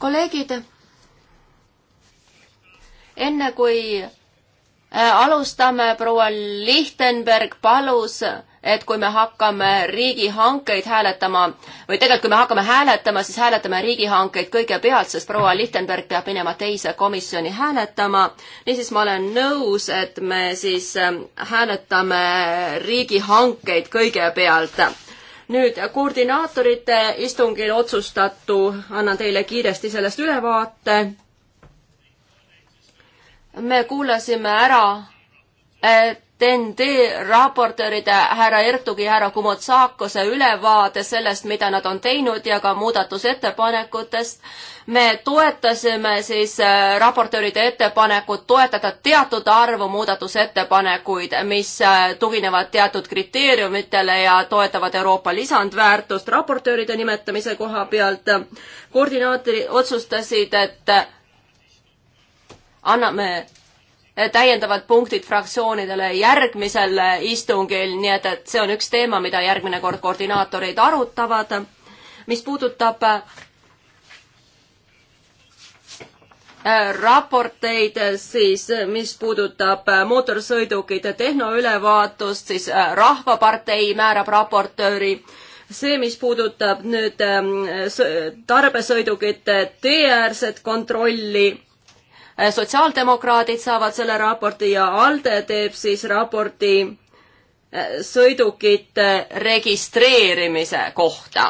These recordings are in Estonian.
kolleegid, enne kui äh, alustame, proua Lichtenberg palus, et kui me hakkame riigihankeid hääletama või tegelikult, kui me hakkame hääletama, siis hääletame riigihankeid kõigepealt, sest proua Lichtenberg peab minema teise komisjoni hääletama. niisiis, ma olen nõus, et me siis äh, hääletame riigihankeid kõigepealt nüüd koordinaatorite istungil otsustatu, annan teile kiiresti sellest ülevaate. me kuulasime ära TNT raportööride härra Ertugi ja härra Kumotsakose ülevaade sellest, mida nad on teinud ja ka muudatusettepanekutest. me toetasime siis äh, raportööride ettepanekut toetada teatud arvu muudatusettepanekuid, mis äh, tuginevad teatud kriteeriumitele ja toetavad Euroopa lisandväärtust raportööride nimetamise koha pealt. Äh, koordinaatorid otsustasid, et anname täiendavad punktid fraktsioonidele järgmisel istungil, nii et, et see on üks teema, mida järgmine kord koordinaatorid arutavad. mis puudutab äh, raporteid siis, mis puudutab äh, mootorsõidukite tehnoülevaatust, siis äh, Rahvapartei määrab raportööri. see, mis puudutab nüüd ähm, tarbesõidukite teeäärset kontrolli Eh, sotsiaaldemokraadid saavad selle raporti ja ALDE teeb siis raporti eh, sõidukite registreerimise kohta.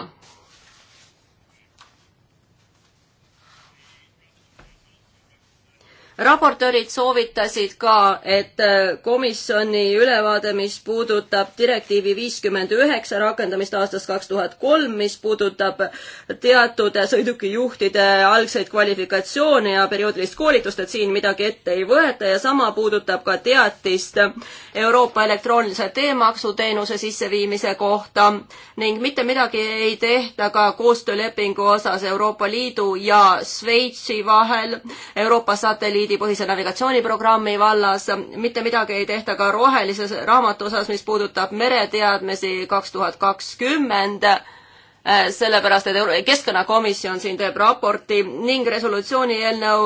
raportöörid soovitasid ka, et äh, komisjoni ülevaade, mis puudutab direktiivi viiskümmend üheksa rakendamist aastast kaks tuhat kolm, mis puudutab teatud sõidukijuhtide algseid kvalifikatsioone ja perioodilist koolitust, et siin midagi ette ei võeta ja sama puudutab ka teatist Euroopa elektroonilise teemaksuteenuse sisseviimise kohta ning mitte midagi ei tehta ka koostöölepingu osas Euroopa Liidu ja Šveitsi vahel Euroopa satelliidi satelliidipõhise navigatsiooniprogrammi vallas, mitte midagi ei tehta ka rohelises raamatu osas, mis puudutab mereteadmisi kaks tuhat kakskümmend, sellepärast et Keskkonnakomisjon siin teeb raporti ning resolutsiooni eelnõu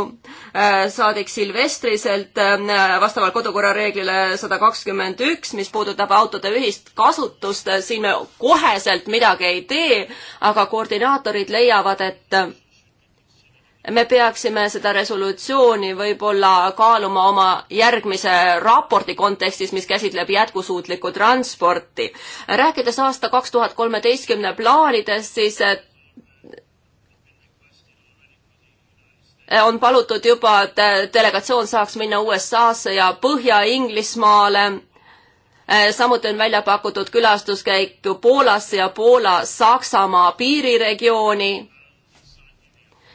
äh, saadik Silvestriselt äh, vastavalt kodukorra reeglile sada kakskümmend üks, mis puudutab autode ühist kasutust, äh, siin me koheselt midagi ei tee, aga koordinaatorid leiavad, et me peaksime seda resolutsiooni võib-olla kaaluma oma järgmise raporti kontekstis, mis käsitleb jätkusuutlikku transporti. rääkides aasta kaks tuhat kolmeteistkümne plaanidest, siis eh, on palutud juba, et delegatsioon saaks minna USA-sse ja Põhja-Inglismaale. Eh, samuti on välja pakutud külastuskäik Poolasse ja Poola-Saksamaa piiriregiooni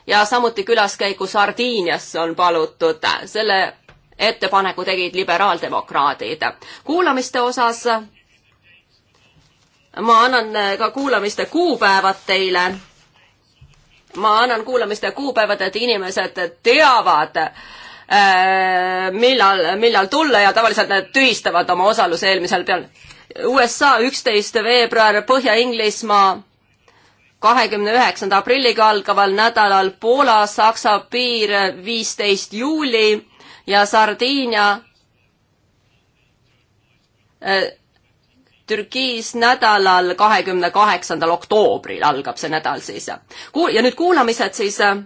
ja samuti külaskäiku Sardiiniasse on palutud. selle ettepaneku tegid liberaaldemokraadid. kuulamiste osas ma annan ka kuulamiste kuupäevad teile. ma annan kuulamiste kuupäevad, et inimesed teavad, äh, millal, millal tulla ja tavaliselt nad tühistavad oma osaluse eelmisel peal. USA üksteist veebruar, Põhja-Inglismaa kahekümne üheksanda aprilliga algaval nädalal Poola-Saksa piir viisteist juuli ja Sardiinia äh, Türgis nädalal, kahekümne kaheksandal oktoobril algab see nädal siis. ja nüüd kuulamised siis. Äh,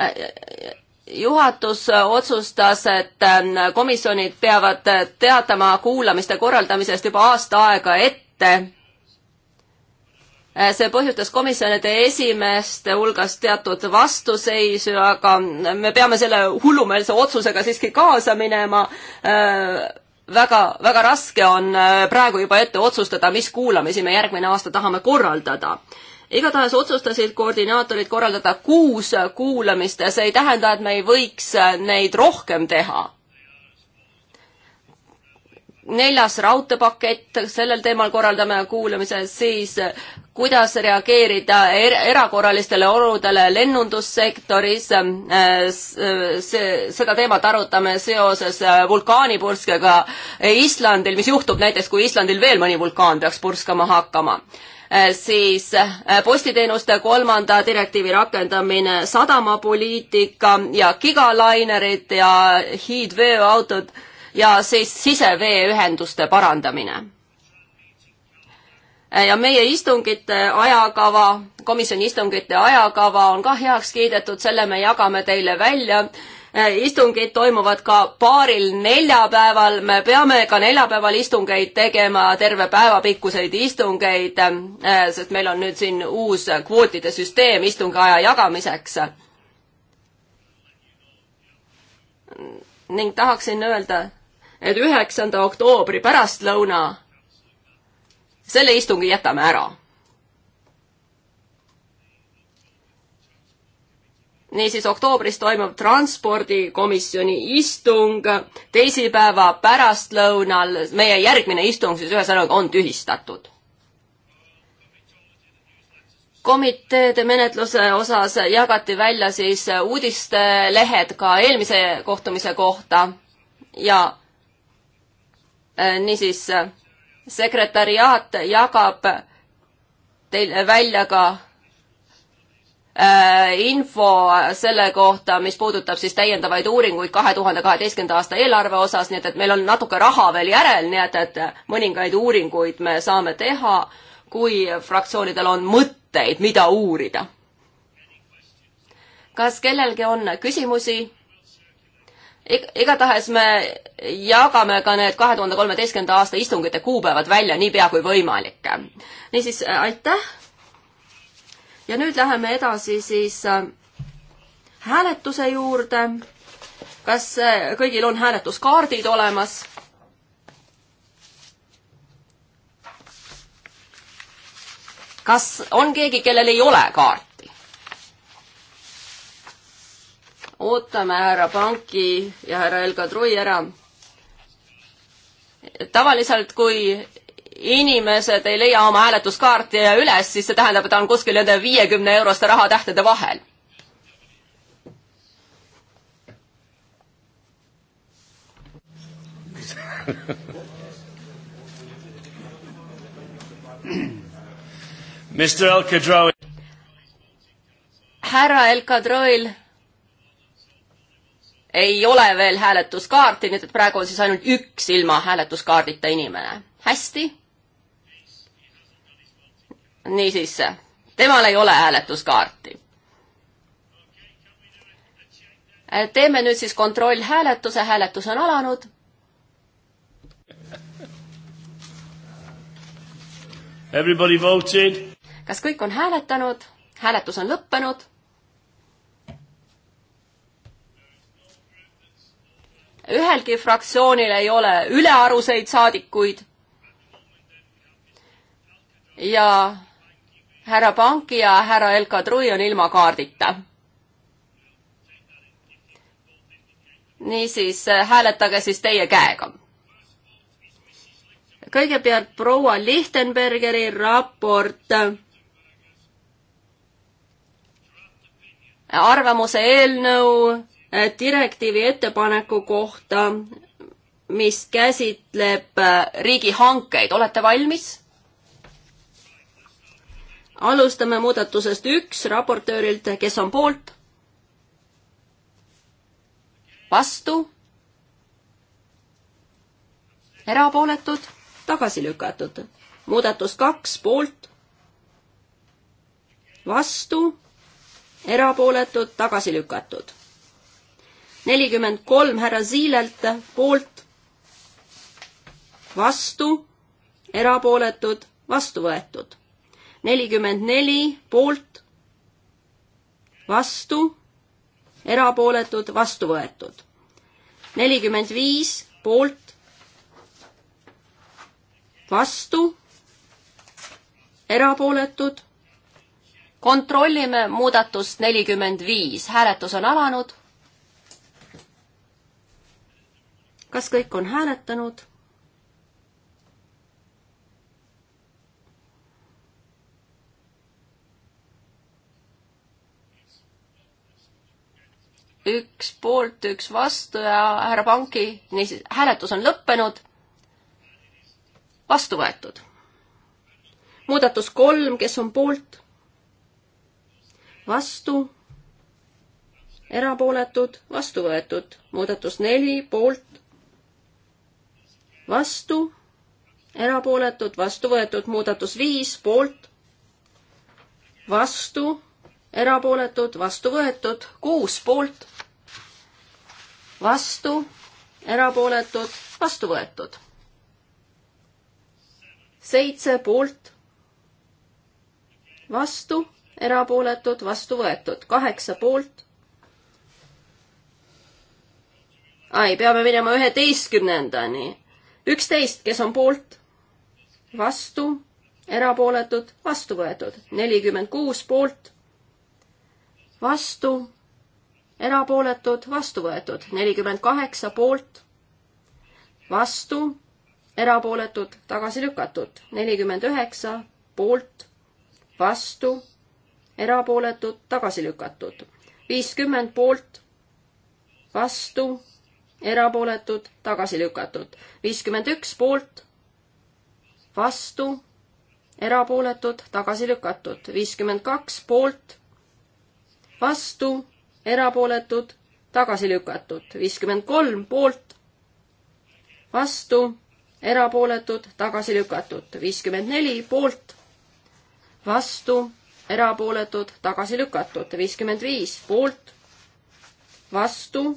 äh, juhatus otsustas, et komisjonid peavad teatama kuulamiste korraldamisest juba aasta aega ette Eh, see põhjustas komisjonide esimeeste hulgas teatud vastuseisu, aga me peame selle hullumeelse otsusega siiski kaasa minema eh, väga, väga raske on eh, praegu juba ette otsustada, mis kuulamisi me järgmine aasta tahame korraldada. igatahes otsustasid koordinaatorid korraldada kuus kuulamist ja see ei tähenda, et me ei võiks neid rohkem teha neljas raudteepakett, sellel teemal korraldame kuulamise, siis kuidas reageerida er erakorralistele oludele lennundussektoris. Äh, see, äh, seda teemat arutame seoses äh, vulkaanipurskega Islandil, mis juhtub näiteks, kui Islandil veel mõni vulkaan peaks purskama hakkama siis postiteenuste kolmanda direktiivi rakendamine, sadamapoliitika ja gigalainerid ja hiidveoautod ja siis siseveeühenduste parandamine. ja meie istungite ajakava, komisjoni istungite ajakava on ka heaks kiidetud, selle me jagame teile välja istungid toimuvad ka paaril neljapäeval, me peame ka neljapäeval istungeid tegema, terve päeva pikkuseid istungeid, sest meil on nüüd siin uus kvootide süsteem istungi aja jagamiseks. ning tahaksin öelda, et üheksanda oktoobri pärastlõuna selle istungi jätame ära. niisiis, oktoobris toimub transpordikomisjoni istung teisipäeva pärastlõunal, meie järgmine istung siis ühesõnaga on tühistatud komiteede menetluse osas jagati välja siis uudistelehed ka eelmise kohtumise kohta ja Äh, niisiis, äh, sekretariaat jagab teile välja ka äh, info selle kohta, mis puudutab siis täiendavaid uuringuid kahe tuhande kaheteistkümnenda aasta eelarve osas, nii et, et meil on natuke raha veel järel, nii et, et mõningaid uuringuid me saame teha, kui fraktsioonidel on mõtteid, mida uurida. kas kellelgi on küsimusi? igatahes me jagame ka need kahe tuhande kolmeteistkümnenda aasta istungite kuupäevad välja niipea kui võimalik. niisiis, äh, aitäh. ja nüüd läheme edasi siis äh, hääletuse juurde. kas äh, kõigil on hääletuskaardid olemas? kas on keegi, kellel ei ole kaart? ootame härra Panki ja härra Elka Trui ära. tavaliselt, kui inimesed ei leia oma hääletuskaarti üles, siis see tähendab, et ta on kuskil nende viiekümne euroste rahatähtede vahel. härra El Kadroil ei ole veel hääletuskaarti, nii et praegu on siis ainult üks ilma hääletuskaardita inimene. hästi. niisiis, temal ei ole hääletuskaarti. teeme nüüd siis kontrollhääletuse, hääletus on alanud. kas kõik on hääletanud? hääletus on lõppenud ühelgi fraktsioonil ei ole ülearuseid saadikuid. ja härra Panki ja härra El Kadri on ilma kaardita. niisiis äh, hääletage siis teie käega. kõigepealt proua Lichtenbergeri raport arvamuse eelnõu Äh, direktiivi ettepaneku kohta, mis käsitleb äh, riigihankeid, olete valmis? alustame muudatusest üks raportöörilt, kes on poolt? vastu? erapooletud? tagasi lükatud. muudatus kaks poolt? vastu? erapooletud? tagasi lükatud nelikümmend kolm härra Ziilelt poolt, vastu, erapooletud, vastu võetud. nelikümmend neli poolt, vastu, erapooletud, vastu võetud. nelikümmend viis poolt, vastu, erapooletud. kontrollime muudatust nelikümmend viis, hääletus on alanud kas kõik on hääletanud? üks poolt, üks vastu ja härra Panki, niisiis, hääletus on lõppenud. vastu võetud. muudatus kolm, kes on poolt? vastu. erapooletud, vastu võetud. muudatus neli, poolt, vastu, erapooletud, vastu võetud, muudatus viis, poolt, vastu, erapooletud, vastu võetud, kuus poolt, vastu, erapooletud, vastu võetud. seitse poolt, vastu, erapooletud, vastu võetud, kaheksa poolt. ai, peame minema üheteistkümnendani üksteist, kes on poolt, vastu, erapooletud, vastu võetud. nelikümmend kuus poolt, vastu, erapooletud, vastu võetud. nelikümmend kaheksa poolt, vastu, erapooletud, tagasi lükatud. nelikümmend üheksa poolt, vastu, erapooletud, tagasi lükatud. viiskümmend poolt, vastu, erapooletud, tagasi lükatud. viiskümmend üks poolt, vastu, erapooletud, tagasi lükatud. viiskümmend kaks poolt, vastu, erapooletud, tagasi lükatud. viiskümmend kolm poolt, vastu, erapooletud, tagasi lükatud. viiskümmend neli poolt, vastu, erapooletud, tagasi lükatud. viiskümmend viis poolt, vastu,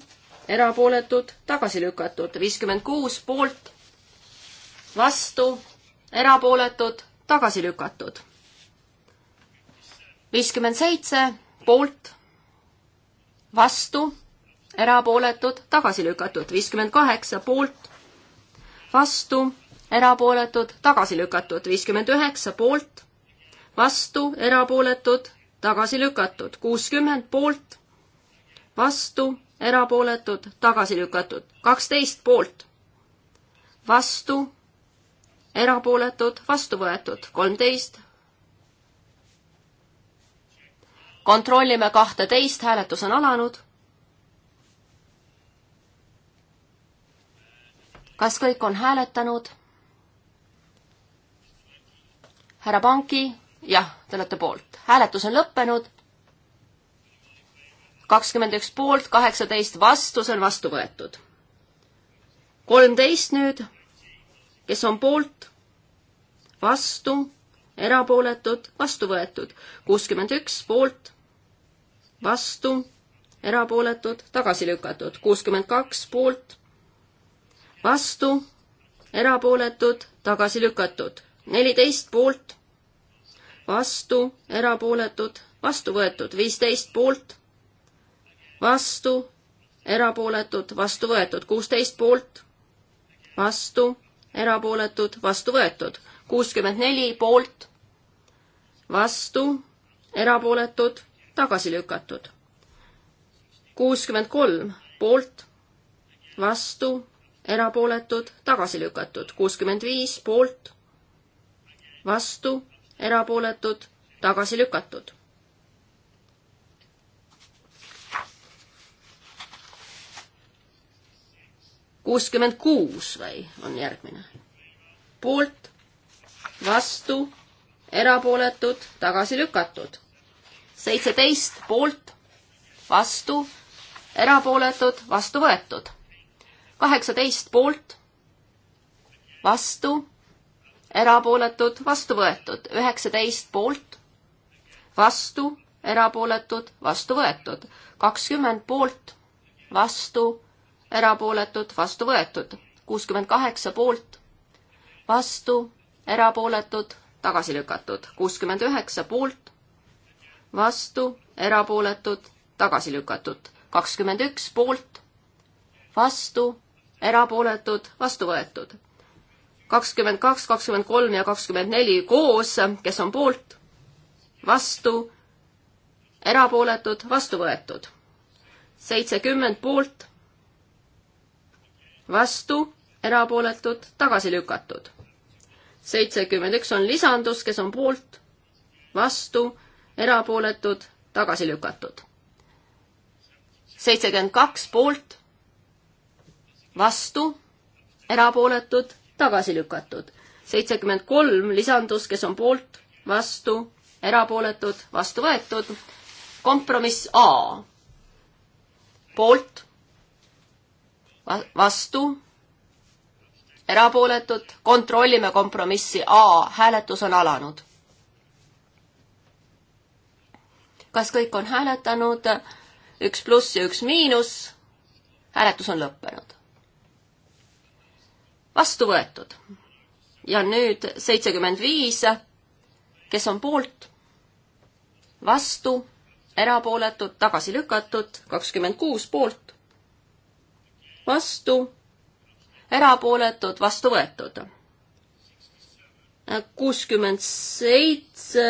erapooletud, tagasi lükatud, viiskümmend kuus poolt, vastu, erapooletud, tagasi lükatud. viiskümmend seitse poolt, vastu, erapooletud, tagasi lükatud, viiskümmend kaheksa poolt, vastu, erapooletud, tagasi lükatud, viiskümmend üheksa poolt, vastu, erapooletud, tagasi lükatud, kuuskümmend poolt, vastu, erapooletud, tagasi lükatud. kaksteist poolt, vastu, erapooletud, vastu võetud. kolmteist. kontrollime kahteteist, hääletus on alanud. kas kõik on hääletanud? härra Panki, jah, te olete poolt. hääletus on lõppenud kakskümmend üks poolt, kaheksateist vastu, see on vastu võetud. kolmteist nüüd, kes on poolt, vastu, erapooletud, vastu võetud. kuuskümmend üks poolt, vastu, erapooletud, tagasi lükatud. kuuskümmend kaks poolt, vastu, erapooletud, tagasi lükatud. neliteist poolt, vastu, erapooletud, vastu võetud. viisteist poolt vastu, erapooletud, vastu võetud, kuusteist poolt, vastu, erapooletud, vastu võetud, kuuskümmend neli poolt, vastu, erapooletud, tagasi lükatud. kuuskümmend kolm poolt, vastu, erapooletud, tagasi lükatud, kuuskümmend viis poolt, vastu, erapooletud, tagasi lükatud kuuskümmend kuus või on järgmine? poolt, vastu, erapooletud, tagasi lükatud. seitseteist poolt, vastu, erapooletud, vastu võetud. kaheksateist poolt, vastu, erapooletud, vastu võetud. üheksateist poolt, vastu, erapooletud, vastu võetud. kakskümmend poolt, vastu erapooletud, vastu võetud. kuuskümmend kaheksa poolt, vastu, erapooletud, tagasi lükatud. kuuskümmend üheksa poolt, vastu, erapooletud, tagasi lükatud. kakskümmend üks poolt, vastu, erapooletud, vastu võetud. kakskümmend kaks, kakskümmend kolm ja kakskümmend neli koos, kes on poolt, vastu, erapooletud, vastu võetud. seitsekümmend poolt vastu, erapooletud, tagasi lükatud. seitsekümmend üks on lisandus, kes on poolt, vastu, erapooletud, tagasi lükatud. seitsekümmend kaks poolt, vastu, erapooletud, tagasi lükatud. seitsekümmend kolm lisandus, kes on poolt, vastu, erapooletud, vastu võetud. kompromiss A. poolt vastu, erapooletud, kontrollime kompromissi A, hääletus on alanud. kas kõik on hääletanud? üks pluss ja üks miinus. hääletus on lõppenud. vastu võetud. ja nüüd seitsekümmend viis, kes on poolt, vastu, erapooletud, tagasi lükatud, kakskümmend kuus poolt, vastu, erapooletud, vastu võetud. kuuskümmend seitse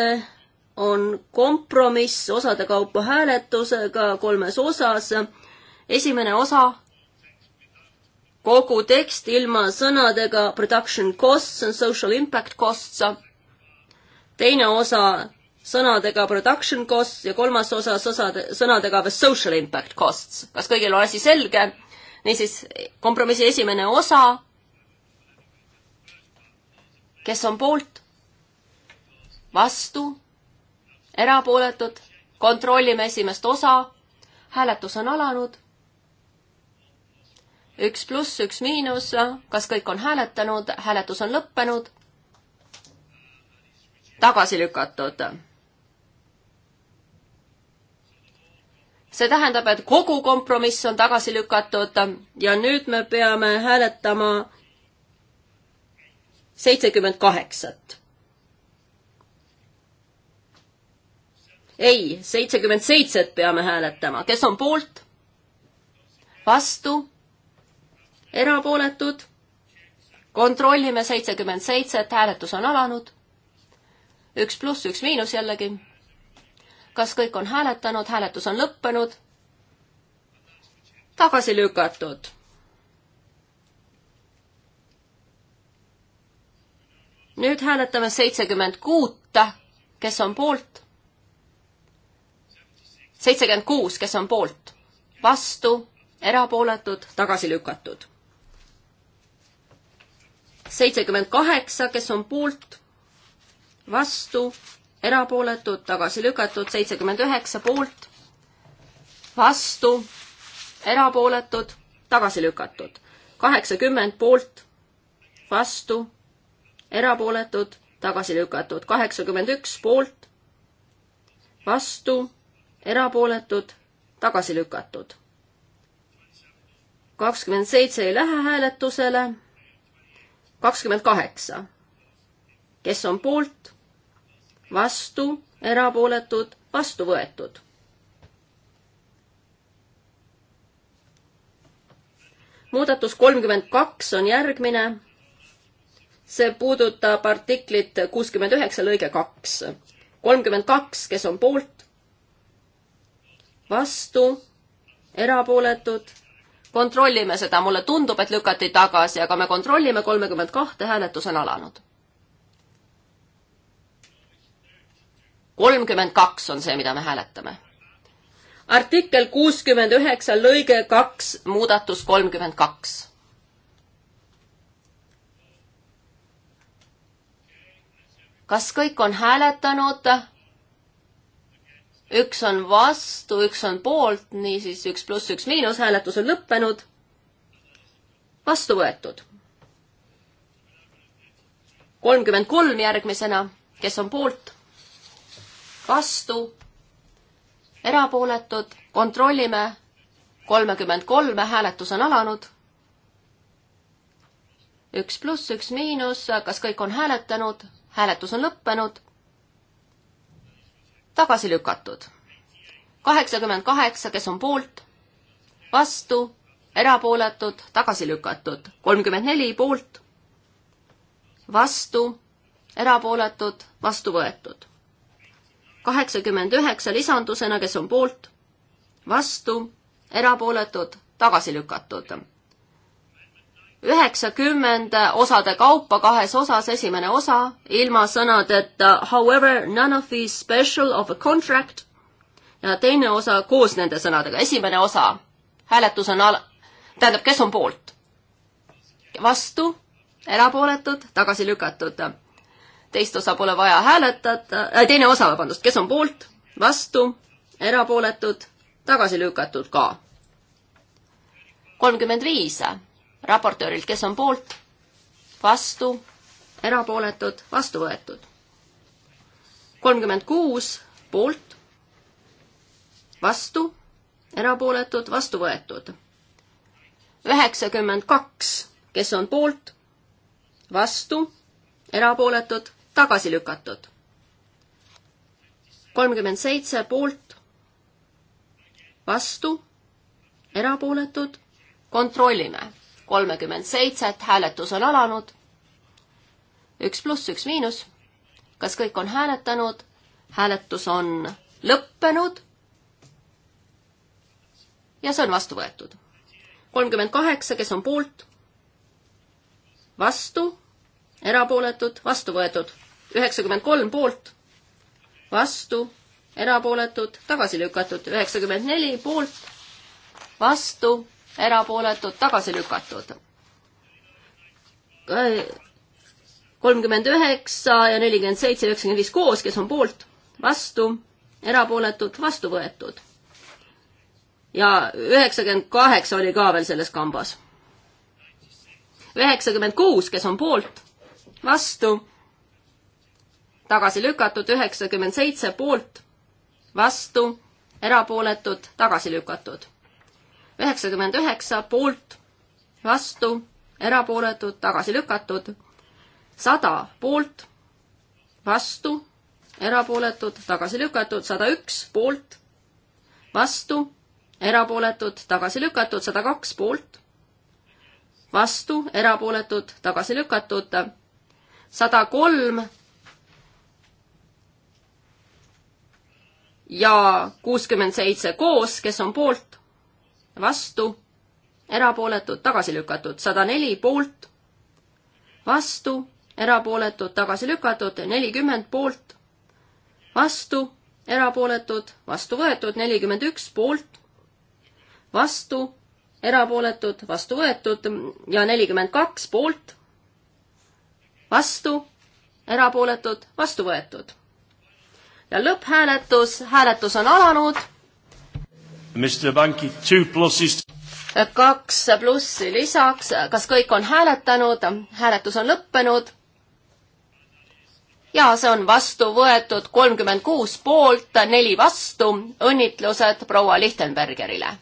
on kompromiss osade kaupa hääletusega kolmes osas. esimene osa, kogu tekst ilma sõnadega production costs and social impact costs. teine osa sõnadega production costs ja kolmas osa sõsade, sõnadega the social impact costs. kas kõigil on asi selge? niisiis, kompromissi esimene osa, kes on poolt, vastu, erapooletud, kontrollime esimest osa, hääletus on alanud, üks pluss, üks miinus, kas kõik on hääletanud, hääletus on lõppenud, tagasi lükatud see tähendab, et kogu kompromiss on tagasi lükatud ja nüüd me peame hääletama seitsekümmend kaheksat. ei, seitsekümmend seitset peame hääletama, kes on poolt, vastu, erapooletud, kontrollime seitsekümmend seitset, hääletus on alanud, üks pluss, üks miinus jällegi kas kõik on hääletanud, hääletus on lõppenud? tagasi lükatud. nüüd hääletame seitsekümmend kuut, kes on poolt? seitsekümmend kuus, kes on poolt? vastu, erapooletud, tagasi lükatud. seitsekümmend kaheksa, kes on poolt? vastu, erapooletud, tagasi lükatud, seitsekümmend üheksa poolt, vastu, erapooletud, tagasi lükatud, kaheksakümmend poolt, vastu, erapooletud, tagasi lükatud, kaheksakümmend üks poolt, vastu, erapooletud, tagasi lükatud. kakskümmend seitse ei lähe hääletusele, kakskümmend kaheksa. kes on poolt? vastu, erapooletud, vastu võetud. muudatus kolmkümmend kaks on järgmine. see puudutab artiklit kuuskümmend üheksa lõige kaks. kolmkümmend kaks, kes on poolt, vastu, erapooletud, kontrollime seda, mulle tundub, et lükati tagasi, aga me kontrollime, kolmekümmend kahte hääletus on alanud kolmkümmend kaks on see, mida me hääletame. artikkel kuuskümmend üheksa, lõige kaks, muudatus kolmkümmend kaks. kas kõik on hääletanud? üks on vastu, üks on poolt, niisiis üks pluss üks miinus, hääletus on lõppenud. vastu võetud. kolmkümmend kolm järgmisena, kes on poolt? vastu, erapooletud, kontrollime, kolmekümmend kolme, hääletus on alanud. üks pluss, üks miinus, kas kõik on hääletanud? hääletus on lõppenud. tagasi lükatud. kaheksakümmend kaheksa, kes on poolt, vastu, erapooletud, tagasi lükatud. kolmkümmend neli poolt, vastu, erapooletud, vastu võetud kaheksakümmend üheksa lisandusena, kes on poolt, vastu, erapooletud, tagasi lükatud. üheksakümmend osade kaupa kahes osas, esimene osa ilma sõnadeta however none of these special of a contract ja teine osa koos nende sõnadega, esimene osa hääletus on al-, tähendab, kes on poolt? vastu, erapooletud, tagasi lükatud teist osa pole vaja hääletada äh,, teine osa, vabandust, kes on poolt, vastu, erapooletud, tagasi lükatud ka. kolmkümmend viis raportöörilt, kes on poolt, vastu, erapooletud, vastu võetud. kolmkümmend kuus poolt, vastu, erapooletud, vastu võetud. üheksakümmend kaks, kes on poolt, vastu, erapooletud, tagasi lükatud. kolmkümmend seitse poolt, vastu, erapooletud, kontrollime. kolmekümmend seitset, hääletus on alanud. üks pluss, üks miinus. kas kõik on hääletanud? hääletus on lõppenud. ja see on vastu võetud. kolmkümmend kaheksa, kes on poolt, vastu, erapooletud, vastu võetud üheksakümmend kolm poolt, vastu, erapooletud, tagasi lükatud, üheksakümmend neli poolt, vastu, erapooletud, tagasi lükatud. kolmkümmend üheksa ja nelikümmend seitse, üheksakümmend viis koos, kes on poolt, vastu, erapooletud, vastu võetud. ja üheksakümmend kaheksa oli ka veel selles kambas. üheksakümmend kuus, kes on poolt, vastu tagasi lükatud, üheksakümmend seitse poolt, vastu, erapooletud, tagasi lükatud. üheksakümmend üheksa poolt, vastu, erapooletud, tagasi lükatud. sada poolt, vastu, erapooletud, tagasi lükatud, sada üks poolt, vastu, erapooletud, tagasi lükatud, sada kaks poolt, vastu, erapooletud, tagasi lükatud, sada kolm ja kuuskümmend seitse koos, kes on poolt, vastu, erapooletud, tagasi lükatud, sada neli poolt, vastu, erapooletud, tagasi lükatud, nelikümmend poolt, vastu, erapooletud, vastu võetud, nelikümmend üks poolt, vastu, erapooletud, vastu võetud ja nelikümmend kaks poolt, vastu, erapooletud, vastu võetud ja lõpphääletus, hääletus on alanud. kaks plussi lisaks, kas kõik on hääletanud, hääletus on lõppenud. ja see on vastu võetud kolmkümmend kuus poolt, neli vastu, õnnitlused proua Lichtenbergerile.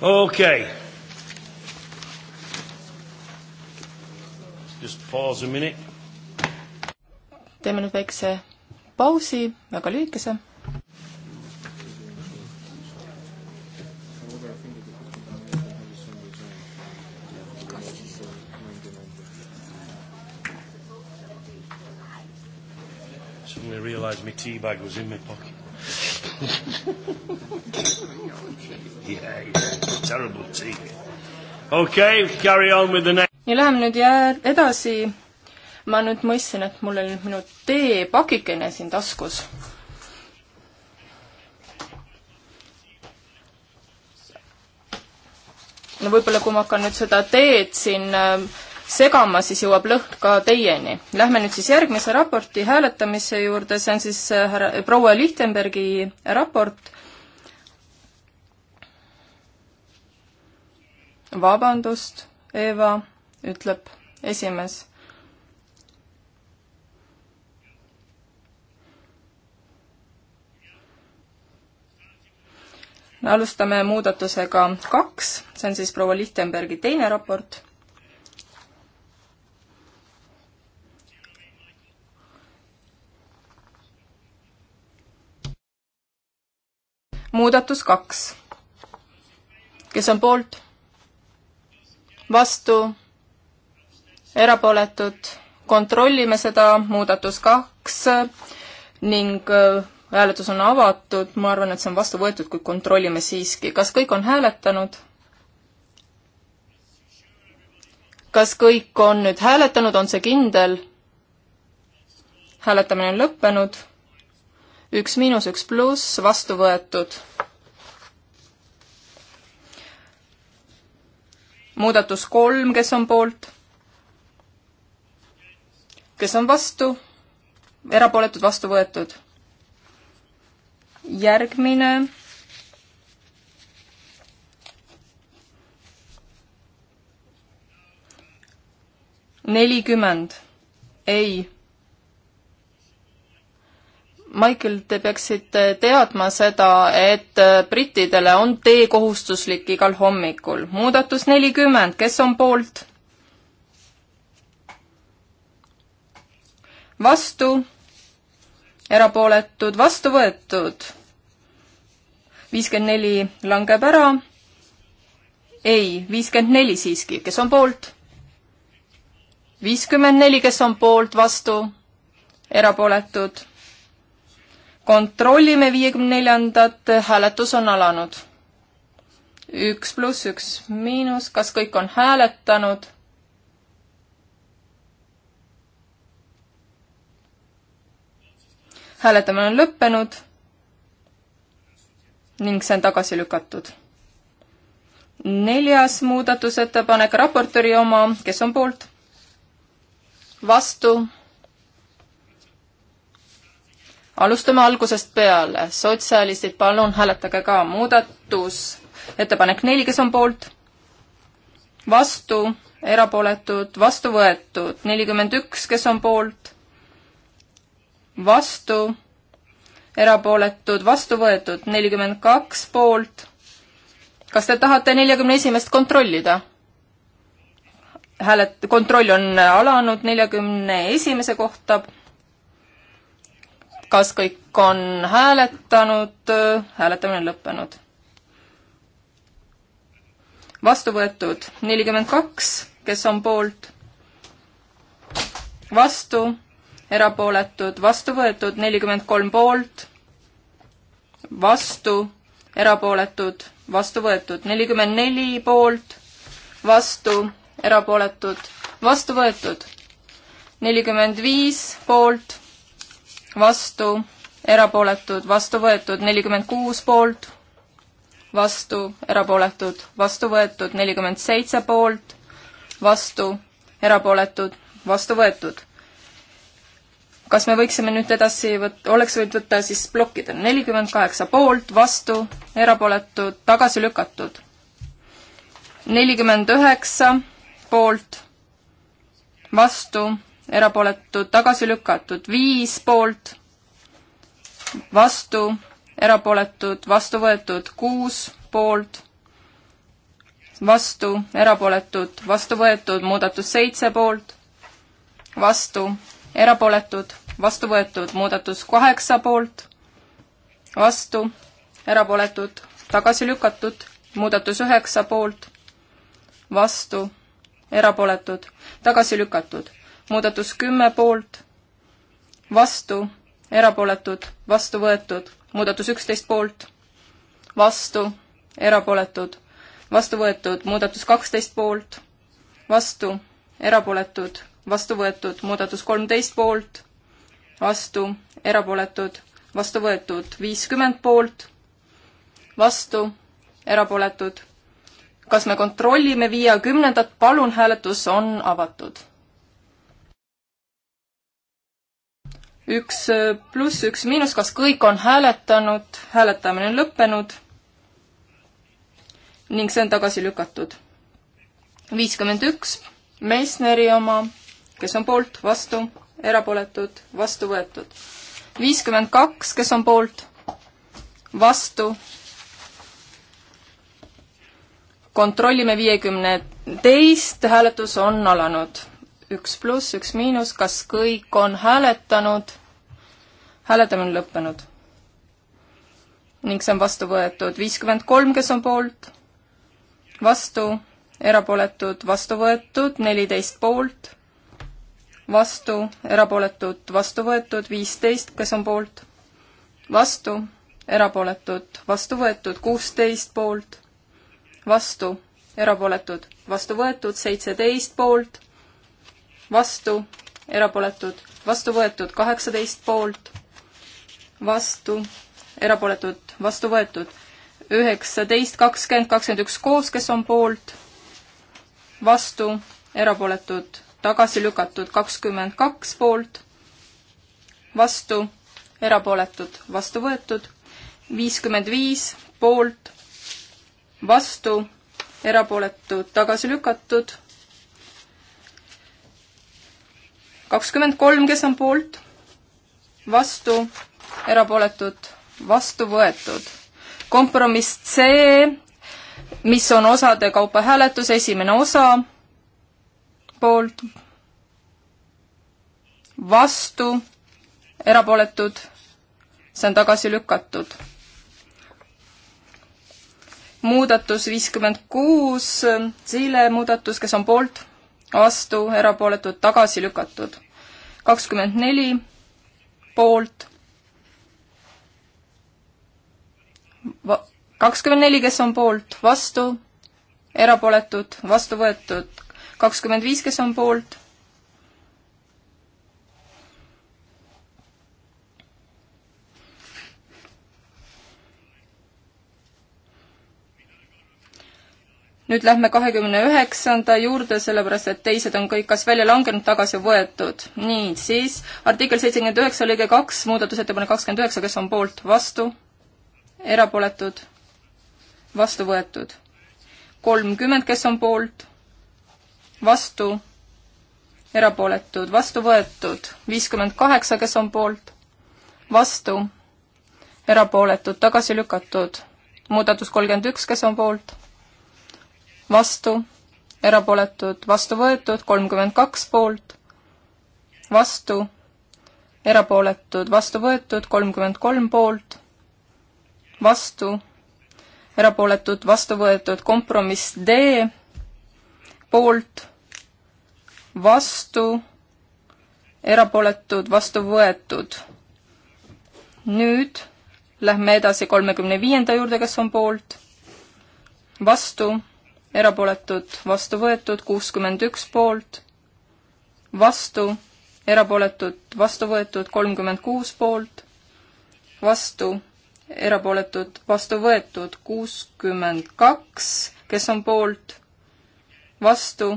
okei okay.. just pause a minute teeme nüüd väikse pausi, väga lühikese suddenly realised my tea bag was in my pocket. yeah, yeah, terrible tea. Okay, carry on with the next. ja läheme nüüd jää-, edasi ma nüüd mõistsin, et mul oli minu teepakikene siin taskus. no võib-olla, kui ma hakkan nüüd seda teed siin ähm, segama, siis jõuab lõhn ka teieni. Lähme nüüd siis järgmise raporti hääletamise juurde, see on siis äh, härra, äh, proua Lichtenbergi raport vabandust, Eeva, ütleb esimees. alustame muudatusega kaks, see on siis proua Lichtenbergi teine raport. muudatus kaks. kes on poolt? vastu? erapooletud? kontrollime seda, muudatus kaks ning äh, hääletus on avatud, ma arvan, et see on vastu võetud, kuid kontrollime siiski. kas kõik on hääletanud? kas kõik on nüüd hääletanud, on see kindel? hääletamine on lõppenud. üks miinus, üks pluss, vastu võetud. muudatus kolm, kes on poolt? kes on vastu? erapooletud, vastu võetud järgmine. nelikümmend, ei. Michael, te peaksite teadma seda, et brittidele on tee kohustuslik igal hommikul. muudatus nelikümmend, kes on poolt? vastu, erapooletud, vastu võetud viiskümmend neli langeb ära. ei, viiskümmend neli siiski, kes on poolt? viiskümmend neli, kes on poolt, vastu, erapooletud. kontrollime viiekümne neljandat, hääletus on alanud. üks pluss, üks miinus, kas kõik on hääletanud? hääletamine on lõppenud ning see on tagasi lükatud. neljas muudatusettepanek, raportööri oma, kes on poolt? vastu? alustame algusest peale, sotsialistid, palun hääletage ka, muudatus, ettepanek neli, kes on poolt? vastu, erapooletud, vastu võetud, nelikümmend üks, kes on poolt? vastu erapooletud, vastu võetud nelikümmend kaks poolt. kas te tahate neljakümne esimest kontrollida? hääled, kontroll on alanud neljakümne esimese kohta. kas kõik on hääletanud, hääletamine on lõppenud. vastu võetud nelikümmend kaks, kes on poolt? vastu erapooletud, vastu võetud, nelikümmend kolm poolt, vastu, erapooletud, vastu võetud, nelikümmend neli poolt, vastu, erapooletud, vastu võetud, nelikümmend viis poolt, vastu, erapooletud, vastu võetud, nelikümmend kuus poolt, vastu, erapooletud, vastu võetud, nelikümmend seitse poolt, vastu, erapooletud, vastu võetud kas me võiksime nüüd edasi võt-, oleks võinud võtta siis plokkide nelikümmend kaheksa poolt, vastu, erapooletud, tagasi lükatud. nelikümmend üheksa poolt, vastu, erapooletud, tagasi lükatud, viis poolt, vastu, erapooletud, vastu võetud, kuus poolt, vastu, erapooletud, vastu võetud, muudatus seitse poolt, vastu, erapooletud, vastu võetud, muudatus kaheksa poolt, vastu, erapooletud, tagasi lükatud, muudatus üheksa poolt, vastu, erapooletud, tagasi lükatud, muudatus kümme poolt, vastu, erapooletud, vastu võetud, muudatus üksteist poolt, vastu, erapooletud, vastu võetud, muudatus kaksteist poolt, vastu, erapooletud, vastu võetud, muudatus kolmteist poolt vastu, erapooletud, vastu võetud viiskümmend poolt, vastu, erapooletud. kas me kontrollime viiekümnendat, palun, hääletus on avatud. üks äh, pluss, üks miinus, kas kõik on hääletanud, hääletamine on lõppenud ning see on tagasi lükatud. viiskümmend üks, Meissneri oma, kes on poolt, vastu erapooletud, vastu võetud. viiskümmend kaks, kes on poolt, vastu. kontrollime viiekümne teist, hääletus on alanud. üks pluss, üks miinus, kas kõik on hääletanud? hääletamine on lõppenud. ning see on vastu võetud. viiskümmend kolm, kes on poolt, vastu, erapooletud, vastu võetud, neliteist poolt vastu, erapooletud, vastu võetud, viisteist, kes on poolt, vastu, erapooletud, vastu võetud, kuusteist poolt, vastu, erapooletud, vastu võetud, seitseteist poolt, vastu, erapooletud, vastu võetud, kaheksateist poolt, vastu, erapooletud, vastu võetud, üheksateist, kakskümmend, kakskümmend üks koos, kes on poolt, vastu, erapooletud, tagasi lükatud kakskümmend kaks poolt, vastu, erapooletud, vastu võetud, viiskümmend viis poolt, vastu, erapooletud, tagasi lükatud, kakskümmend kolm, kes on poolt, vastu, erapooletud, vastu võetud. kompromiss C, mis on osade kaupa hääletus, esimene osa poolt, vastu, erapooletud, see on tagasi lükatud. muudatus viiskümmend kuus, Siile muudatus, kes on poolt, vastu, erapooletud, tagasi lükatud. kakskümmend neli, poolt, kakskümmend neli, kes on poolt, vastu, erapooletud, vastu võetud, kakskümmend viis, kes on poolt? nüüd lähme kahekümne üheksanda juurde, sellepärast et teised on kõik kas välja langenud, tagasi võetud. nii, siis artikkel seitsekümmend üheksa, lõige kaks, muudatusettepanek kakskümmend üheksa, kes on poolt, vastu, erapooletud, vastu võetud. kolmkümmend, kes on poolt, vastu, erapooletud, vastu võetud, viiskümmend kaheksa, kes on poolt, vastu, erapooletud, tagasi lükatud, muudatus kolmkümmend üks, kes on poolt, vastu, erapooletud, vastu võetud, kolmkümmend kaks poolt, vastu, erapooletud, vastu võetud, kolmkümmend kolm poolt, vastu, erapooletud, vastu võetud, kompromiss D, poolt, vastu, erapooletud, vastu võetud. nüüd lähme edasi kolmekümne viienda juurde, kes on poolt, vastu, erapooletud, vastu võetud, kuuskümmend üks poolt, vastu, erapooletud, vastu võetud, kolmkümmend kuus poolt, vastu, erapooletud, vastu võetud, kuuskümmend kaks, kes on poolt, vastu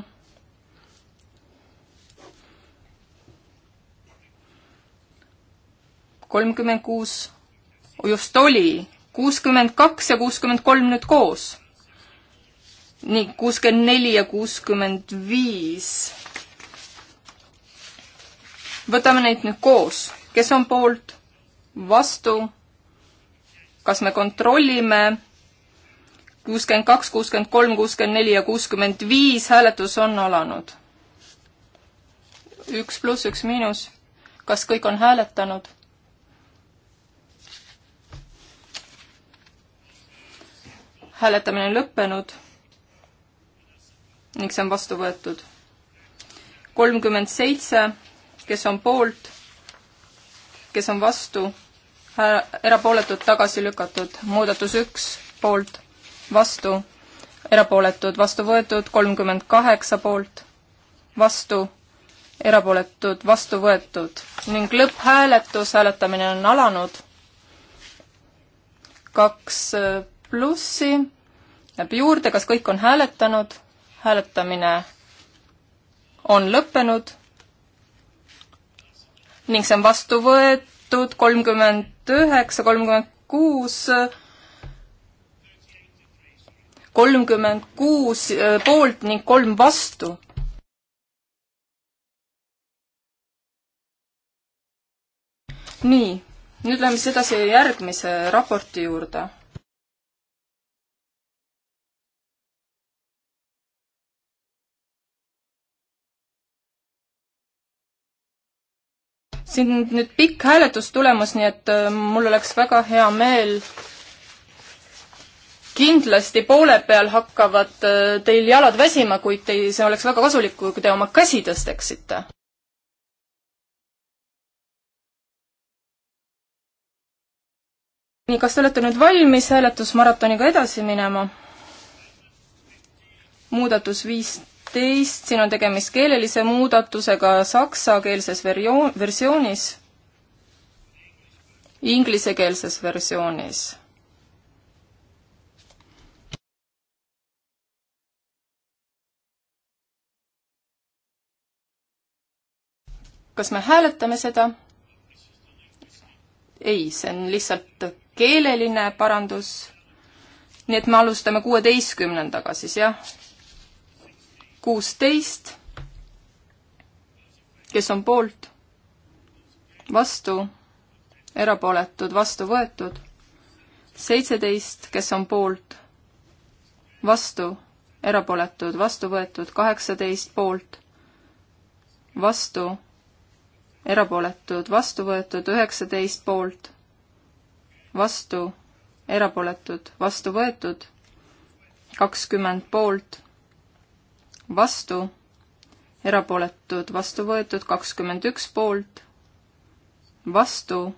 kolmkümmend kuus just oli, kuuskümmend kaks ja kuuskümmend kolm nüüd koos. nii, kuuskümmend neli ja kuuskümmend viis. võtame neid nüüd koos, kes on poolt, vastu, kas me kontrollime, kuuskümmend kaks, kuuskümmend kolm, kuuskümmend neli ja kuuskümmend viis hääletus on alanud. üks pluss, üks miinus, kas kõik on hääletanud? hääletamine on lõppenud ning see on vastu võetud. kolmkümmend seitse, kes on poolt, kes on vastu, erapooletud tagasi lükatud, muudatus üks, poolt, vastu, erapooletud, vastu võetud, kolmkümmend kaheksa poolt, vastu, erapooletud, vastu võetud ning lõpphääletus, hääletamine on alanud, kaks plussi, näeb juurde, kas kõik on hääletanud, hääletamine on lõppenud ning see on vastu võetud kolmkümmend üheksa, kolmkümmend kuus, kolmkümmend kuus äh, poolt ning kolm vastu nii, nüüd läheme siis edasi järgmise raporti juurde siin nüüd pikk hääletustulemus, nii et äh, mul oleks väga hea meel kindlasti poole peal hakkavad äh, teil jalad väsima, kuid te, see oleks väga kasulik, kui te oma käsi tõsteksite. nii, kas te olete nüüd valmis hääletusmaratoniga edasi minema? muudatus viis kaksteist, siin on tegemist keelelise muudatusega saksakeelses versioon, versioonis, inglisekeelses versioonis kas me hääletame seda? ei, see on lihtsalt keeleline parandus. nii et me alustame kuueteistkümnendaga siis, jah? kuusteist, kes on poolt, vastu, erapooletud, vastu võetud, seitseteist, kes on poolt, vastu, erapooletud, vastu võetud, kaheksateist poolt, vastu, erapooletud, vastu võetud, üheksateist poolt, vastu, erapooletud, vastu võetud, kakskümmend poolt, vastu, erapooletud, vastu võetud, kakskümmend üks poolt, vastu,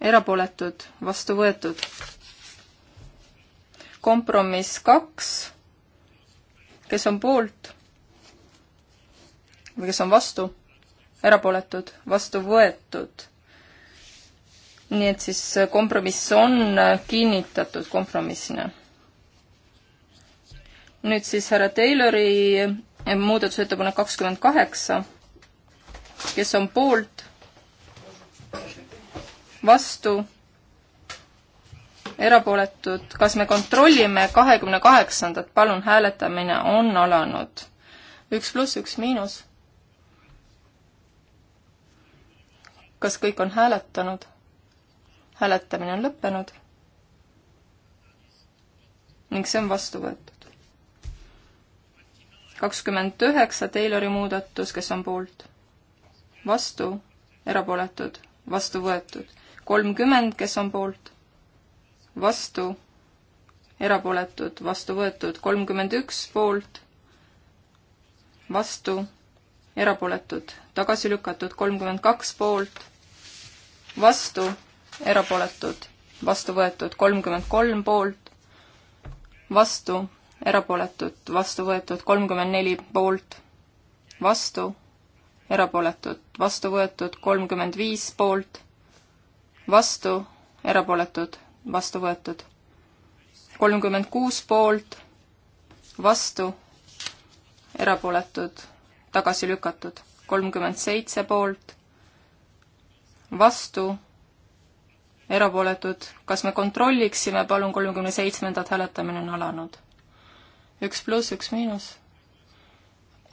erapooletud, vastu võetud. kompromiss kaks, kes on poolt või kes on vastu, erapooletud, vastu võetud. nii et siis kompromiss on kinnitatud kompromissina nüüd siis härra Taylori eh, muudatusettepanek kakskümmend kaheksa, kes on poolt, vastu, erapooletud, kas me kontrollime kahekümne kaheksandat, palun, hääletamine on alanud. üks pluss, üks miinus. kas kõik on hääletanud? hääletamine on lõppenud ning see on vastu võetud kakskümmend üheksa Taylori muudatus, kes on poolt? vastu, erapooletud, vastu võetud. kolmkümmend, kes on poolt? vastu, erapooletud, vastu võetud. kolmkümmend üks poolt, vastu, erapooletud, tagasi lükatud. kolmkümmend kaks poolt, vastu, erapooletud, vastu võetud. kolmkümmend kolm poolt, vastu, erapooletud, vastu võetud kolmkümmend neli poolt, vastu, erapooletud, vastu võetud kolmkümmend viis poolt, vastu, erapooletud, vastu võetud kolmkümmend kuus poolt, vastu, erapooletud, tagasi lükatud kolmkümmend seitse poolt, vastu, erapooletud, kas me kontrolliksime, palun, kolmekümne seitsmendat hääletamine on alanud üks pluss, üks miinus.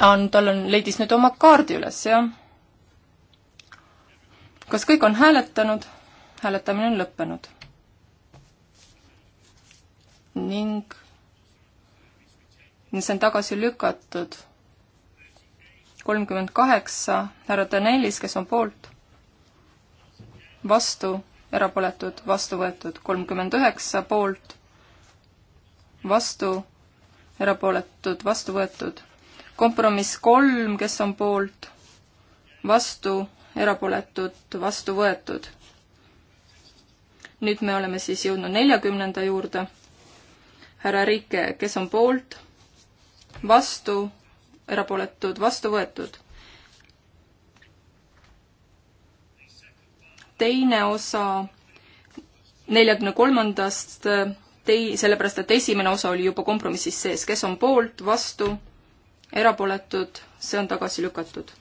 on, tal on, leidis nüüd oma kaardi üles, jah. kas kõik on hääletanud? hääletamine on lõppenud. ning see on tagasi lükatud. kolmkümmend kaheksa härra Danelis, kes on poolt, vastu, erapooletud, vastu võetud, kolmkümmend üheksa poolt, vastu erapooletud, vastu võetud. kompromiss kolm, kes on poolt, vastu, erapooletud, vastu võetud. nüüd me oleme siis jõudnud neljakümnenda juurde. härra Rike, kes on poolt, vastu, erapooletud, vastu võetud. teine osa neljakümne kolmandast tei-, sellepärast et esimene osa oli juba kompromissis sees, kes on poolt, vastu, erapooletud, see on tagasi lükatud.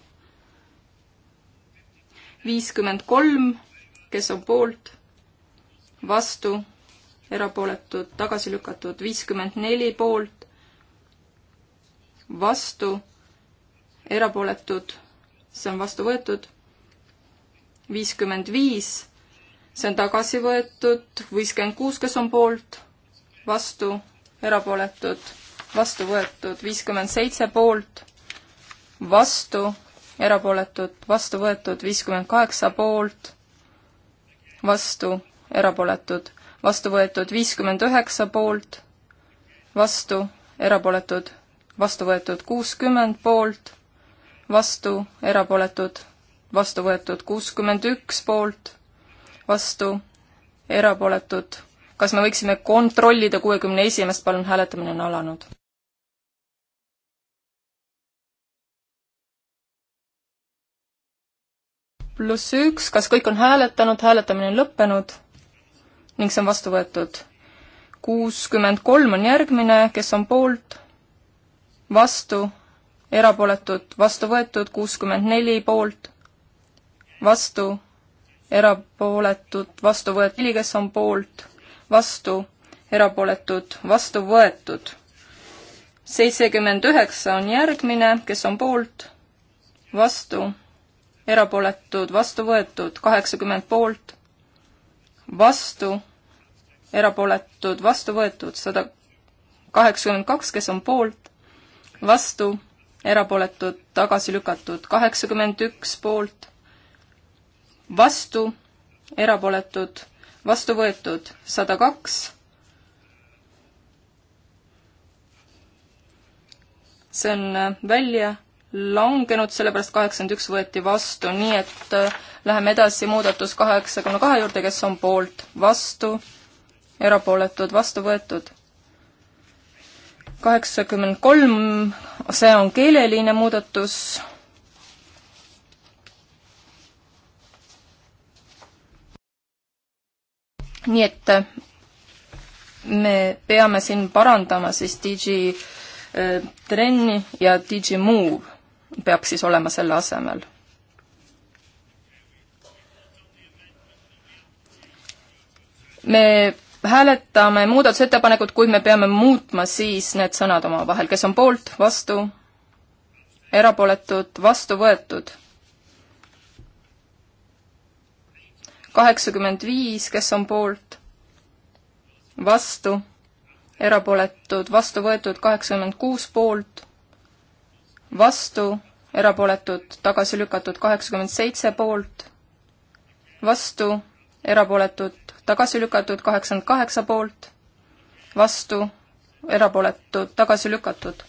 viiskümmend kolm, kes on poolt, vastu, erapooletud, tagasi lükatud, viiskümmend neli poolt, vastu, erapooletud, see on vastu võetud, viiskümmend viis, see on tagasi võetud, viiskümmend kuus, kes on poolt vastu, erapooletud, vastu võetud, viiskümmend seitse poolt, vastu, erapooletud, vastu võetud, viiskümmend kaheksa poolt, vastu, erapooletud, vastu võetud, viiskümmend üheksa poolt, vastu, erapooletud, vastu võetud kuuskümmend poolt, vastu, erapooletud, vastu võetud kuuskümmend üks poolt, vastu, erapooletud kas me võiksime kontrollida kuuekümne esimest, palun, hääletamine on alanud. pluss üks, kas kõik on hääletanud, hääletamine on lõppenud ning see on vastu võetud. kuuskümmend kolm on järgmine, kes on poolt, vastu, erapooletud, vastu võetud, kuuskümmend neli poolt, vastu, erapooletud, vastu võetud, neli, kes on poolt vastu, erapooletud, vastu võetud. seitsekümmend üheksa on järgmine, kes on poolt, vastu, erapooletud, vastu võetud, kaheksakümmend poolt, vastu, erapooletud, vastu võetud, sada kaheksakümmend kaks, kes on poolt, vastu, erapooletud, tagasi lükatud, kaheksakümmend üks poolt, vastu, erapooletud, vastu võetud sada kaks, see on äh, välja langenud, sellepärast kaheksakümmend üks võeti vastu, nii et äh, läheme edasi muudatus kaheksakümne kahe juurde, kes on poolt, vastu, erapooletud, vastu võetud. kaheksakümmend kolm, see on keeleline muudatus nii et äh, me peame siin parandama siis DJ äh, trenni ja DJ move peaks siis olema selle asemel. me hääletame muudatusettepanekut, kuid me peame muutma siis need sõnad omavahel, kes on poolt, vastu, erapooletud, vastu võetud kaheksakümmend viis, kes on poolt, vastu, erapooletud, vastu võetud kaheksakümmend kuus poolt, vastu, erapooletud, tagasi lükatud kaheksakümmend seitse poolt, vastu, erapooletud, tagasi lükatud kaheksakümmend kaheksa poolt, vastu, erapooletud, tagasi lükatud.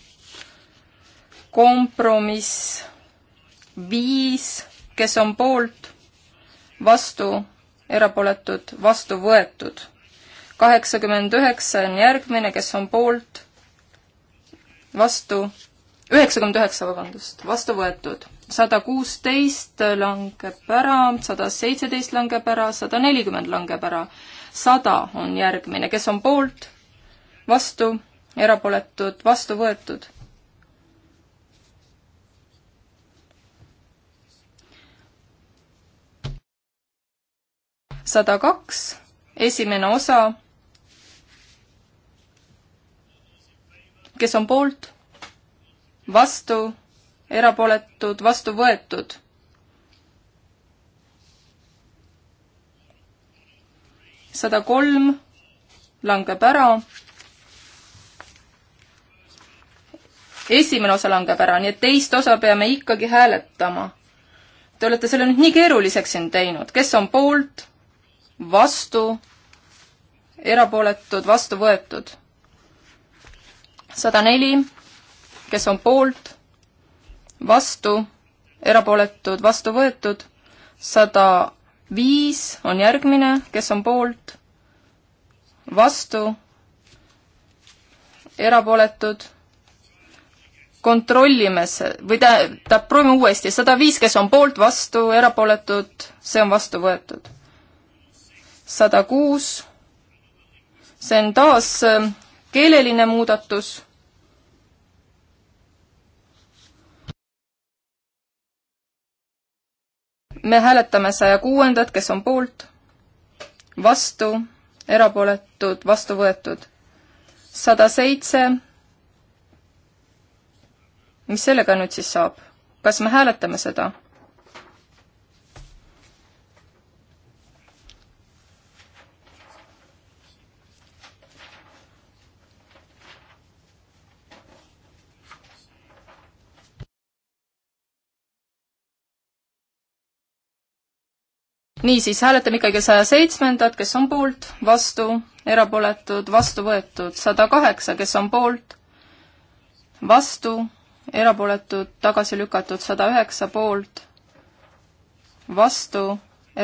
kompromiss viis, kes on poolt, vastu, erapooletud, vastu võetud. kaheksakümmend üheksa on järgmine, kes on poolt, vastu, üheksakümmend üheksa, vabandust, vastu võetud. sada kuusteist langeb ära, sada seitseteist langeb ära, sada nelikümmend langeb ära. sada on järgmine, kes on poolt, vastu, erapooletud, vastu võetud sada kaks, esimene osa. kes on poolt, vastu, erapooletud, vastu võetud. sada kolm langeb ära. esimene osa langeb ära, nii et teist osa peame ikkagi hääletama. Te olete selle nüüd nii keeruliseks siin teinud, kes on poolt vastu, erapooletud, vastu võetud. sada neli, kes on poolt, vastu, erapooletud, vastu võetud, sada viis on järgmine, kes on poolt, vastu, erapooletud, kontrollime see või tä-, tähendab, proovime uuesti, sada viis, kes on poolt, vastu, erapooletud, see on vastu võetud sada kuus, see on taas äh, keeleline muudatus. me hääletame saja kuuendat, kes on poolt, vastu, erapooletud, vastu võetud. sada seitse, mis sellega nüüd siis saab? kas me hääletame seda? niisiis, hääletame ikkagi saja seitsmendat, kes on poolt, vastu, erapooletud, vastu võetud, sada kaheksa, kes on poolt, vastu, erapooletud, tagasi lükatud, sada üheksa poolt, vastu,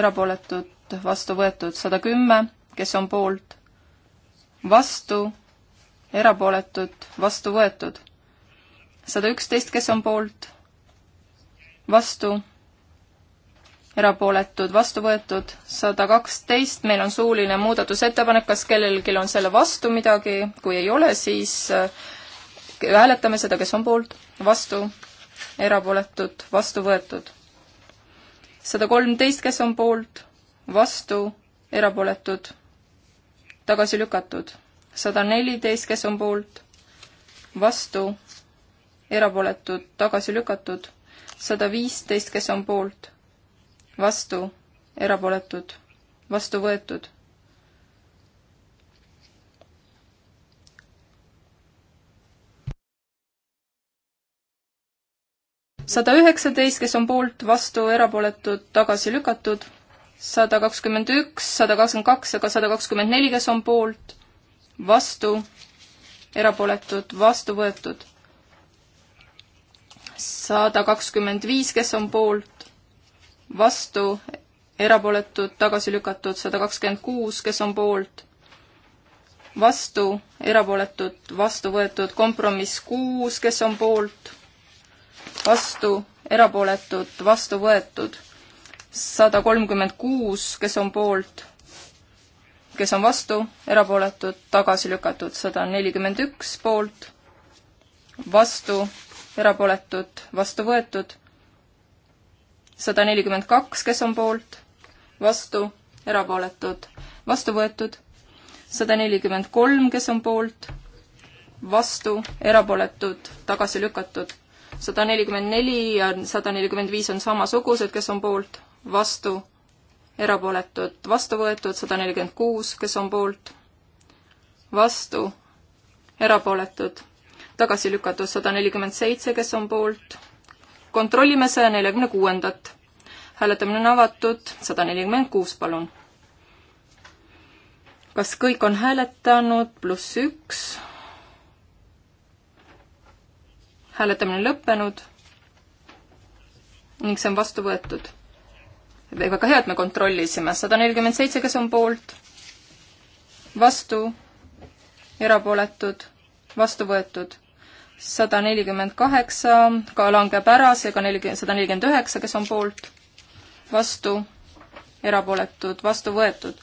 erapooletud, vastu võetud, sada kümme, kes on poolt, vastu, erapooletud, vastu võetud, sada üksteist, kes on poolt, vastu, erapooletud, vastu võetud sada kaksteist, meil on suuline muudatusettepanek, kas kellelgi on selle vastu midagi, kui ei ole, siis äh, hääletame seda, kes on poolt, vastu, erapooletud, vastu võetud. sada kolmteist, kes on poolt, vastu, erapooletud, tagasi lükatud. sada neliteist, kes on poolt, vastu, erapooletud, tagasi lükatud. sada viisteist, kes on poolt vastu, erapooletud, vastu võetud. sada üheksateist, kes on poolt, vastu, erapooletud, tagasi lükatud. sada kakskümmend üks, sada kakskümmend kaks, aga sada kakskümmend neli, kes on poolt, vastu, erapooletud, vastu võetud. sada kakskümmend viis, kes on poolt, vastu, erapooletud, tagasi lükatud sada kakskümmend kuus, kes on poolt, vastu, erapooletud, vastu võetud, kompromiss kuus, kes on poolt, vastu, erapooletud, vastu võetud, sada kolmkümmend kuus, kes on poolt, kes on vastu, erapooletud, tagasi lükatud, sada nelikümmend üks poolt, vastu, erapooletud, vastu võetud sada nelikümmend kaks, kes on poolt, vastu, erapooletud, vastu võetud, sada nelikümmend kolm, kes on poolt, vastu, erapooletud, tagasi lükatud. sada nelikümmend neli ja sada nelikümmend viis on samasugused, kes on poolt, vastu, erapooletud, vastu võetud, sada nelikümmend kuus, kes on poolt, vastu, erapooletud, tagasi lükatud, sada nelikümmend seitse, kes on poolt, kontrollime saja neljakümne kuuendat. hääletamine on avatud, sada nelikümmend kuus, palun. kas kõik on hääletanud, pluss üks? hääletamine lõppenud ning see on vastu võetud. väga hea, et me kontrollisime, sada nelikümmend seitse, kes on poolt, vastu, erapooletud, vastu võetud sada nelikümmend kaheksa ka langeb ära, seega nelikümmend, sada nelikümmend üheksa, kes on poolt, vastu, erapooletud, vastu võetud.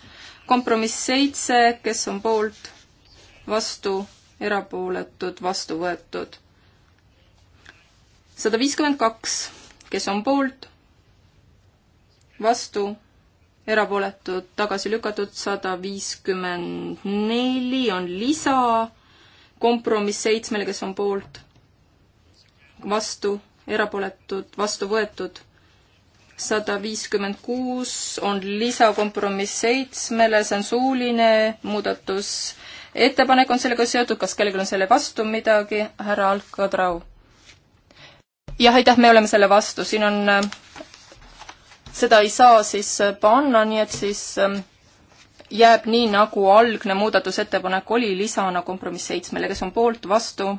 kompromiss seitse, kes on poolt, vastu, erapooletud, vastu võetud. sada viiskümmend kaks, kes on poolt, vastu, erapooletud, tagasi lükatud, sada viiskümmend neli on lisa kompromiss seitsmele, kes on poolt, vastu, erapooletud, vastu võetud. sada viiskümmend kuus on lisakompromiss seitsmele, see on suuline muudatus. ettepanek on sellega seotud, kas kellelgi on selle vastu midagi, härra Alkadrau? jah, aitäh, me oleme selle vastu, siin on, äh, seda ei saa siis äh, panna, nii et siis äh, jääb nii, nagu algne muudatusettepanek oli, lisana kompromiss seitsmele, kes on poolt, vastu,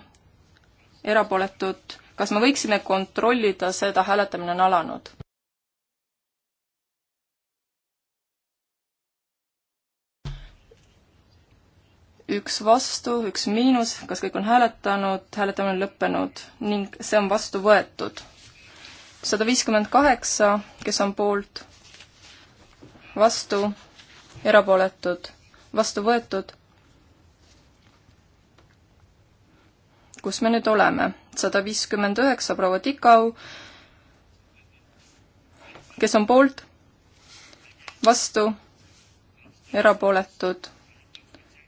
erapooletud, kas me võiksime kontrollida seda, hääletamine on alanud? üks vastu, üks miinus, kas kõik on hääletanud, hääletamine on lõppenud ning see on vastu võetud. sada viiskümmend kaheksa, kes on poolt, vastu erapooletud, vastu võetud. kus me nüüd oleme? sada viiskümmend üheksa, proua Tikau. kes on poolt? vastu? erapooletud?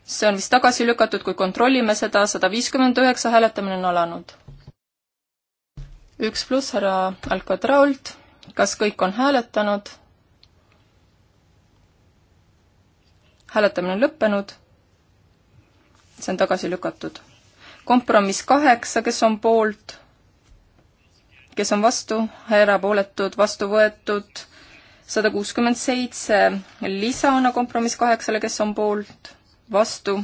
see on vist tagasi lükatud, kui kontrollime seda, sada viiskümmend üheksa hääletamine on alanud. üks pluss härra Alcatrault, kas kõik on hääletanud? hääletamine on lõppenud, see on tagasi lükatud. kompromiss kaheksa, kes on poolt, kes on vastu, erapooletud, vastu võetud, sada kuuskümmend seitse lisana kompromiss kaheksale, kes on poolt, vastu,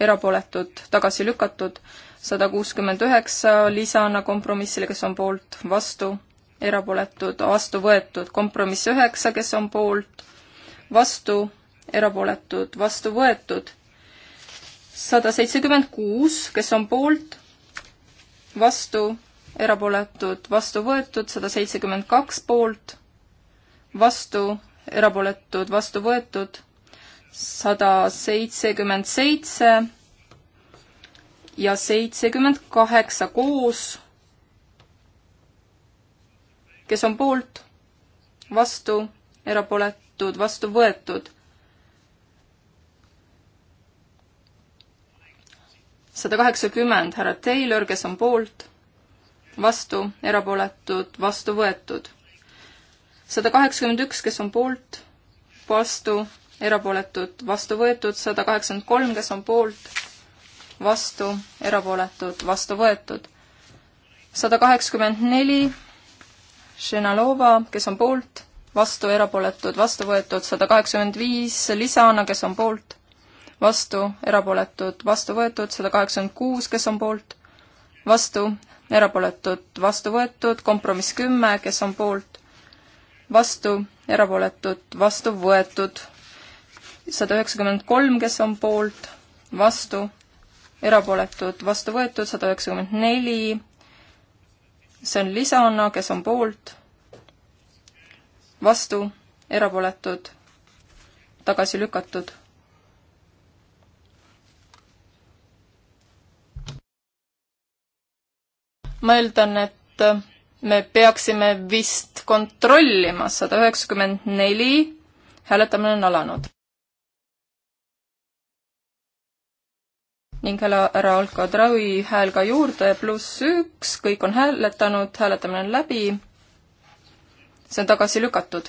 erapooletud, tagasi lükatud, sada kuuskümmend üheksa lisana kompromissile, kes on poolt, vastu, erapooletud, vastu võetud, kompromiss üheksa, kes on poolt, vastu, erapooletud, vastu võetud. sada seitsekümmend kuus, kes on poolt, vastu, erapooletud, vastu võetud, sada seitsekümmend kaks poolt, vastu, erapooletud, vastu võetud, sada seitsekümmend seitse ja seitsekümmend kaheksa koos, kes on poolt, vastu, erapooletud, vastu võetud. sada kaheksakümmend härra Taylor, kes on poolt, vastu, erapooletud, vastu võetud. sada kaheksakümmend üks, kes on poolt, vastu, erapooletud, vastu võetud, sada kaheksakümmend kolm, kes on poolt, vastu, erapooletud, vastu võetud. sada kaheksakümmend neli, Šenalova, kes on poolt, vastu, erapooletud, vastu võetud, sada kaheksakümmend viis, Lisana, kes on poolt vastu, erapooletud, vastu võetud, sada kaheksakümmend kuus, kes on poolt, vastu, erapooletud, vastu võetud, kompromiss kümme, kes on poolt, vastu, erapooletud, vastu võetud, sada üheksakümmend kolm, kes on poolt, vastu, erapooletud, vastu võetud, sada üheksakümmend neli, see on lisana, kes on poolt, vastu, erapooletud, tagasi lükatud ma eeldan, et me peaksime vist kontrollima, sada üheksakümmend neli, hääletamine on alanud. ning härra, härra Alko Traui hääl ka juurde, pluss üks, kõik on hääletanud, hääletamine on läbi, see on tagasi lükatud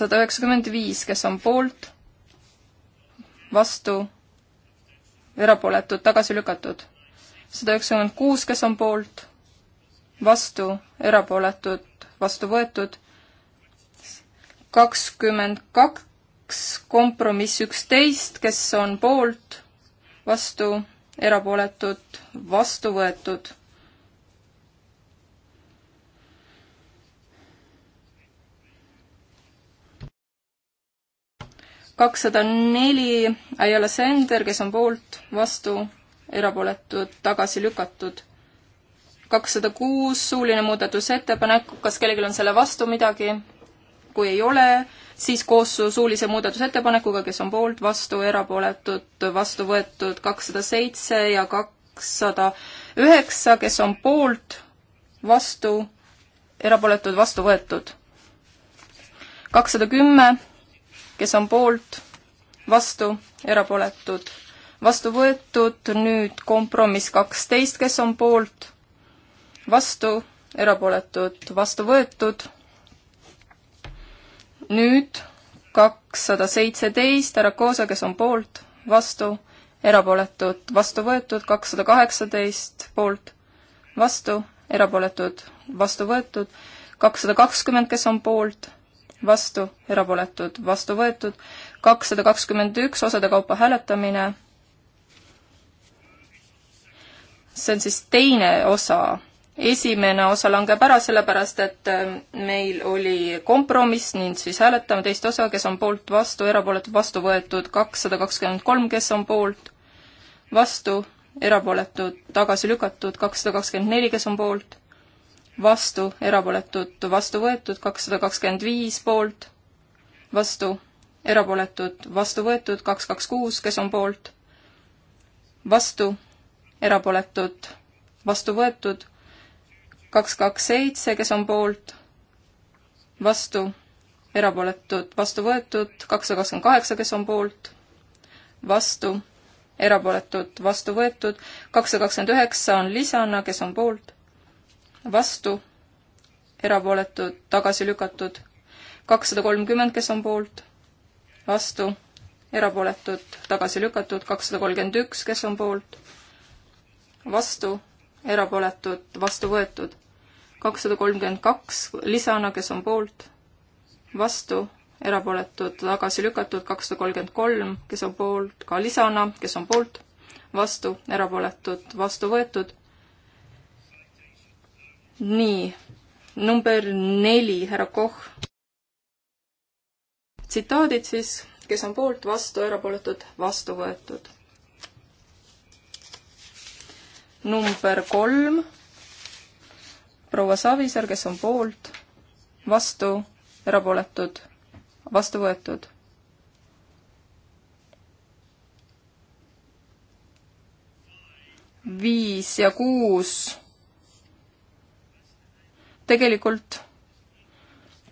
sada üheksakümmend viis, kes on poolt, vastu, erapooletud, tagasi lükatud. sada üheksakümmend kuus, kes on poolt, vastu, erapooletud, vastu võetud, kakskümmend kaks, kompromiss üksteist, kes on poolt, vastu, erapooletud, vastu võetud kakssada neli Ayala Sender, kes on poolt, vastu, erapooletud, tagasi lükatud. kakssada kuus suuline muudatusettepanek, kas kellelgi on selle vastu midagi? kui ei ole, siis koos suulise muudatusettepanekuga, kes on poolt, vastu, erapooletud, vastu võetud kakssada seitse ja kakssada üheksa, kes on poolt, vastu, erapooletud, vastu võetud. kakssada kümme kes on poolt, vastu, erapooletud, vastu võetud, nüüd kompromiss kaksteist, kes on poolt, vastu, erapooletud, vastu võetud, nüüd kakssada seitseteist, härra Koosa, kes on poolt, vastu, erapooletud, vastu võetud, kakssada kaheksateist poolt, vastu, erapooletud, vastu võetud, kakssada kakskümmend, kes on poolt vastu, erapooletud, vastu võetud, kakssada kakskümmend üks osade kaupa hääletamine, see on siis teine osa. esimene osa langeb ära, sellepärast et ähm, meil oli kompromiss, nii et siis hääletame teist osa, kes on poolt, vastu, erapooletud, vastu võetud, kakssada kakskümmend kolm, kes on poolt, vastu, erapooletud, tagasi lükatud, kakssada kakskümmend neli, kes on poolt, vastu, erapooletud, vastu võetud, kakssada kakskümmend viis poolt, vastu, erapooletud, vastu võetud, kaks kaks kuus, kes on poolt, vastu, erapooletud, vastu võetud, kaks kaks seitse, kes on poolt, vastu, erapooletud, vastu võetud, kakssada kakskümmend kaheksa, kes on poolt, vastu, erapooletud, vastu võetud, kakssada kakskümmend üheksa on lisana, kes on poolt vastu, erapooletud, tagasi lükatud. kakssada kolmkümmend, kes on poolt, vastu, erapooletud, tagasi lükatud. kakssada kolmkümmend üks, kes on poolt, vastu, erapooletud, vastu võetud. kakssada kolmkümmend kaks lisana, kes on poolt, vastu, erapooletud, tagasi lükatud. kakssada kolmkümmend kolm, kes on poolt, ka lisana, kes on poolt, vastu, erapooletud, vastu võetud nii, number neli, härra Koch. tsitaadid siis, kes on poolt, vastu, erapooletud, vastu võetud. number kolm, proua Savisaar, kes on poolt, vastu, erapooletud, vastu võetud viis ja kuus tegelikult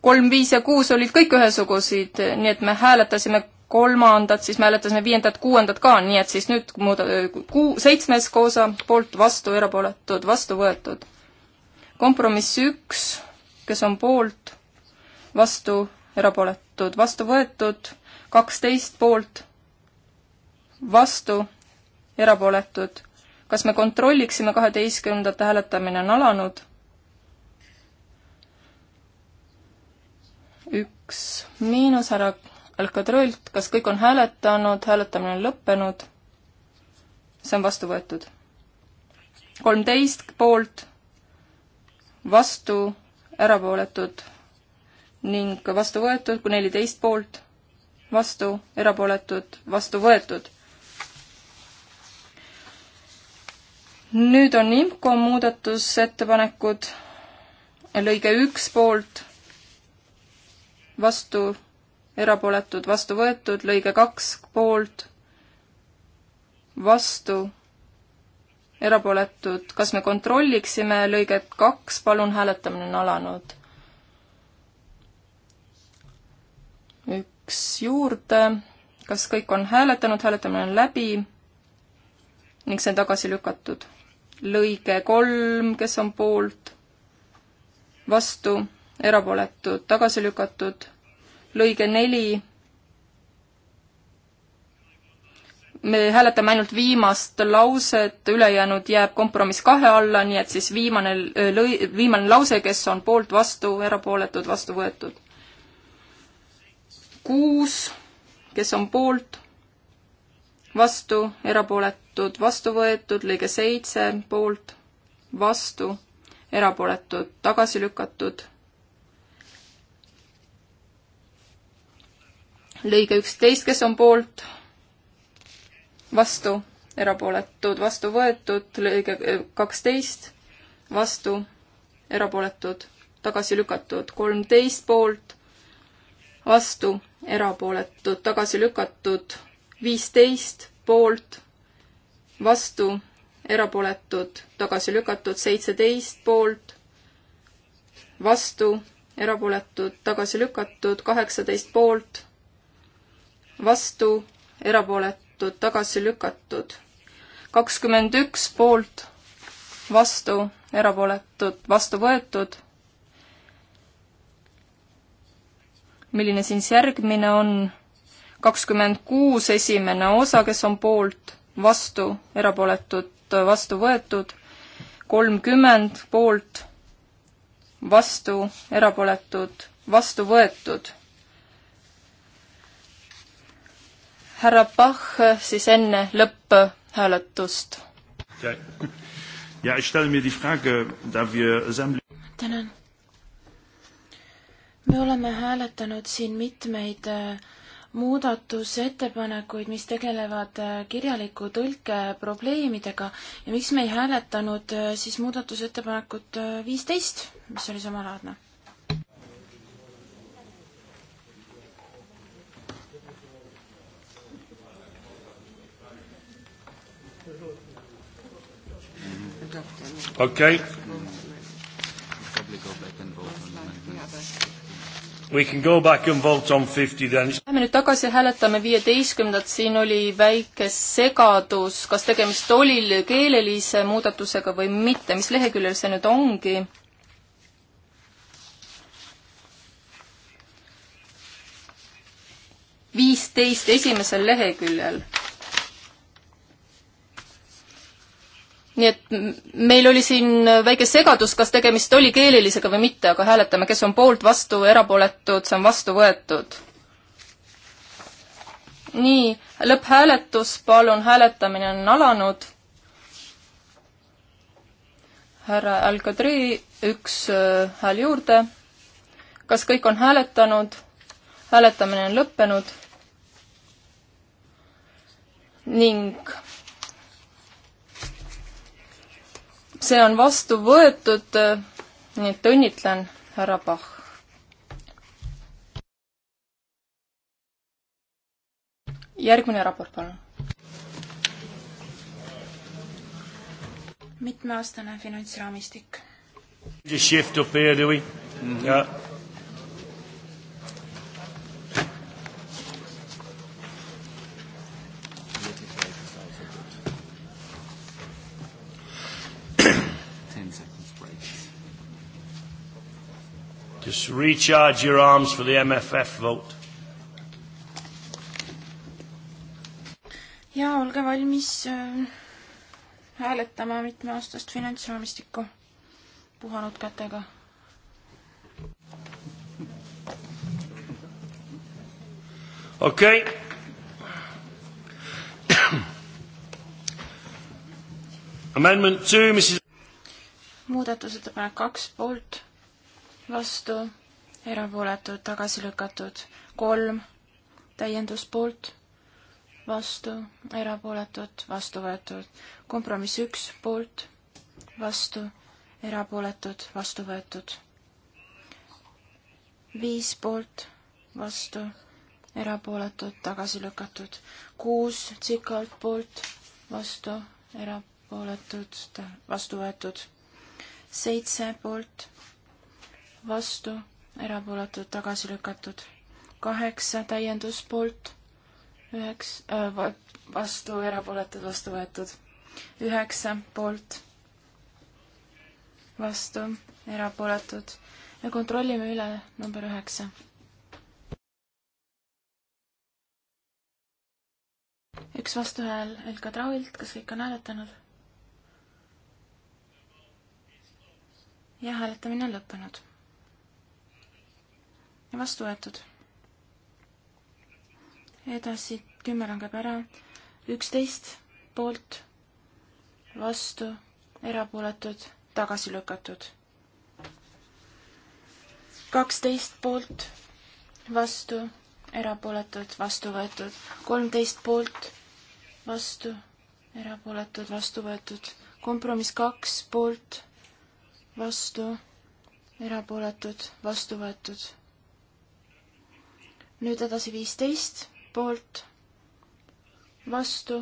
kolm, viis ja kuus olid kõik ühesugused, nii et me hääletasime kolmandat, siis me hääletasime viiendat, kuuendat ka, nii et siis nüüd muuda-, kuu, seitsmes koosa poolt vastu, erapooletud, vastu võetud. kompromiss üks, kes on poolt, vastu, erapooletud, vastu võetud, kaksteist poolt, vastu, erapooletud. kas me kontrolliksime, kaheteistkümnendate hääletamine on alanud üks miinus härra Alcadrõilt, kas kõik on hääletanud, hääletamine on lõppenud, see on vastu võetud. kolmteist poolt, vastu, erapooletud ning vastu võetud, kui neliteist poolt, vastu, erapooletud, vastu võetud nüüd on IMCO muudatusettepanekud, lõige üks poolt, vastu, erapooletud, vastu võetud, lõige kaks poolt, vastu, erapooletud, kas me kontrolliksime lõiget kaks, palun, hääletamine on alanud. üks juurde, kas kõik on hääletanud, hääletamine on läbi ning see on tagasi lükatud. lõige kolm, kes on poolt, vastu erapooletud, tagasi lükatud. lõige neli. me hääletame ainult viimast lauset, ülejäänud jääb kompromiss kahe alla, nii et siis viimane lõi-, viimane lause, kes on poolt, vastu, erapooletud, vastu võetud. kuus, kes on poolt, vastu, erapooletud, vastu võetud, lõige seitse, poolt, vastu erapooletud tagasi lükatud. lõige üksteist, kes on poolt, vastu, erapooletud, vastu võetud, lõige äh, kaksteist, vastu, erapooletud, tagasi lükatud, kolmteist poolt, vastu, erapooletud, tagasi lükatud, viisteist poolt, vastu, erapooletud, tagasi lükatud, seitseteist poolt, vastu, erapooletud, tagasi lükatud, kaheksateist poolt vastu, erapooletud, tagasi lükatud. kakskümmend üks poolt, vastu, erapooletud, vastu võetud. milline siis järgmine on? kakskümmend kuus, esimene osa, kes on poolt, vastu, erapooletud, vastu võetud. kolmkümmend poolt, vastu, erapooletud, vastu võetud härra Bach siis enne lõpphääletust. tänan. me oleme hääletanud siin mitmeid äh, muudatusettepanekuid, mis tegelevad äh, kirjaliku tõlke probleemidega ja miks me ei hääletanud äh, siis muudatusettepanekut viisteist, mis oli samalaadne Okay. We can go back and vote on 50 then. Lähme nüüd tagasi hääletame viieteistkümnendat, siin oli väike segadus, kas tegemist oli keelelise muudatusega või mitte, mis leheküljel see nüüd ongi? viisteist esimesel leheküljel nii et meil oli siin väike segadus, kas tegemist oli keelelisega või mitte, aga hääletame, kes on poolt, vastu, erapooletud, see on vastu võetud. nii, lõpphääletus, palun, hääletamine on alanud. härra Al-Kadri, üks äh, hääl juurde. kas kõik on hääletanud? hääletamine on lõppenud ning see on vastu võetud, nii et õnnitlen härra Pahh. järgmine raport, palun. mitmeaastane finantsraamistik. Shift up here, do we? Yeah. Mhm. Just recharge your arms for the MFF vote. ja olge valmis äh, hääletama mitmeaastast finantsraamistikku puhanud kätega. okei okay.. Amendment two, Mrs. muudatusettepanek kaks poolt vastu, erapooletud, tagasi lükatud. kolm täienduspoolt, vastu, erapooletud, vastu võetud. kompromiss üks poolt, vastu, erapooletud, vastu võetud. viis poolt, vastu, erapooletud, tagasi lükatud. kuus tsikalt poolt, vastu, erapooletud, vastu võetud. seitse poolt vastu, erapooletud, tagasi lükatud. kaheksa täienduspoolt, üheks äh,, vastu, erapooletud, vastu võetud. üheksa poolt, vastu, erapooletud ja kontrollime üle number üheksa. üks vastuhääl Elka Trauilt, kas kõik on hääletanud? ja hääletamine on lõppenud ja vastu võetud. edasi kümme langeb ära, üksteist poolt, vastu, erapooletud, tagasi lükatud. kaksteist poolt, vastu, erapooletud, vastu võetud, kolmteist poolt, vastu, erapooletud, vastu võetud, kompromiss kaks poolt, vastu, erapooletud, vastu võetud nüüd edasi viisteist poolt, vastu,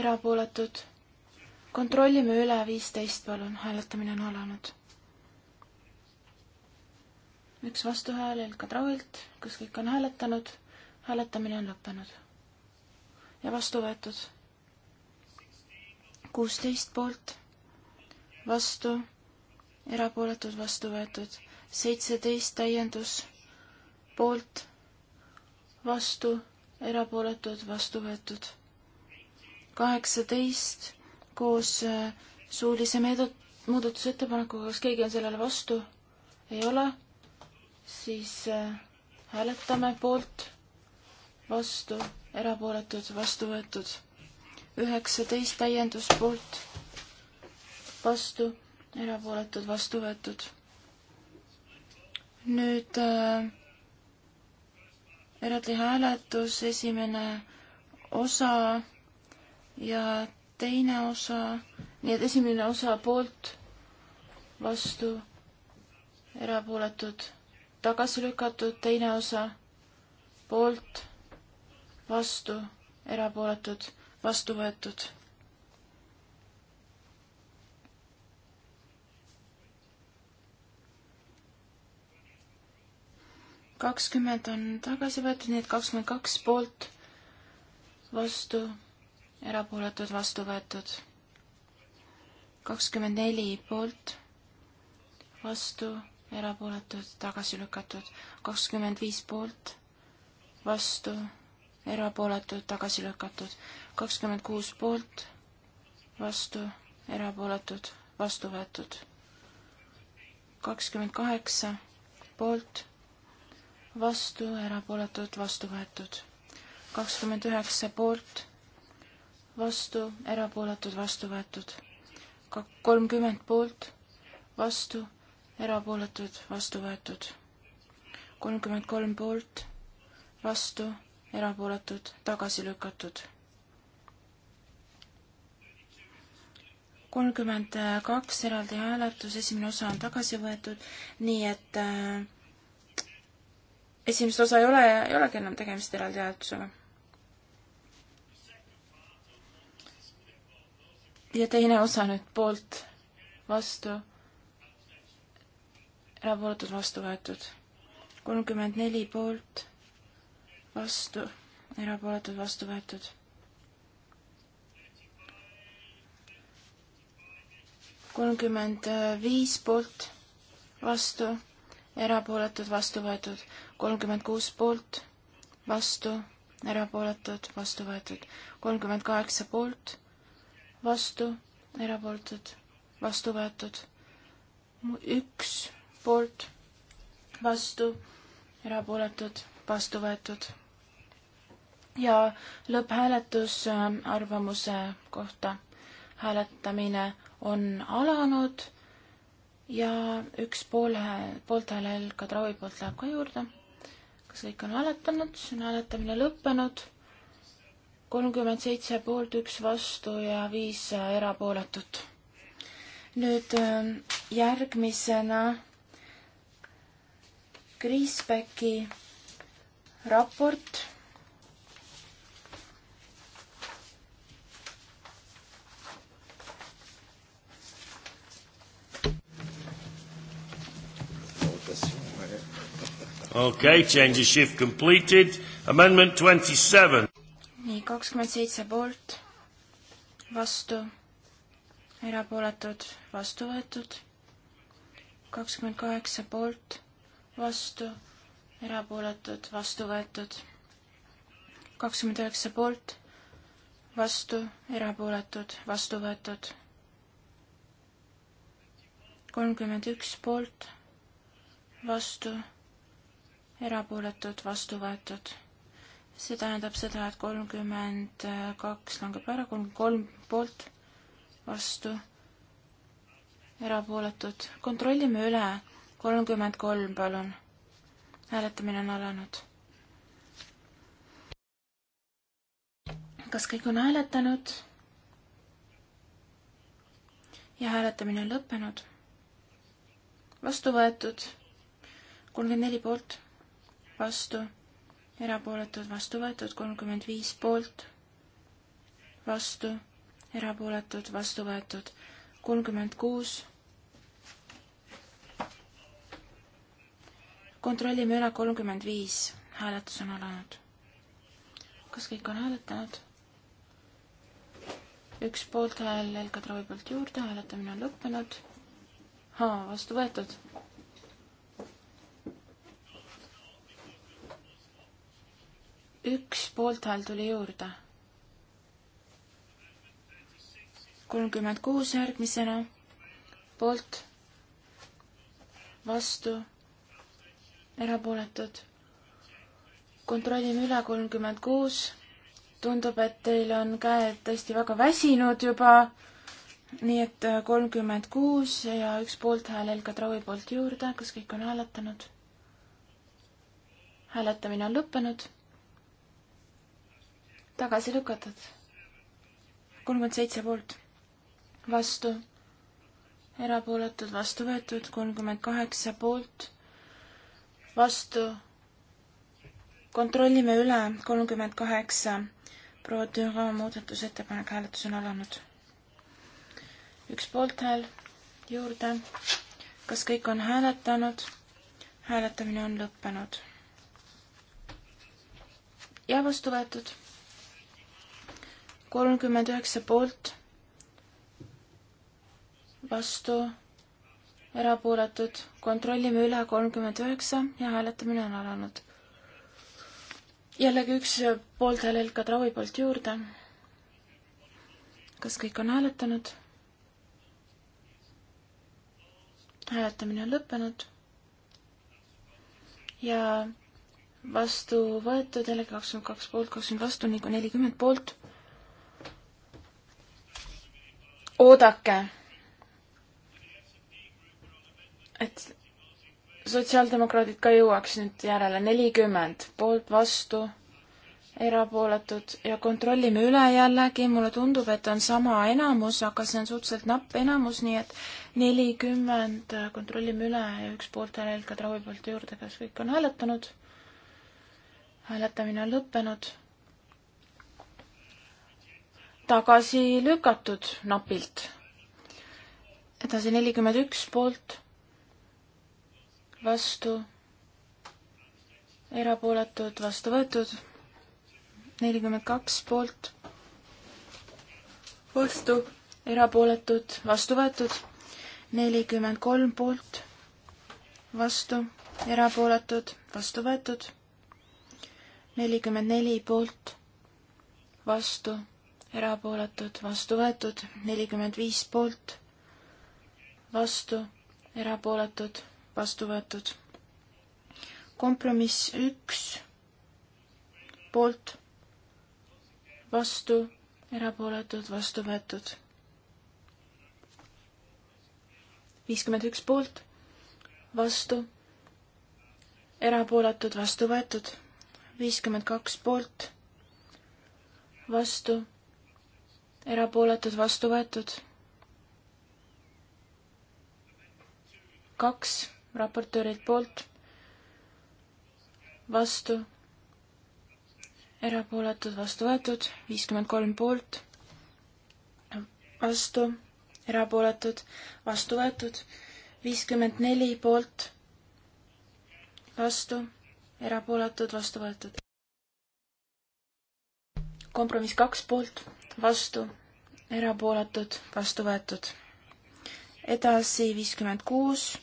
erapooletud. kontrollime üle viisteist, palun, hääletamine on alanud. üks vastuhääl Elka Trauilt, kas kõik on hääletanud? hääletamine on lõppenud. ja vastu võetud. kuusteist poolt, vastu, erapooletud, vastu võetud. seitseteist täiendus, poolt vastu, erapooletud, vastu võetud. kaheksateist koos äh, suulise meedet-, muudatusettepanekuga, kas keegi on sellele vastu? ei ole? siis äh, hääletame poolt, vastu, erapooletud, vastu võetud. üheksateist täiendus poolt, vastu, erapooletud, vastu võetud. nüüd äh, eraldi hääletus, esimene osa ja teine osa, nii et esimene osa poolt, vastu, erapooletud, tagasi lükatud, teine osa poolt, vastu, erapooletud, vastu võetud kakskümmend on tagasi võetud, nii et kakskümmend kaks poolt, vastu, erapooletud, vastu võetud. kakskümmend neli poolt, vastu, erapooletud, tagasi lükatud. kakskümmend viis poolt, vastu, erapooletud, tagasi lükatud. kakskümmend kuus poolt, vastu, erapooletud, vastu võetud. kakskümmend kaheksa poolt vastu, erapooletud, vastu võetud. kakskümmend üheksa poolt, vastu, erapooletud, vastu võetud. kolmkümmend poolt, vastu, erapooletud, vastu võetud. kolmkümmend kolm poolt, vastu, erapooletud, tagasi lükatud kolmkümmend kaks eraldi hääletus, esimene osa on tagasi võetud, nii et äh, esimest osa ei ole ja ei olegi enam tegemist eraldi hääletusega. ja teine osa nüüd poolt, vastu, erapooletud, vastu võetud. kolmkümmend neli poolt, vastu, erapooletud, vastu võetud. kolmkümmend viis poolt, vastu erapooletud vastu võetud kolmkümmend kuus poolt, vastu, erapooletud, vastu võetud. kolmkümmend kaheksa poolt, vastu, erapooletud, vastu võetud. üks poolt, vastu, erapooletud, vastu võetud. ja lõpphääletus ähm, arvamuse kohta. hääletamine on alanud ja üks pool, poolthäälel Kadraovi poolt läheb ka juurde kas kõik on hääletanud, siis on hääletamine lõppenud. kolmkümmend seitse poolt, üks vastu ja viis erapooletut. nüüd ähm, järgmisena Kriisbecki raport okei okay,, change the shift completed, amendment twenty seven. nii, kakskümmend seitse poolt, vastu, erapooletud, vastu võetud, kakskümmend kaheksa poolt, vastu, erapooletud, vastu võetud, kakskümmend üheksa poolt, vastu, erapooletud, vastu võetud, kolmkümmend üks poolt, vastu erapooletud, vastu võetud. see tähendab seda, et kolmkümmend kaks langeb ära, kolmkümmend kolm poolt, vastu, erapooletud. kontrollime üle, kolmkümmend kolm, palun. hääletamine on alanud kas kõik on hääletanud? ja hääletamine on lõppenud. vastu võetud kolmkümmend neli poolt, vastu, erapooletud, vastu võetud, kolmkümmend viis poolt, vastu, erapooletud, vastu võetud, kolmkümmend kuus. kontrollime üle kolmkümmend viis, hääletus on alanud. kas kõik on hääletanud? üks poolthääl Elka Traavi poolt juurde, hääletamine on lõppenud. vastu võetud üks poolthääl tuli juurde. kolmkümmend kuus järgmisena, poolt, vastu, erapooletud. kontrollime üle, kolmkümmend kuus. tundub, et teil on käed tõesti väga väsinud juba, nii et äh, kolmkümmend kuus ja üks poolthääl Elka Traui poolt juurde, kas kõik on hääletanud? hääletamine on lõppenud tagasi lükatud. kolmkümmend seitse poolt, vastu, erapooletud, vastu võetud, kolmkümmend kaheksa poolt, vastu, kontrollime üle, kolmkümmend kaheksa, proua Türa muudatusettepanek, hääletus on alanud. üks poolthääl juurde, kas kõik on hääletanud? hääletamine on lõppenud ja vastu võetud kolmkümmend üheksa poolt, vastu, erapooletud. kontrollime üle kolmkümmend üheksa ja hääletamine on alanud. jällegi üks poolthääl Elka Traui poolt juurde. kas kõik on hääletanud? hääletamine on lõppenud ja vastu võetud, jällegi kakskümmend kaks poolt, kakskümmend vastu, nii nagu kui nelikümmend poolt oodake, et sotsiaaldemokraadid ka jõuaks nüüd järele, nelikümmend poolt, vastu, erapooletud ja kontrollime üle jällegi, mulle tundub, et on sama enamus, aga see on suhteliselt napp enamus, nii et nelikümmend, kontrollime üle ja üks poolthääl Helga Traui poolt juurde, kas kõik on hääletanud. hääletamine on lõppenud tagasi lükatud napilt. edasi nelikümmend üks poolt, vastu, erapooletud, vastu võetud, nelikümmend kaks poolt, vastu, erapooletud, vastu võetud, nelikümmend kolm poolt, vastu, erapooletud, vastu võetud, nelikümmend neli poolt, vastu erapooletud, vastu võetud, nelikümmend viis poolt, vastu, erapooletud, vastu võetud. kompromiss üks, poolt, vastu, erapooletud, vastu võetud. viiskümmend üks poolt, vastu, erapooletud, vastu võetud, viiskümmend kaks poolt, vastu erapooletud, vastu võetud. kaks raportöörilt poolt, vastu, erapooletud, vastu võetud, viiskümmend kolm poolt, vastu, erapooletud, vastu võetud, viiskümmend neli poolt, vastu, erapooletud, vastu võetud. kompromiss kaks poolt vastu, erapooletud, vastu võetud. edasi viiskümmend kuus,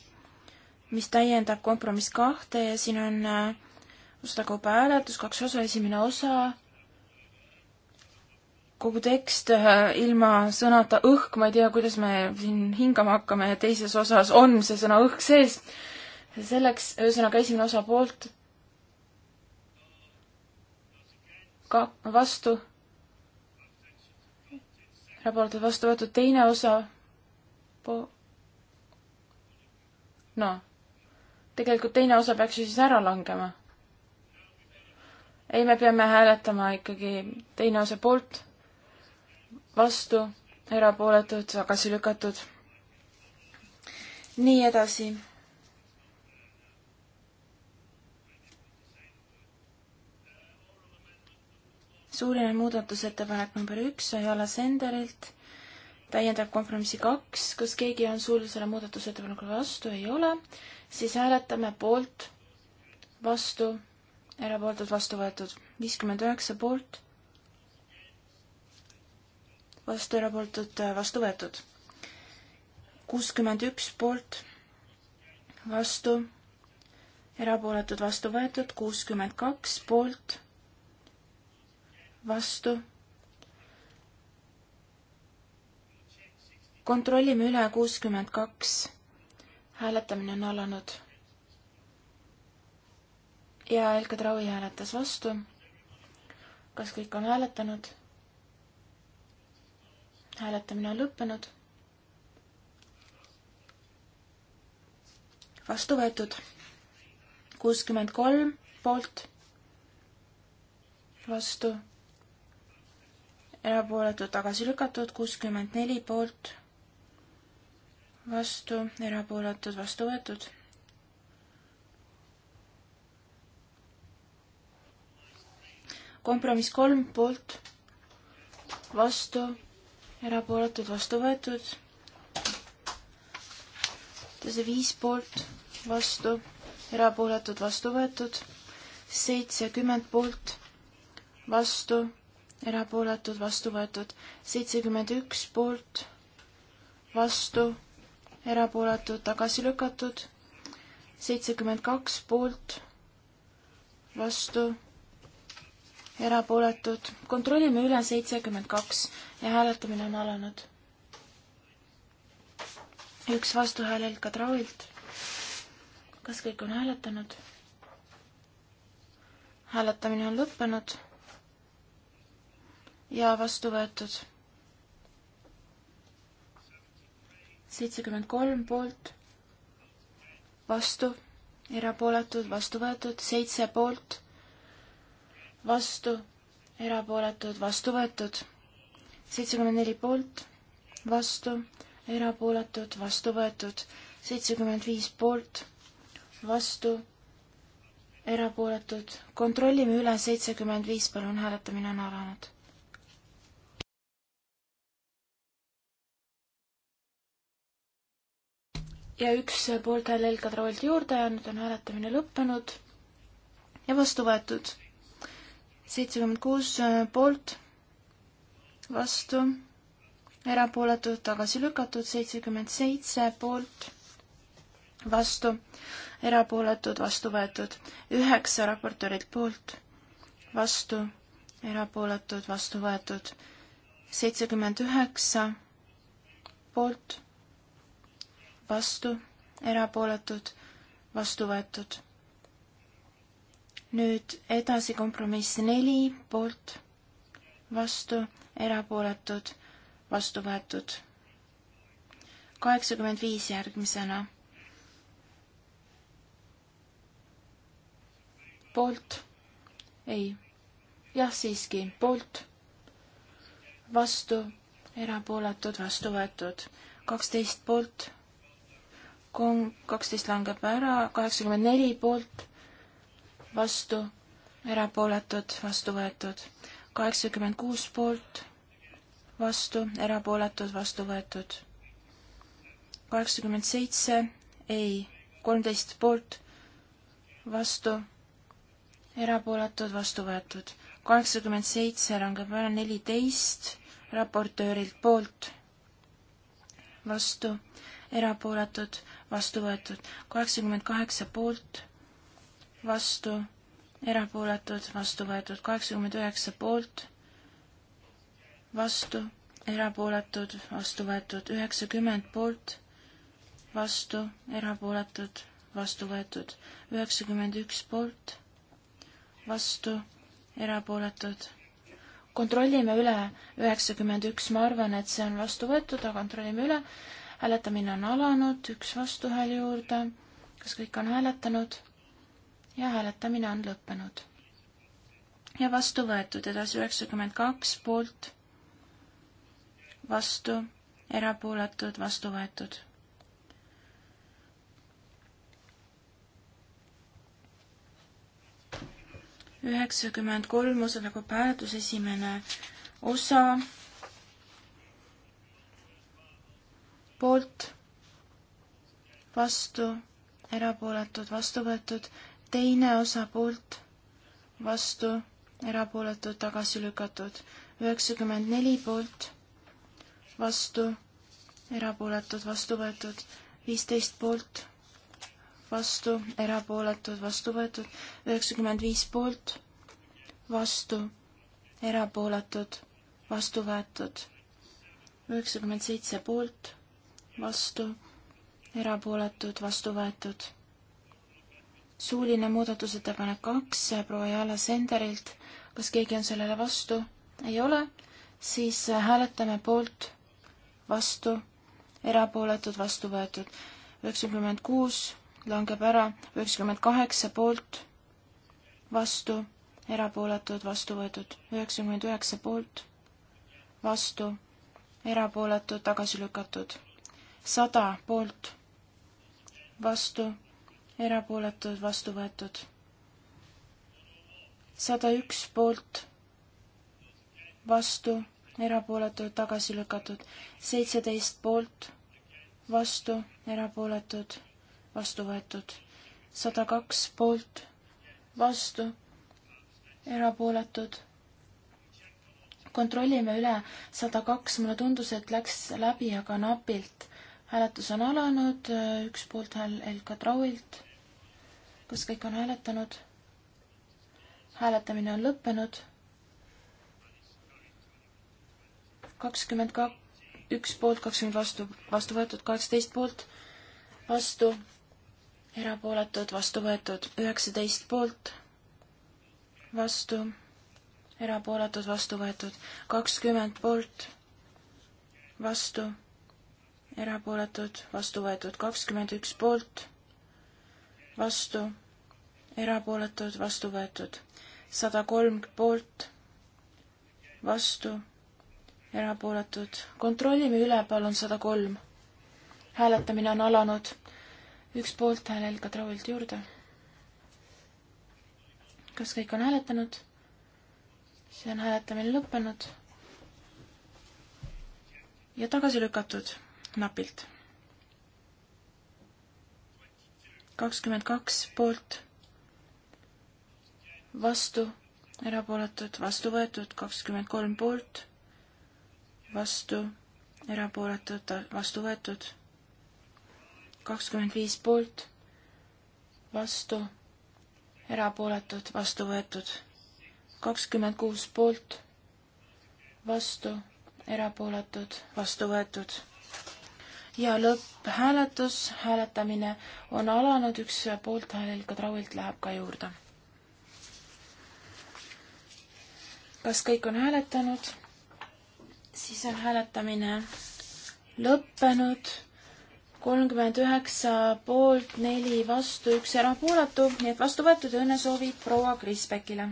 mis täiendab kompromiss kahte ja siin on äh, osade kaupa hääletus, kaks osa, esimene osa, kogu tekst äh, ilma sõnata õhk, ma ei tea, kuidas me siin hingama hakkame, teises osas on see sõna õhk sees. selleks, ühesõnaga esimene osa poolt, ka vastu raportid vastu võetud, teine osa po-, no tegelikult teine osa peaks ju siis ära langema. ei, me peame hääletama ikkagi teine osa poolt, vastu, erapooletud, tagasi lükatud. nii edasi suuline muudatusettepanek number üks sai Ala Senderilt, täiendab kompromissi kaks, kas keegi on suulisele muudatusettepanekule vastu, ei ole, siis hääletame poolt, vastu, erapooletud, vastu võetud, viiskümmend üheksa poolt, vastu, erapooletud, vastu võetud, kuuskümmend üks poolt, vastu, erapooletud, vastu võetud, kuuskümmend kaks poolt vastu. kontrollime üle kuuskümmend kaks. hääletamine on alanud. ja Elka Traui hääletas vastu. kas kõik on hääletanud? hääletamine on lõppenud. vastu võetud kuuskümmend kolm poolt, vastu erapooletud tagasi lükatud, kuuskümmend neli poolt, vastu, erapooletud vastu võetud. kompromiss kolm poolt, vastu, erapooletud vastu võetud. see viis poolt, vastu, erapooletud vastu võetud, seitsekümmend poolt, vastu erapooletud, vastu võetud seitsekümmend üks poolt, vastu, erapooletud, tagasi lükatud, seitsekümmend kaks poolt, vastu, erapooletud, kontrollime üle seitsekümmend kaks ja hääletamine on alanud. üks vastuhääl Elka Trauilt. kas kõik on hääletanud? hääletamine on lõppenud ja vastu võetud. seitsekümmend kolm poolt, vastu, erapooletud, vastu võetud, seitse poolt, vastu, erapooletud, vastu võetud, seitsekümmend neli poolt, vastu, erapooletud, vastu võetud, seitsekümmend viis poolt, vastu, erapooletud. kontrollime üle, seitsekümmend viis, palun, hääletamine on alanud ja üks poolthääl Elkadroilt juurde ja nüüd on hääletamine lõppenud ja vastu võetud. seitsekümmend kuus äh, poolt, vastu, erapooletud, tagasi lükatud, seitsekümmend seitse poolt, vastu, erapooletud, vastu võetud, üheksa raportöörilt poolt, vastu, erapooletud, vastu võetud, seitsekümmend üheksa poolt vastu, erapooletud, vastu võetud. nüüd edasi kompromiss neli poolt, vastu, erapooletud, vastu võetud. kaheksakümmend viis järgmisena. poolt, ei, jah, siiski poolt, vastu, erapooletud, vastu võetud, kaksteist poolt kolm, kaksteist langeb ära, kaheksakümmend neli poolt, vastu, erapooletud, vastu võetud. kaheksakümmend kuus poolt, vastu, erapooletud, vastu võetud. kaheksakümmend seitse, ei, kolmteist poolt, vastu, erapooletud, vastu võetud. kaheksakümmend seitse langeb ära, neliteist raportöörilt poolt, vastu, erapooletud vastu võetud, kaheksakümmend kaheksa poolt, vastu, erapooletud, vastu võetud, kaheksakümmend üheksa poolt, vastu, erapooletud, vastu võetud, üheksakümmend poolt, vastu, erapooletud, vastu võetud, üheksakümmend üks poolt, vastu, erapooletud. kontrollime üle üheksakümmend üks, ma arvan, et see on vastu võetud, aga kontrollime üle hääletamine on alanud, üks vastuhääl juurde. kas kõik on hääletanud? ja hääletamine on lõppenud. ja vastu võetud, edasi üheksakümmend kaks poolt, vastu, erapooletud, vastu võetud. üheksakümmend kolm osalegu hääletus, esimene osa poolt, vastu, erapooletud, vastu võetud, teine osa poolt, vastu, erapooletud, tagasi lükatud, üheksakümmend neli poolt, vastu, erapooletud, vastu võetud, viisteist poolt, vastu, erapooletud, vastu võetud, üheksakümmend viis poolt, vastu, erapooletud, vastu võetud, üheksakümmend seitse poolt vastu, erapooletud, vastu võetud. suuline muudatusettepanek kaks proua Jala Senderilt. kas keegi on sellele vastu? ei ole, siis hääletame poolt, vastu, erapooletud, vastu võetud. üheksakümmend kuus langeb ära, üheksakümmend kaheksa poolt, vastu, erapooletud, vastu võetud, üheksakümmend üheksa poolt, vastu, erapooletud, tagasi lükatud sada poolt, vastu, erapooletud, vastu võetud. sada üks poolt, vastu, erapooletud, tagasi lükatud. seitseteist poolt, vastu, erapooletud, vastu võetud. sada kaks poolt, vastu, erapooletud kontrollime üle sada kaks, mulle tundus, et läks läbi, aga napilt hääletus on alanud, üks poolthääl Elka Trauilt. kas kõik on hääletanud? hääletamine on lõppenud. kakskümmend kak-, üks poolt, kakskümmend vastu, vastu võetud, kaheksateist poolt, vastu, erapooletud, vastu võetud, üheksateist poolt, vastu erapooletud vastu võetud, kakskümmend poolt, vastu, erapooletud, vastu võetud kakskümmend üks poolt, vastu, erapooletud, vastu võetud sada kolm poolt, vastu, erapooletud. kontrollime üle, palun, sada kolm. hääletamine on alanud. üks poolthääl Helga Trauilt juurde. kas kõik on hääletanud? see on hääletamine lõppenud ja tagasi lükatud napilt. kakskümmend kaks poolt, vastu, erapooletud, vastu võetud, kakskümmend kolm poolt, vastu, erapooletud, vastu võetud, kakskümmend viis poolt, vastu, erapooletud, vastu võetud, kakskümmend kuus poolt, vastu, erapooletud, vastu võetud ja lõpphääletus, hääletamine on alanud, üks poolthääl Kadrauilt läheb ka juurde. kas kõik on hääletanud? siis on hääletamine lõppenud, kolmkümmend üheksa poolt, neli vastu, üks erapooletu, nii et vastu võetud õnnesoovid proua Kriisbekile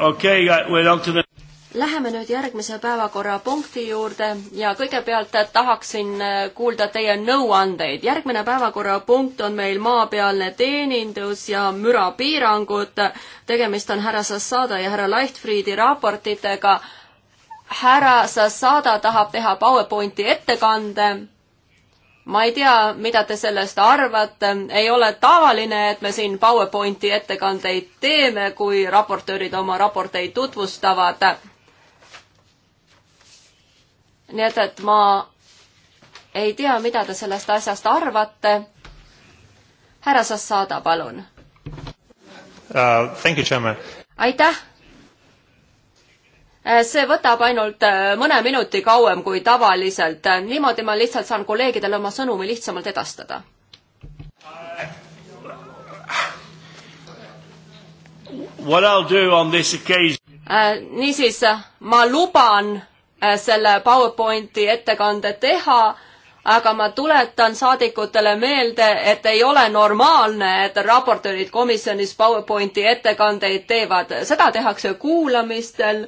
okei okay,, uh, we're on to the Läheme nüüd järgmise päevakorrapunkti juurde ja kõigepealt tahaksin äh, kuulda teie nõuandeid. järgmine päevakorrapunkt on meil maapealne teenindus ja mürapiirangud. tegemist on härra Sassada ja härra Leichtfriedi raportitega. härra Sassada tahab teha PowerPointi ettekande ma ei tea, mida te sellest arvate, ei ole tavaline, et me siin PowerPointi ettekandeid teeme, kui raportöörid oma raporteid tutvustavad. nii et, et ma ei tea, mida te sellest asjast arvate. härra Sassada, palun uh,. aitäh Äh, see võtab ainult äh, mõne minuti kauem kui tavaliselt, äh, niimoodi ma lihtsalt saan kolleegidele oma sõnumi lihtsamalt edastada. niisiis, ma luban selle PowerPointi ettekande teha aga ma tuletan saadikutele meelde, et ei ole normaalne, et raportöörid komisjonis PowerPointi ettekandeid teevad, seda tehakse kuulamistel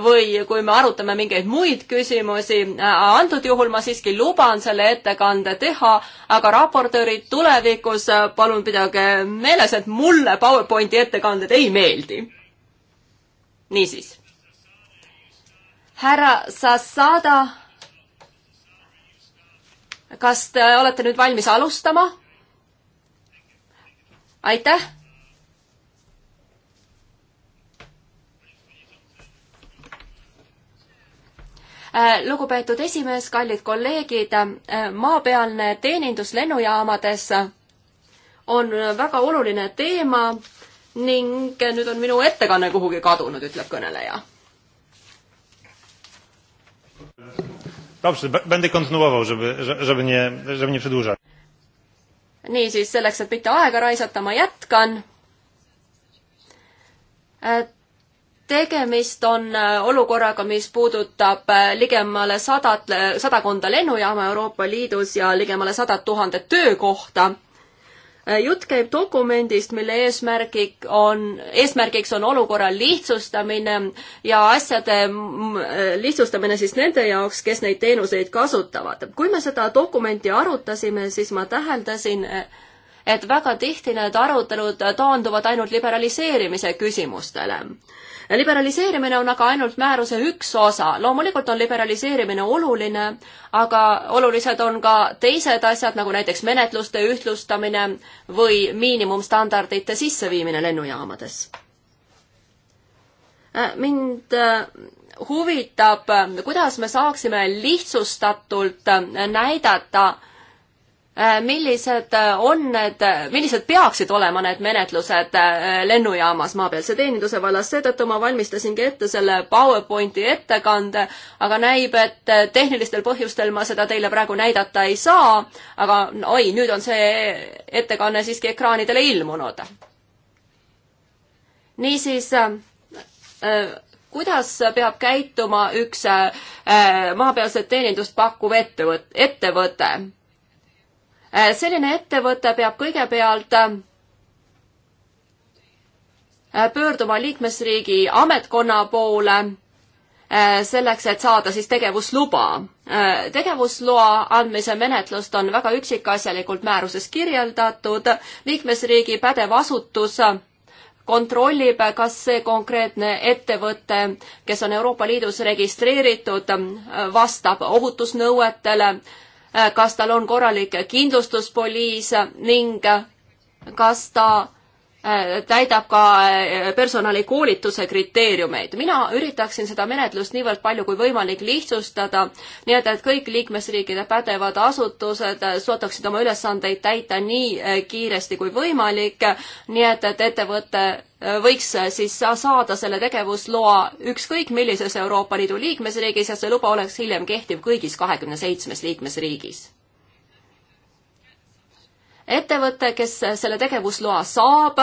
või kui me arutame mingeid muid küsimusi. antud juhul ma siiski luban selle ettekande teha, aga raportöörid tulevikus, palun pidage meeles, et mulle PowerPointi ettekanded ei meeldi. niisiis. härra Sassada kas te olete nüüd valmis alustama? aitäh. Äh, lugupeetud esimees, kallid kolleegid, äh, maapealne teenindus lennujaamades on väga oluline teema ning nüüd on minu ettekanne kuhugi kadunud, ütleb kõneleja Dobrze, będę kontynuował, żeby, żeby nie, żeby nie przedłużać. niisiis, selleks, et mitte aega raisata, ma jätkan. Äh, tegemist on äh, olukorraga, mis puudutab äh, ligemale sadat, sadakonda lennujaama Euroopa Liidus ja ligemale sadat tuhandet töökohta Äh, jutt käib dokumendist, mille eesmärgik on, eesmärgiks on olukorra lihtsustamine ja asjade äh, lihtsustamine siis nende jaoks, kes neid teenuseid kasutavad. kui me seda dokumenti arutasime, siis ma täheldasin, et väga tihti need arutelud taanduvad ainult liberaliseerimise küsimustele liberaliseerimine on aga ainult määruse üks osa. loomulikult on liberaliseerimine oluline, aga olulised on ka teised asjad, nagu näiteks menetluste ühtlustamine või miinimumstandardite sisseviimine lennujaamades. mind äh, huvitab, kuidas me saaksime lihtsustatult näidata, Äh, millised äh, on need, äh, millised peaksid olema need menetlused lennujaamas maapealse teeninduse vallas, seetõttu ma valmistasingi ette selle PowerPointi ettekande, aga näib, et tehnilistel põhjustel ma seda teile praegu näidata ei saa, aga oi, nüüd on see ettekanne siiski ekraanidele ilmunud. niisiis äh, kuidas peab käituma üks maapealset teenindust pakkuv ettevõt-, ettevõte? Äh, selline ettevõte peab kõigepealt äh, pöörduma liikmesriigi ametkonna poole äh, selleks, et saada siis tegevusluba. tegevusloa andmise menetlust on väga üksikasjalikult määruses kirjeldatud. liikmesriigi pädev asutus kontrollib, kas see konkreetne ettevõte, kes on Euroopa Liidus registreeritud, vastab ohutusnõuetele kas tal on korralik kindlustuspoliis ning kas ta Äh, täidab ka äh, personalikoolituse kriteeriumeid. mina üritaksin seda menetlust niivõrd palju kui võimalik lihtsustada, nii et, et kõik liikmesriikide pädevad asutused äh, suudaksid oma ülesandeid täita nii kiiresti kui võimalik, nii et, et ettevõte võiks siis saada selle tegevusloa ükskõik millises Euroopa Liidu liikmesriigis ja see luba oleks hiljem kehtiv kõigis kahekümne seitsmes liikmesriigis ettevõte, kes selle tegevusloa saab,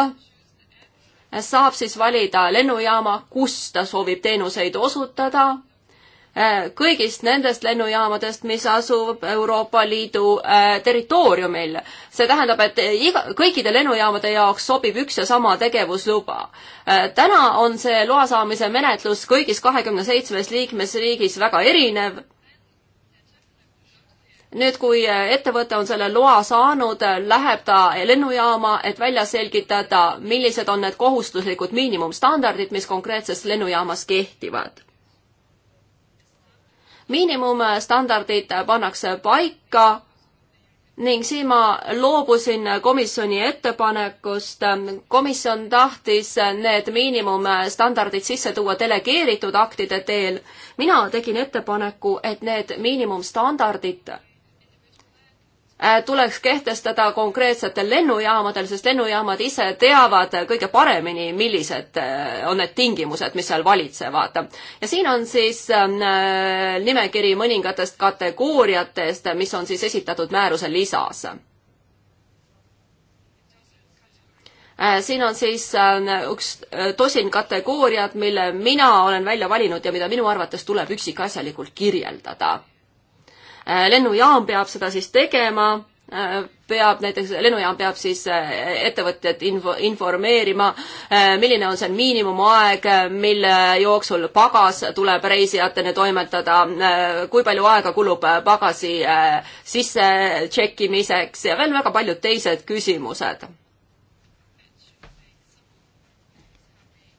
saab siis valida lennujaama, kus ta soovib teenuseid osutada. kõigist nendest lennujaamadest, mis asub Euroopa Liidu äh, territooriumil. see tähendab, et iga, kõikide lennujaamade jaoks sobib üks ja sama tegevusluba. Äh, täna on see loa saamise menetlus kõigis kahekümne seitsmes liikmesriigis väga erinev nüüd, kui äh, ettevõte on selle loa saanud, äh, läheb ta lennujaama, et välja selgitada, millised on need kohustuslikud miinimumstandardid, mis konkreetses lennujaamas kehtivad. miinimumstandardid äh, pannakse paika ning siin ma loobusin komisjoni ettepanekust. Ähm, komisjon tahtis need miinimumstandardid sisse tuua delegeeritud aktide teel. mina tegin ettepaneku, et need miinimumstandardid Äh, tuleks kehtestada konkreetsetel lennujaamadel, sest lennujaamad ise teavad kõige paremini, millised äh, on need tingimused, mis seal valitsevad. ja siin on siis ähm, äh, nimekiri mõningatest kategooriatest, mis on siis esitatud määruse lisas. siin on siis ähm, üks tosin kategooriat, mille mina olen välja valinud ja mida minu arvates tuleb üksikasjalikult kirjeldada Äh, lennujaam peab seda siis tegema, äh, peab näiteks, lennujaam peab siis äh, ettevõtjat info, informeerima, milline on see miinimumaeg, mille jooksul pagas tuleb reisijateni toimetada, kui palju aega kulub pagasi sisse tšekkimiseks ja veel väga paljud teised küsimused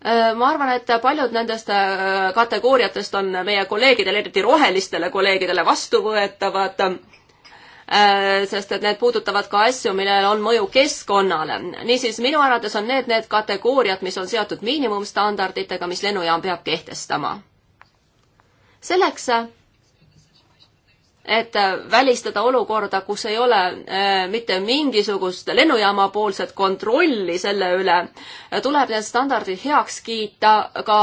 Äh, ma arvan, et paljud nendest äh, kategooriatest on meie kolleegidele, eriti rohelistele kolleegidele vastuvõetavad, äh, sest et need puudutavad ka asju, millel on mõju keskkonnale. niisiis, minu arvates on need need kategooriad, mis on seotud miinimumstandarditega, mis lennujaam peab kehtestama. selleks et äh, välistada olukorda, kus ei ole äh, mitte mingisugust lennujaama poolset kontrolli selle üle, tuleb need standardid heaks kiita ka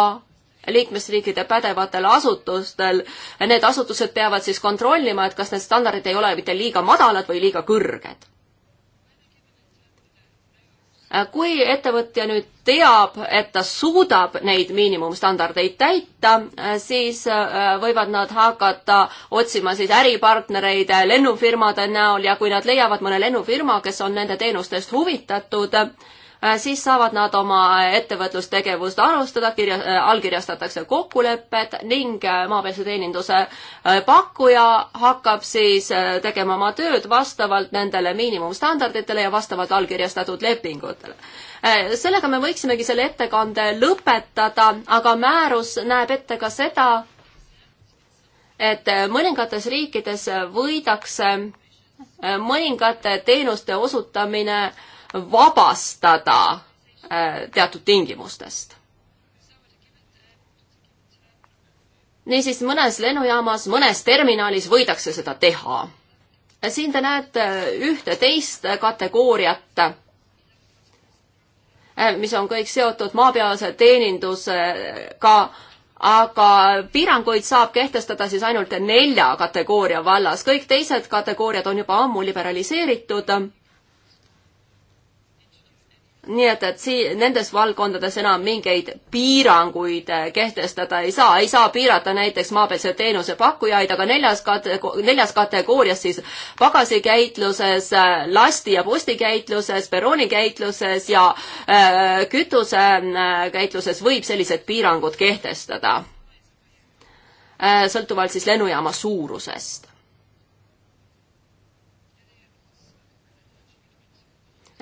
liikmesriikide pädevatel asutustel. Need asutused peavad siis kontrollima, et kas need standardid ei ole mitte liiga madalad või liiga kõrged. Äh, kui ettevõtja nüüd teab, et ta suudab neid miinimumstandardeid täita, äh, siis äh, võivad nad hakata otsima siis äripartnereid lennufirmade näol ja kui nad leiavad mõne lennufirma, kes on nende teenustest huvitatud, Äh, siis saavad nad oma ettevõtlustegevust alustada, kirja, äh, allkirjastatakse kokkulepped ning äh, maapesuteeninduse pakkuja hakkab siis tegema oma tööd vastavalt nendele miinimumstandarditele ja vastavalt allkirjastatud lepingutele. sellega me võiksimegi selle ettekande lõpetada, aga määrus näeb ette ka seda, et mõningates riikides võidakse mõningate teenuste osutamine äh, vabastada äh, teatud tingimustest. niisiis, mõnes lennujaamas, mõnes terminalis võidakse seda teha. siin te näete äh, ühte teist kategooriat, äh, mis on kõik seotud maapealse teenindusega, aga piiranguid saab kehtestada siis ainult nelja kategooria vallas, kõik teised kategooriad on juba ammu liberaliseeritud nii et, et sii-, nendes valdkondades enam mingeid piiranguid eh, kehtestada ei saa, ei saa piirata näiteks maapealse teenuse pakkujaid, aga neljas kate-, neljas kategoorias siis pagasikäitluses, eh, lasti- ja postikäitluses, perroonikäitluses ja äh, eh, kütusekäitluses võib sellised piirangud kehtestada äh,. sõltuvalt siis lennujaama suurusest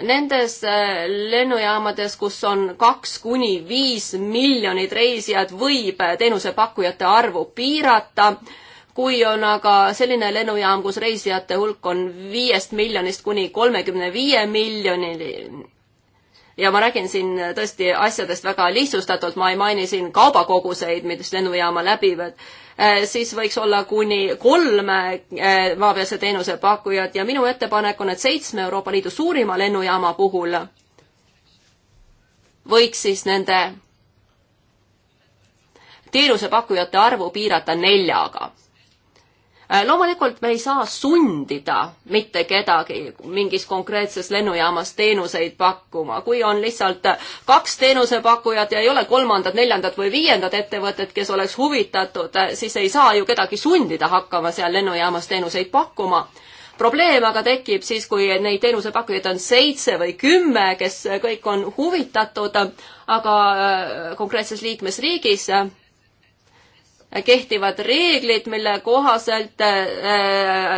nendes äh, lennujaamades, kus on kaks kuni viis miljonit reisijat, võib äh, teenusepakkujate arvu piirata. kui on aga selline lennujaam, kus reisijate hulk on viiest miljonist kuni kolmekümne viie miljonini, ja ma räägin siin äh, tõesti asjadest väga lihtsustatult, ma ei maini siin kaubakoguseid, mis lennujaama läbivad Eh, siis võiks olla kuni kolm eh, maapealse teenuse pakkujat ja minu ettepanek on, et seitsme Euroopa Liidu suurima lennujaama puhul võiks siis nende teenusepakkujate arvu piirata neljaga Äh, loomulikult me ei saa sundida mitte kedagi mingis konkreetses lennujaamas teenuseid pakkuma, kui on lihtsalt kaks teenusepakkujat ja ei ole kolmandat, neljandat või viiendat ettevõtet, kes oleks huvitatud, äh, siis ei saa ju kedagi sundida hakkama seal lennujaamas teenuseid pakkuma probleem aga tekib siis, kui neid teenusepakkujaid on seitse või kümme, kes kõik on huvitatud, aga äh, konkreetses liikmesriigis kehtivad reeglid, mille kohaselt äh,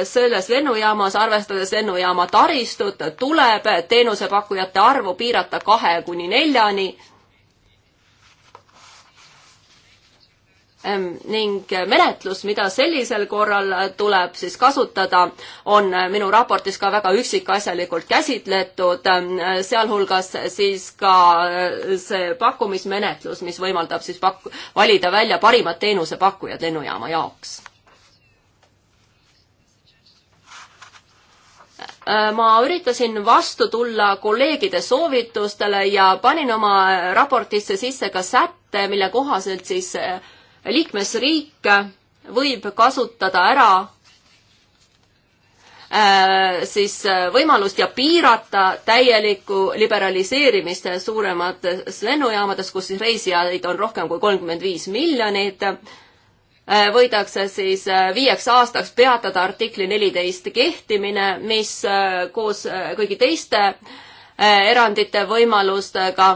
selles lennujaamas, arvestades lennujaama taristut, tuleb teenusepakkujate arvu piirata kahe kuni neljani Ehm, ning menetlus, mida sellisel korral tuleb siis kasutada, on minu raportis ka väga üksikasjalikult käsitletud, ehm, sealhulgas siis ka ehm, see pakkumismenetlus, mis võimaldab siis pak-, valida välja parimad teenusepakkujad lennujaama jaoks. ma üritasin vastu tulla kolleegide soovitustele ja panin oma raportisse sisse ka sätte, mille kohaselt siis liikmesriik võib kasutada ära äh, siis äh, võimalust ja piirata täielikku liberaliseerimist suuremates lennujaamades, kus siis reisijaid on rohkem kui kolmkümmend viis miljonit, äh, võidakse siis viieks aastaks peatada artikli neliteist kehtimine, mis koos kõigi teiste erandite võimalustega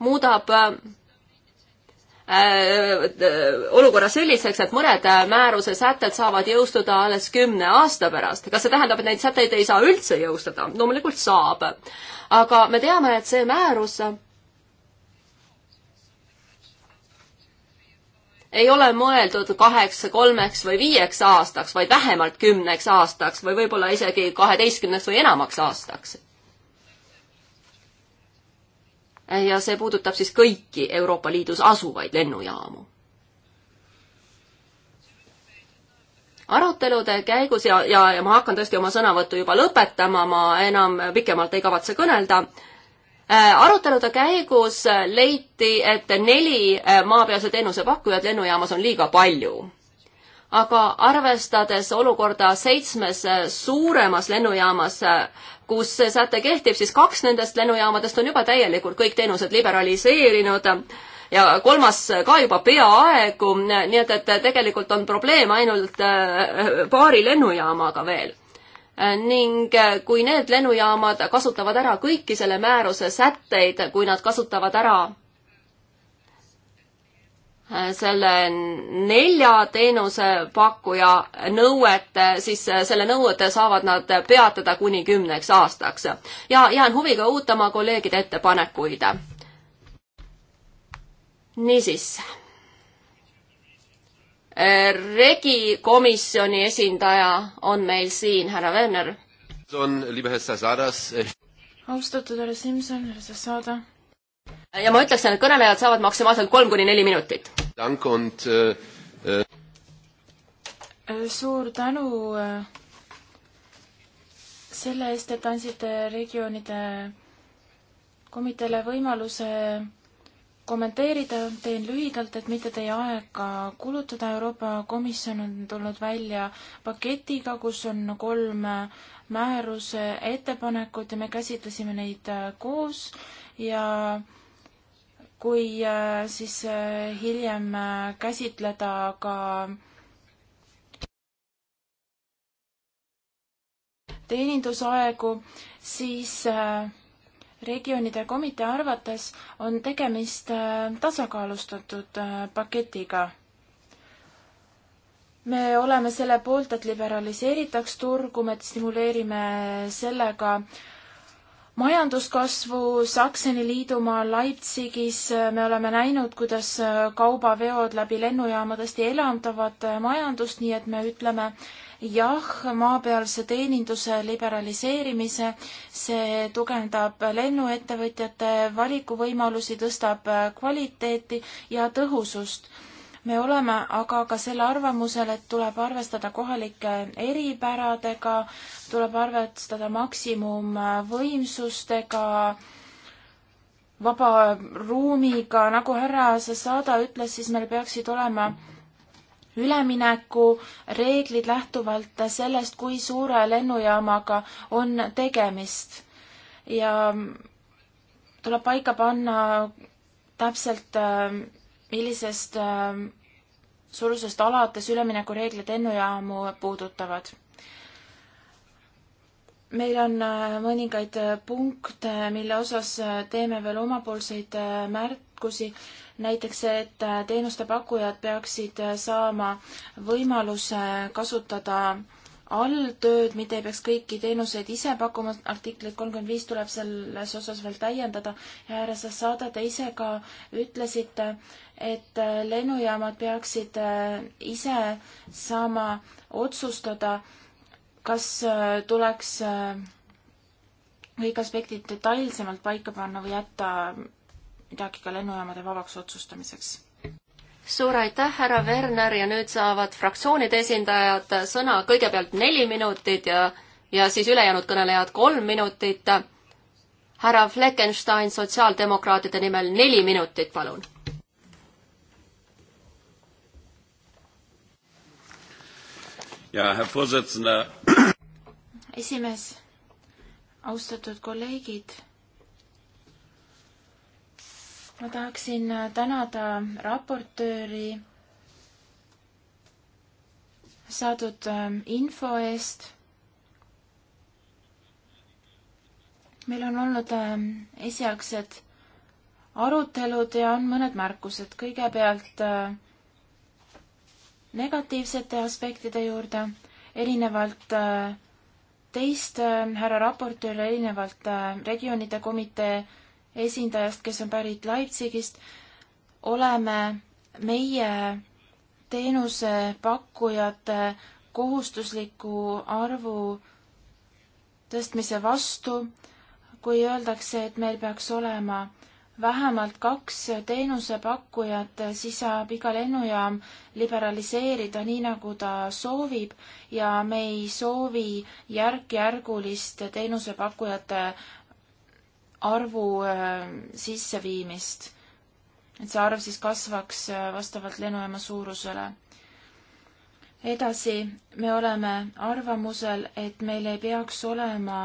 muudab äh, äh, olukorra selliseks, et mõned äh, määruse sätted saavad jõustuda alles kümne aasta pärast. kas see tähendab, et neid sätteid ei saa üldse jõustada? loomulikult saab. aga me teame, et see määrus ei ole mõeldud kaheks, kolmeks või viieks aastaks, vaid vähemalt kümneks aastaks või võib-olla isegi kaheteistkümneks või enamaks aastaks ja see puudutab siis kõiki Euroopa Liidus asuvaid lennujaamu. arutelude käigus ja, ja, ja ma hakkan tõesti oma sõnavõttu juba lõpetama, ma enam pikemalt ei kavatse kõnelda äh, arutelude käigus leiti, et neli äh, maapealse teenuse pakkujat lennujaamas on liiga palju aga arvestades olukorda seitsmes suuremas lennujaamas, kus see säte kehtib, siis kaks nendest lennujaamadest on juba täielikult kõik teenused liberaliseerinud ja kolmas ka juba peaaegu, nii et, et tegelikult on probleem ainult äh, paari lennujaamaga veel. ning äh, kui need lennujaamad kasutavad ära kõiki selle määruse sätteid, kui nad kasutavad ära selle nelja teenusepakkuja nõuet, siis selle nõuete saavad nad peatada kuni kümneks aastaks. ja jään huviga ootama kolleegide ettepanekuid. niisiis. regi komisjoni esindaja on meil siin, härra Werner. Äh, austatud härra Simson, härra Sassada ja ma ütleksin, et kõnelejad saavad maksimaalselt kolm kuni neli minutit. Äh, äh, suur tänu äh, selle eest, et andsite regioonide komiteele võimaluse kommenteerida, teen lühidalt, et mitte teie aega kulutada. Euroopa Komisjon on tulnud välja paketiga, kus on kolm määruse ettepanekut ja me käsitlesime neid koos ja kui äh, siis äh, hiljem äh, käsitleda ka teenindusaegu, siis regioonide komitee arvates on tegemist tasakaalustatud paketiga. me oleme selle poolt, et liberaliseeritaks turgu, me stimuleerime sellega äh, majanduskasvu Sakseni liidumaal Leipzigis äh, me oleme näinud, kuidas äh, kaubaveod läbi lennujaama tõesti elavdavad äh, majandust, nii et me ütleme jah, maapealse teeninduse liberaliseerimise, see tugevdab lennuettevõtjate valikuvõimalusi, tõstab kvaliteeti ja tõhusust me oleme aga ka selle arvamusel, et tuleb arvestada kohalike eripäradega, tuleb arvestada maksimumvõimsustega, äh, vaba ruumiga, nagu härra Sassada ütles, siis meil peaksid olema üleminekureeglid lähtuvalt sellest, kui suure lennujaamaga on tegemist. ja tuleb paika panna täpselt äh, millisest äh, suurusest alates üleminekureeglid lennujaamu puudutavad? meil on äh, mõningaid äh, punkte, mille osas äh, teeme veel omapoolseid märkusi, näiteks see, et teenuste pakkujad peaksid saama võimaluse kasutada alltööd, mitte ei peaks kõiki teenuseid ise pakkuma, artiklit kolmkümmend viis tuleb selles osas veel täiendada ja härra Sassada, te ise ka ütlesite, et äh, lennujaamad peaksid äh, ise saama otsustada, kas äh, tuleks kõik aspektid detailsemalt paika panna või jätta midagi ka lennujaamade vabaks otsustamiseks suur aitäh, härra Werner ja nüüd saavad fraktsioonide esindajad sõna kõigepealt neli minutit ja, ja siis ülejäänud kõnelejad kolm minutit. härra Fleckenstein sotsiaaldemokraatide nimel neli minutit, palun ja härra Vorsitzende. esimees, austatud kolleegid. ma tahaksin tänada raportööri saadud ähm, info eest. meil on olnud ähm, esialgsed arutelud ja on mõned märkused. kõigepealt äh, negatiivsete aspektide juurde, erinevalt äh, teist äh, härra raportööri, erinevalt äh, regioonide komitee esindajast, kes on pärit Leipzigist, oleme meie teenusepakkujate kohustusliku arvu tõstmise vastu, kui öeldakse, et meil peaks olema vähemalt kaks teenusepakkujat, siis saab iga lennujaam liberaliseerida nii, nagu ta soovib ja me ei soovi järk-järgulist teenusepakkujate arvu äh, sisseviimist. et see arv siis kasvaks äh, vastavalt lennujaama suurusele. edasi, me oleme arvamusel, et meil ei peaks olema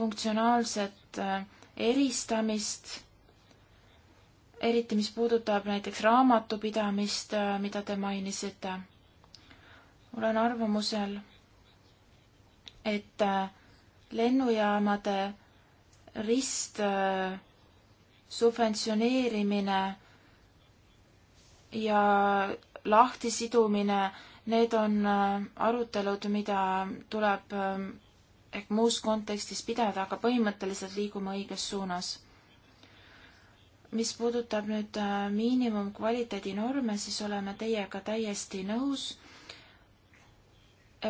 funktsionaalset äh, eristamist eriti mis puudutab näiteks raamatupidamist, äh, mida te mainisite. olen arvamusel, et äh, lennujaamade rist äh, subventsioneerimine ja lahtisidumine, need on arutelud, mida tuleb ehk muus kontekstis pidada, aga põhimõtteliselt liigume õiges suunas mis puudutab nüüd äh, miinimumkvaliteedinorme, siis oleme teiega täiesti nõus.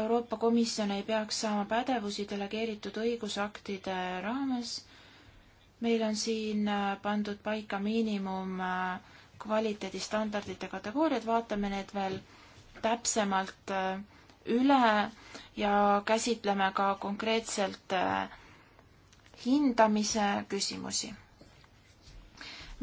Euroopa Komisjon ei peaks saama pädevusi delegeeritud õigusaktide raames. meil on siin äh, pandud paika miinimum äh, kvaliteedistandardite kategooriad, vaatame need veel täpsemalt üle ja käsitleme ka konkreetselt hindamise küsimusi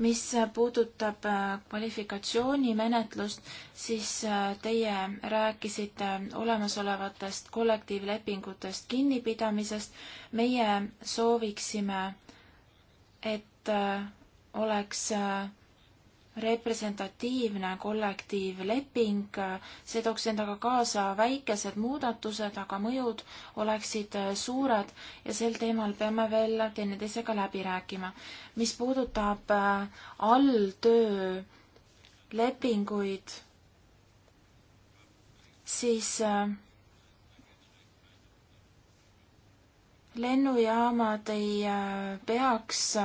mis puudutab äh, kvalifikatsioonimenetlust, siis äh, teie rääkisite olemasolevatest kollektiivlepingutest kinnipidamisest. meie sooviksime, et äh, oleks äh, representatiivne kollektiivleping, see tooks endaga kaasa väikesed muudatused, aga mõjud oleksid äh, suured ja sel teemal peame veel teineteisega läbi rääkima. mis puudutab äh, alltöölepinguid, siis äh, lennujaamad ei peaks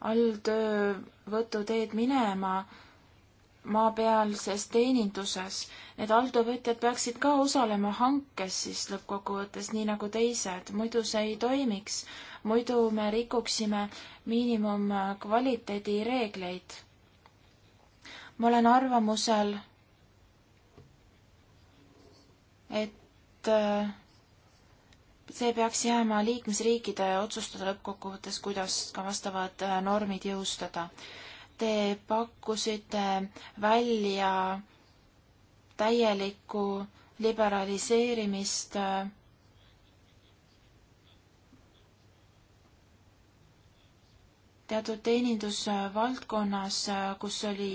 alltöö alltöövõtuteed minema maapealses teeninduses. Need alltöövõtjad peaksid ka osalema hankes siis lõppkokkuvõttes, nii nagu teised, muidu see ei toimiks. muidu me rikuksime miinimumkvaliteedi reegleid. ma olen arvamusel, et äh, see peaks jääma liikmesriikide otsustada lõppkokkuvõttes, kuidas ka vastavad äh, normid jõustada. Te pakkusite välja täielikku liberaliseerimist äh, teatud teenindusvaldkonnas, äh, kus oli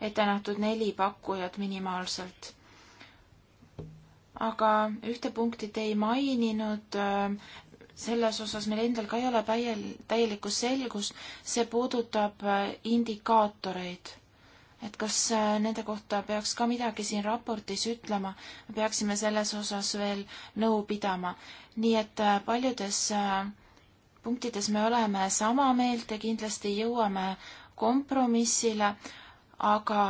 ette nähtud neli pakkujat minimaalselt aga ühte punkti te ei maininud, äh, selles osas meil endal ka ei ole täiel-, täielikku selgust, see puudutab äh, indikaatoreid. et kas äh, nende kohta peaks ka midagi siin raportis ütlema, me peaksime selles osas veel nõu pidama. nii et paljudes punktides me oleme sama meelt ja kindlasti jõuame kompromissile, aga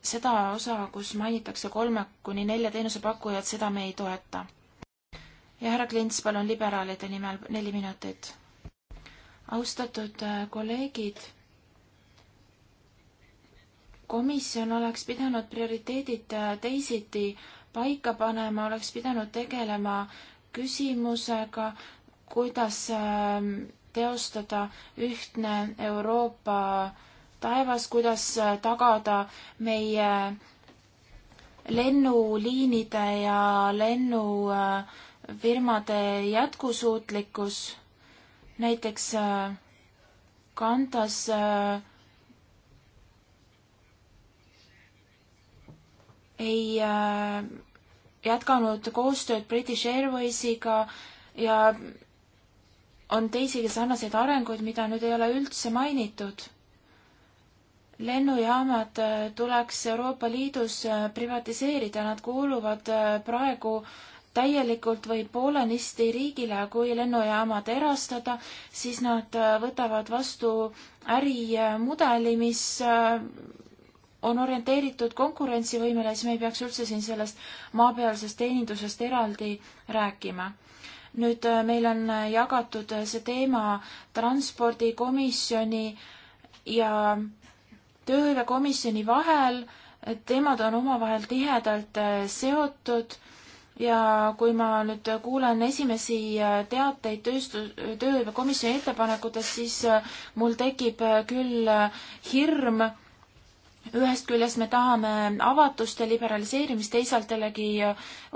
seda osa, kus mainitakse kolme kuni nelja teenusepakkujat, seda me ei toeta. ja härra Klints, palun liberaalide nimel neli minutit. austatud äh, kolleegid, komisjon oleks pidanud prioriteedid äh, teisiti paika panema, oleks pidanud tegelema küsimusega, kuidas ähm, teostada ühtne Euroopa äh, taevas, kuidas äh, tagada meie lennuliinide ja lennufirmade äh, jätkusuutlikkus. näiteks äh, Kantas ei jätkanud koostööd British Airwaysiga ja on teisigi sarnaseid arenguid, mida nüüd ei ole üldse mainitud lennujaamad äh, tuleks Euroopa Liidus äh, privatiseerida, nad kuuluvad äh, praegu täielikult või poolenisti riigile, kui lennujaamad erastada, siis nad võtavad vastu ärimudeli, mis on orienteeritud konkurentsivõimele, siis me ei peaks üldse siin sellest maapealsest teenindusest eraldi rääkima. nüüd meil on jagatud see teema transpordikomisjoni ja tööhõive komisjoni vahel, teemad on omavahel tihedalt äh, seotud ja kui ma nüüd kuulen esimesi äh, teateid tööstus, tööhõive komisjoni ettepanekutest, siis äh, mul tekib küll hirm, ühest küljest me tahame avatust ja liberaliseerimist, teisalt jällegi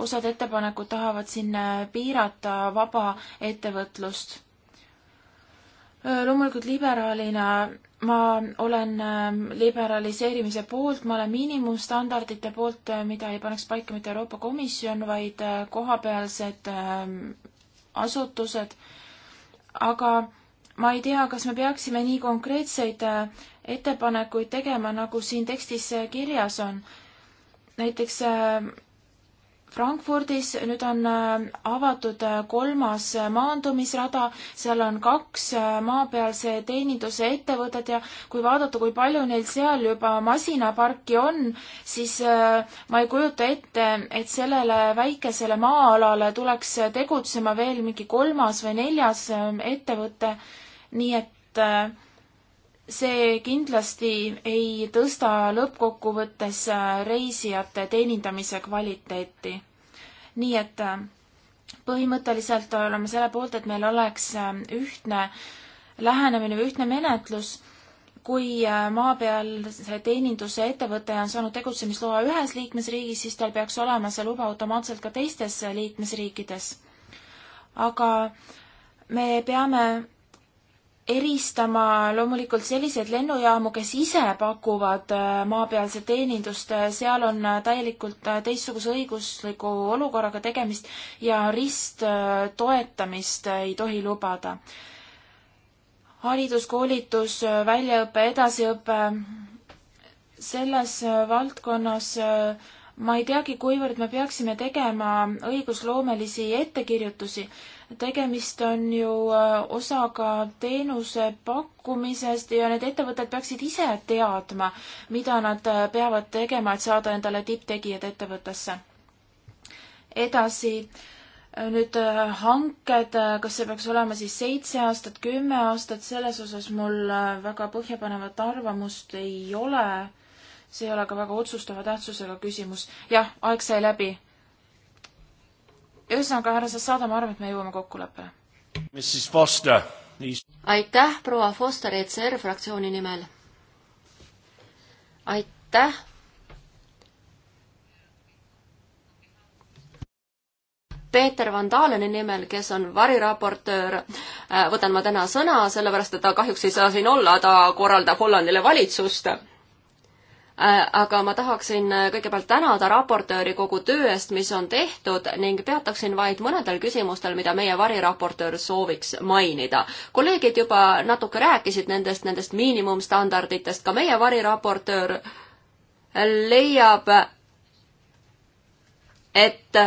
osad ettepanekud tahavad siin piirata vaba ettevõtlust. loomulikult liberaalina ma olen ähm, liberaliseerimise poolt, ma olen miinimumstandardite poolt, äh, mida ei paneks paika mitte Euroopa Komisjon, vaid äh, kohapealsed ähm, asutused. aga ma ei tea, kas me peaksime nii konkreetseid äh, ettepanekuid tegema, nagu siin tekstis kirjas on. näiteks Frankfurdis, nüüd on äh, avatud äh, kolmas äh, maandumisrada, seal on kaks maapealse teeninduse ettevõtet ja kui vaadata, kui palju neil seal juba masinaparki on, siis ma ei kujuta ette, et sellele väikesele maa-alale tuleks tegutsema veel mingi kolmas või neljas ettevõte, nii et äh, see kindlasti ei tõsta lõppkokkuvõttes äh, reisijate teenindamise kvaliteeti. nii et äh, põhimõtteliselt oleme selle poolt, et meil oleks äh, ühtne lähenemine või ühtne menetlus, kui maa peal see teeninduse ettevõte on saanud tegutsemisloa ühes liikmesriigis, siis tal peaks olema see luba automaatselt ka teistes liikmesriikides. aga me peame eristama loomulikult selliseid lennujaamu, kes ise pakuvad äh, maapealset teenindust, äh, seal on äh, täielikult teistsuguse õigusliku olukorraga tegemist ja risttoetamist ei tohi lubada. hariduskoolitus, väljaõpe, edasiõpe, selles valdkonnas ma ei teagi, kuivõrd me peaksime tegema õigusloomelisi ettekirjutusi tegemist on ju äh, osaga teenuse pakkumisest ja need ettevõtted peaksid ise teadma, mida nad äh, peavad tegema, et saada endale tipptegijad ettevõttesse. edasi, äh, nüüd hanked, kas see peaks olema siis seitse aastat, kümme aastat, selles osas mul väga põhjapanevat arvamust ei ole. see ei ole ka väga otsustava tähtsusega küsimus. jah, aeg sai läbi ühesõnaga, härra Sassada, ma arvan, et me jõuame kokkuleppele. Mrs Foster nii.... aitäh, proua Foster ECR fraktsiooni nimel. aitäh. Peeter Van Daleni nimel, kes on variraportöör, äh, võtan ma täna sõna, sellepärast et ta kahjuks ei saa siin olla, ta korraldab Hollandile valitsust Äh, aga ma tahaksin äh, kõigepealt tänada raportööri kogu töö eest, mis on tehtud ning peataksin vaid mõnedel küsimustel, mida meie variraportöör sooviks mainida. kolleegid juba natuke rääkisid nendest, nendest miinimumstandarditest, ka meie variraportöör leiab, et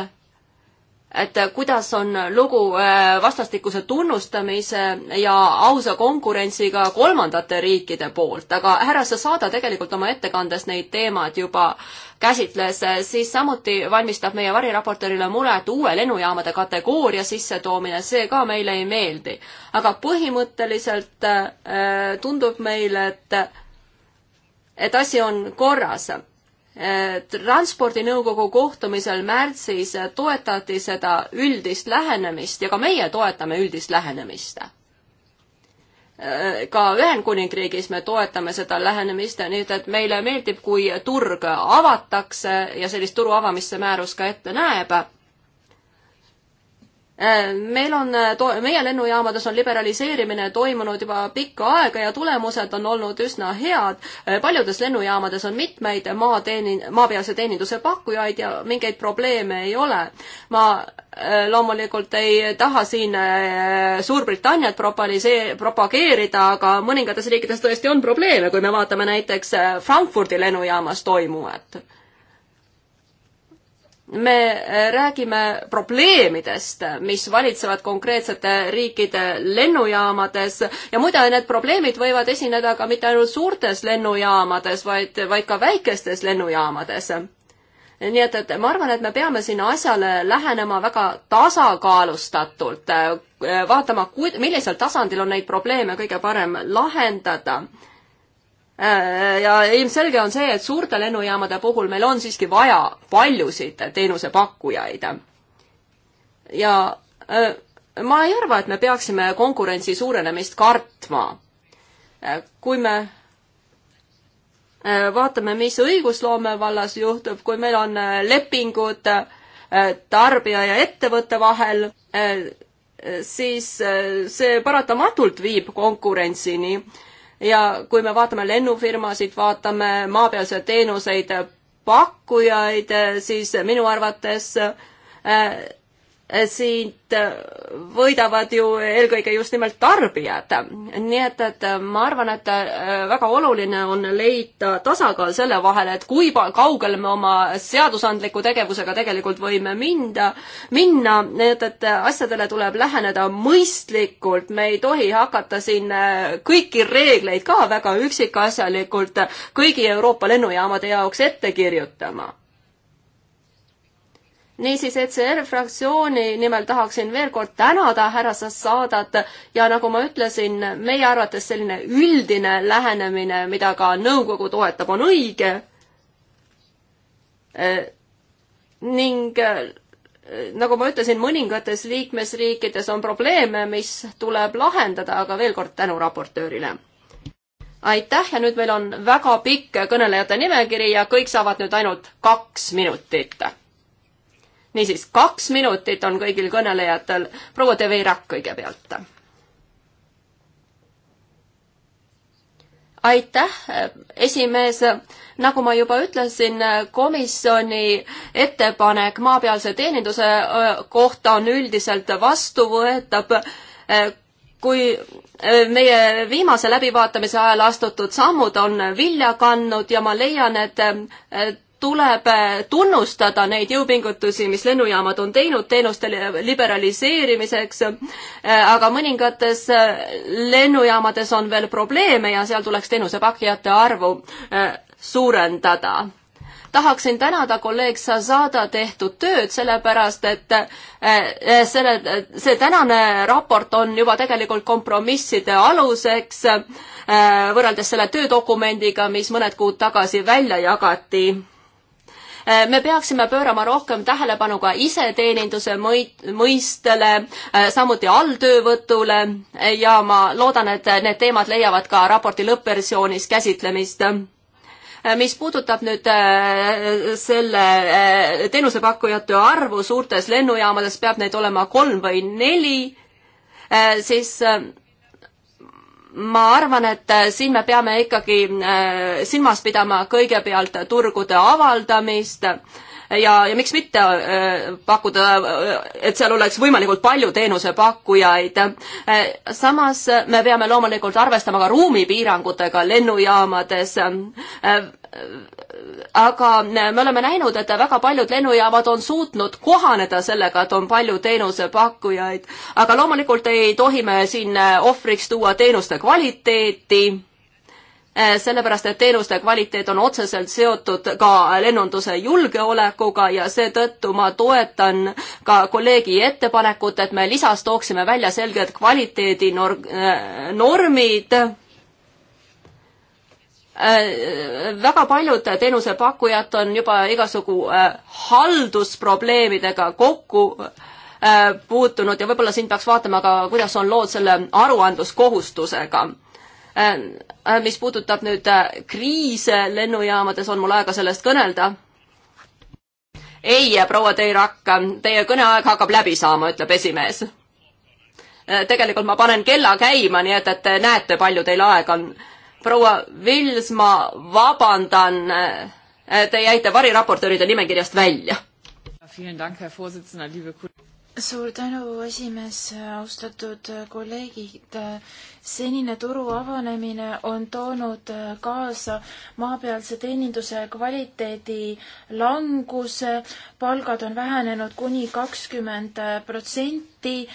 et kuidas on lugu äh, vastastikuse tunnustamise ja ausa konkurentsiga kolmandate riikide poolt, aga härra Sassada tegelikult oma ettekandes neid teemad juba käsitles, siis samuti valmistab meie variraportöörile muret uue lennujaamade kategooria sissetoomine, see ka meile ei meeldi. aga põhimõtteliselt äh, tundub meile, et et asi on korras transpordinõukogu kohtumisel märtsis toetati seda üldist lähenemist ja ka meie toetame üldist lähenemist. ka Ühendkuningriigis me toetame seda lähenemist, nii et, et meile meeldib, kui turg avatakse ja sellist turu avamist see määrus ka ette näeb Äh, meil on, äh, meie lennujaamades on liberaliseerimine toimunud juba pikka aega ja tulemused on olnud üsna head. Äh, paljudes lennujaamades on mitmeid maateeni-, maapealse teeninduse pakkujaid ja mingeid probleeme ei ole. ma loomulikult ei taha siin Suurbritanniat propalisee-, propageerida, aga mõningates riikides tõesti on probleeme, kui me vaatame näiteks Frankfurdi lennujaamas toimuvat me äh, räägime probleemidest, mis valitsevad konkreetsete riikide lennujaamades ja muide, need probleemid võivad esineda ka mitte ainult suurtes lennujaamades, vaid, vaid ka väikestes lennujaamades nii et, et ma arvan, et me peame siin asjale lähenema väga tasakaalustatult, äh, vaatama, milliselt tasandil on neid probleeme kõige parem lahendada Äh, ja ilmselge on see, et suurte lennujaamade puhul meil on siiski vaja paljusid teenusepakkujaid. ja äh, ma ei arva, et me peaksime konkurentsi suurenemist kartma. Äh, kui me vaatame, mis õigusloome vallas juhtub, kui meil on lepingud tarbija ja ettevõtte vahel, siis see paratamatult viib konkurentsini ja kui me vaatame lennufirmasid, vaatame maapealseid teenuseid pakkujaid, siis minu arvates äh, siit võidavad ju eelkõige just nimelt tarbijad. nii et, et ma arvan, et äh, väga oluline on leida tasakaal selle vahel, et kui kaugel me oma seadusandliku tegevusega tegelikult võime minda, minna, nii et, et asjadele tuleb läheneda mõistlikult, me ei tohi hakata siin äh, kõiki reegleid ka väga üksikasjalikult kõigi Euroopa lennujaamade jaoks ette kirjutama niisiis ECR fraktsiooni nimel tahaksin veel kord tänada härra Sassadat ja nagu ma ütlesin, meie arvates selline üldine lähenemine, mida ka nõukogu toetab, on õige eh,. ning eh, nagu ma ütlesin, mõningates liikmesriikides on probleeme, mis tuleb lahendada, aga veel kord tänu raportöörile aitäh ja nüüd meil on väga pikk kõnelejate nimekiri ja kõik saavad nüüd ainult kaks minutit niisiis, kaks minutit on kõigil kõnelejatel. proua De Veirak kõigepealt. aitäh, esimees. nagu ma juba ütlesin, komisjoni ettepanek maapealse teeninduse kohta on üldiselt vastuvõetav, kui meie viimase läbivaatamise ajal astutud sammud on vilja kandnud ja ma leian, et tuleb äh, tunnustada neid jõupingutusi, mis lennujaamad on teinud teenuste liberaliseerimiseks, äh, aga mõningates äh, lennujaamades on veel probleeme ja seal tuleks teenusepakkijate arvu suurendada tahaksin tänada kolleeg Sazada tehtud tööd, sellepärast et selle, see tänane raport on juba tegelikult kompromisside aluseks võrreldes selle töödokumendiga, mis mõned kuud tagasi välja jagati Eh, me peaksime pöörama rohkem tähelepanu ka iseteeninduse mõistele, eh, samuti alltöövõtule eh, ja ma loodan, et need teemad leiavad ka raporti lõppversioonis käsitlemist mis puudutab nüüd selle teenusepakkujate arvu suurtes lennujaamades, peab neid olema kolm või neli, siis ma arvan, et äh, siin me peame ikkagi äh, silmas pidama kõigepealt turgude avaldamist ja, ja miks mitte äh, pakkuda, et seal oleks võimalikult palju teenusepakkujaid. samas me peame loomulikult arvestama ka ruumipiirangutega lennujaamades aga me oleme näinud, et väga paljud lennujaamad on suutnud kohaneda sellega, et on palju teenusepakkujaid, aga loomulikult ei tohi me siin ohvriks tuua teenuste kvaliteeti, eh, sellepärast et teenuste kvaliteet on otseselt seotud ka lennunduse julgeolekuga ja seetõttu ma toetan ka kolleegi ettepanekut, et me lisas tooksime välja selged kvaliteedinormid eh, äh, Äh, väga paljud teenusepakkujad on juba igasugu äh, haldusprobleemidega kokku äh, puutunud ja võib-olla siin peaks vaatama ka, kuidas on lood selle aruandluskohustusega. mis puudutab nüüd kriise lennujaamades, on mul aega sellest kõnelda? ei, proua Teirak, teie kõneaeg hakkab läbi saama, ütleb esimees. tegelikult ma panen kella käima, nii et, et te näete, palju teil aega on proua Vils, ma vabandan, äh, te jäite variraportööride nimekirjast välja. suur tänu, esimees, austatud kolleegid. senine turu avanemine on toonud kaasa maapealse teeninduse kvaliteedi languse, palgad on vähenenud kuni kakskümmend protsenti,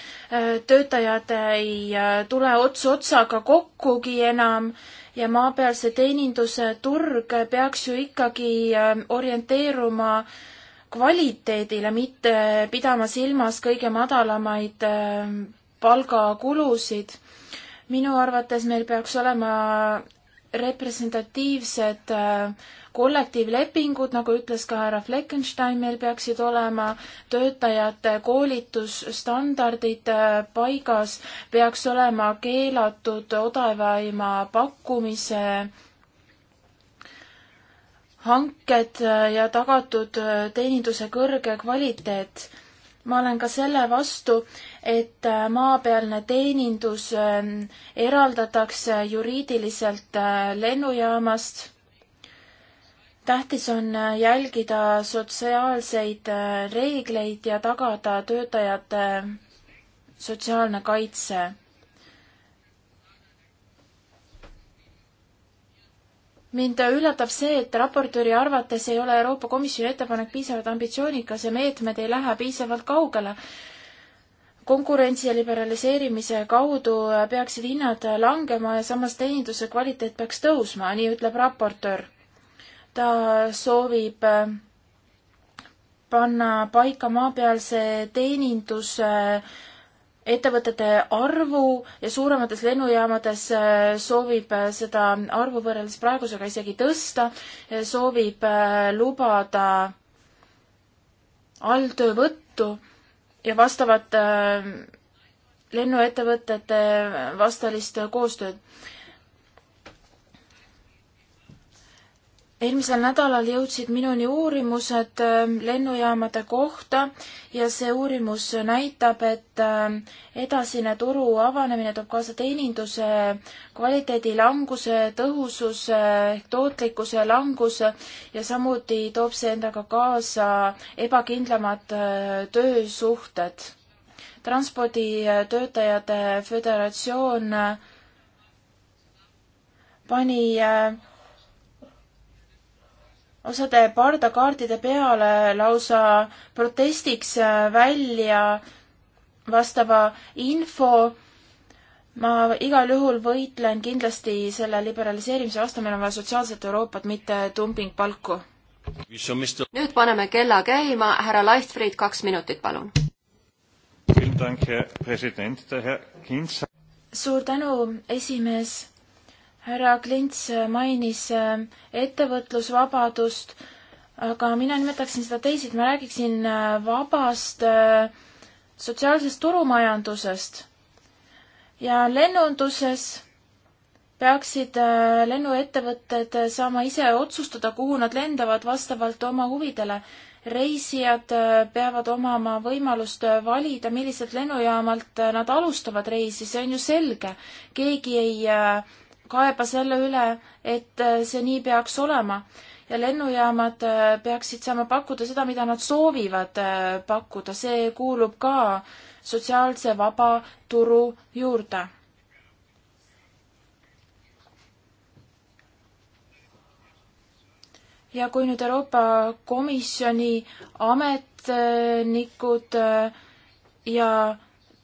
töötajad ei tule ots otsaga kokkugi enam ja maapealse teeninduse turg peaks ju ikkagi ähm, orienteeruma kvaliteedile, mitte pidama silmas kõige madalamaid ähm, palgakulusid. minu arvates meil peaks olema representatiivsed äh, kollektiivlepingud, nagu ütles ka härra Fleckenstein, meil peaksid olema töötajate koolitusstandardid äh, paigas, peaks olema keelatud odavaima pakkumise hanked äh, ja tagatud äh, teeninduse kõrge kvaliteet. ma olen ka selle vastu, et maapealne teenindus ähm, eraldatakse juriidiliselt lennujaamast tähtis on äh, jälgida sotsiaalseid äh, reegleid ja tagada töötajate äh, sotsiaalne kaitse. mind üllatab see, et raportööri arvates ei ole Euroopa Komisjoni ettepanek piisavalt ambitsioonikas ja meetmed ei lähe piisavalt kaugele. konkurentsi ja liberaliseerimise kaudu peaksid hinnad langema ja samas teeninduse kvaliteet peaks tõusma, nii ütleb raportöör ta soovib äh, panna paika maapealse teeninduse äh, ettevõtete arvu ja suuremates lennujaamades äh, soovib seda arvu võrreldes praegusega isegi tõsta, soovib lubada alltöövõttu ja vastavat lennuettevõtete vastalist koostööd. eelmisel nädalal jõudsid minuni uurimused ähm, lennujaamade kohta ja see uurimus näitab, et ähm, edasine turu avanemine toob kaasa teeninduse kvaliteedi languse, tõhususe ehk tootlikkuse languse ja samuti toob see endaga kaasa ebakindlamad äh, töösuhted. transporditöötajate föderatsioon äh, pani äh, osade pardakaartide peale lausa protestiks äh, välja vastava info. ma igal juhul võitlen kindlasti selle liberaliseerimise vastu, meil on vaja sotsiaalset Euroopat, mitte dumpingpalku. nüüd paneme kella käima, härra Leichtfried, kaks minutit, palun. suur tänu, esimees härra Klints mainis äh, ettevõtlusvabadust, aga mina nimetaksin seda teisiti, ma räägiksin äh, vabast äh, sotsiaalsest turumajandusest. ja lennunduses peaksid lennuettevõtted saama ise otsustada, kuhu nad lendavad vastavalt oma huvidele. reisijad peavad omama võimalust valida, milliselt lennujaamalt nad alustavad reisi, see on ju selge. keegi ei kaeba selle üle, et äh, see nii peaks olema ja lennujaamad äh, peaksid saama pakkuda seda, mida nad soovivad äh, pakkuda, see kuulub ka sotsiaalse vaba turu juurde. ja kui nüüd Euroopa Komisjoni ametnikud ja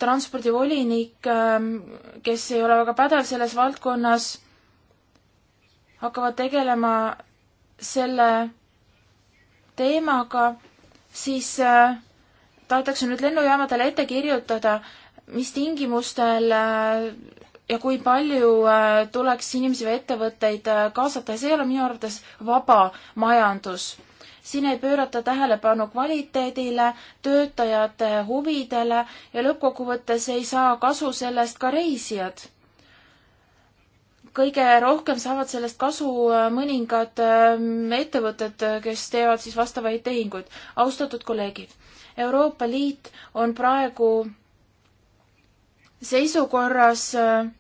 transpordivolinik, ähm, kes ei ole väga pädev selles valdkonnas, hakkavad tegelema selle teemaga, siis äh, tahetakse nüüd lennujaamadele ette kirjutada, mis tingimustel äh, ja kui palju äh, tuleks inimesi või ettevõtteid kaasata ja see ei ole minu arvates vaba majandus siin ei pöörata tähelepanu kvaliteedile, töötajate huvidele ja lõppkokkuvõttes ei saa kasu sellest ka reisijad. kõige rohkem saavad sellest kasu äh, mõningad äh, ettevõtted, äh, kes teevad siis vastavaid tehinguid. austatud kolleegid, Euroopa Liit on praegu seisukorras äh,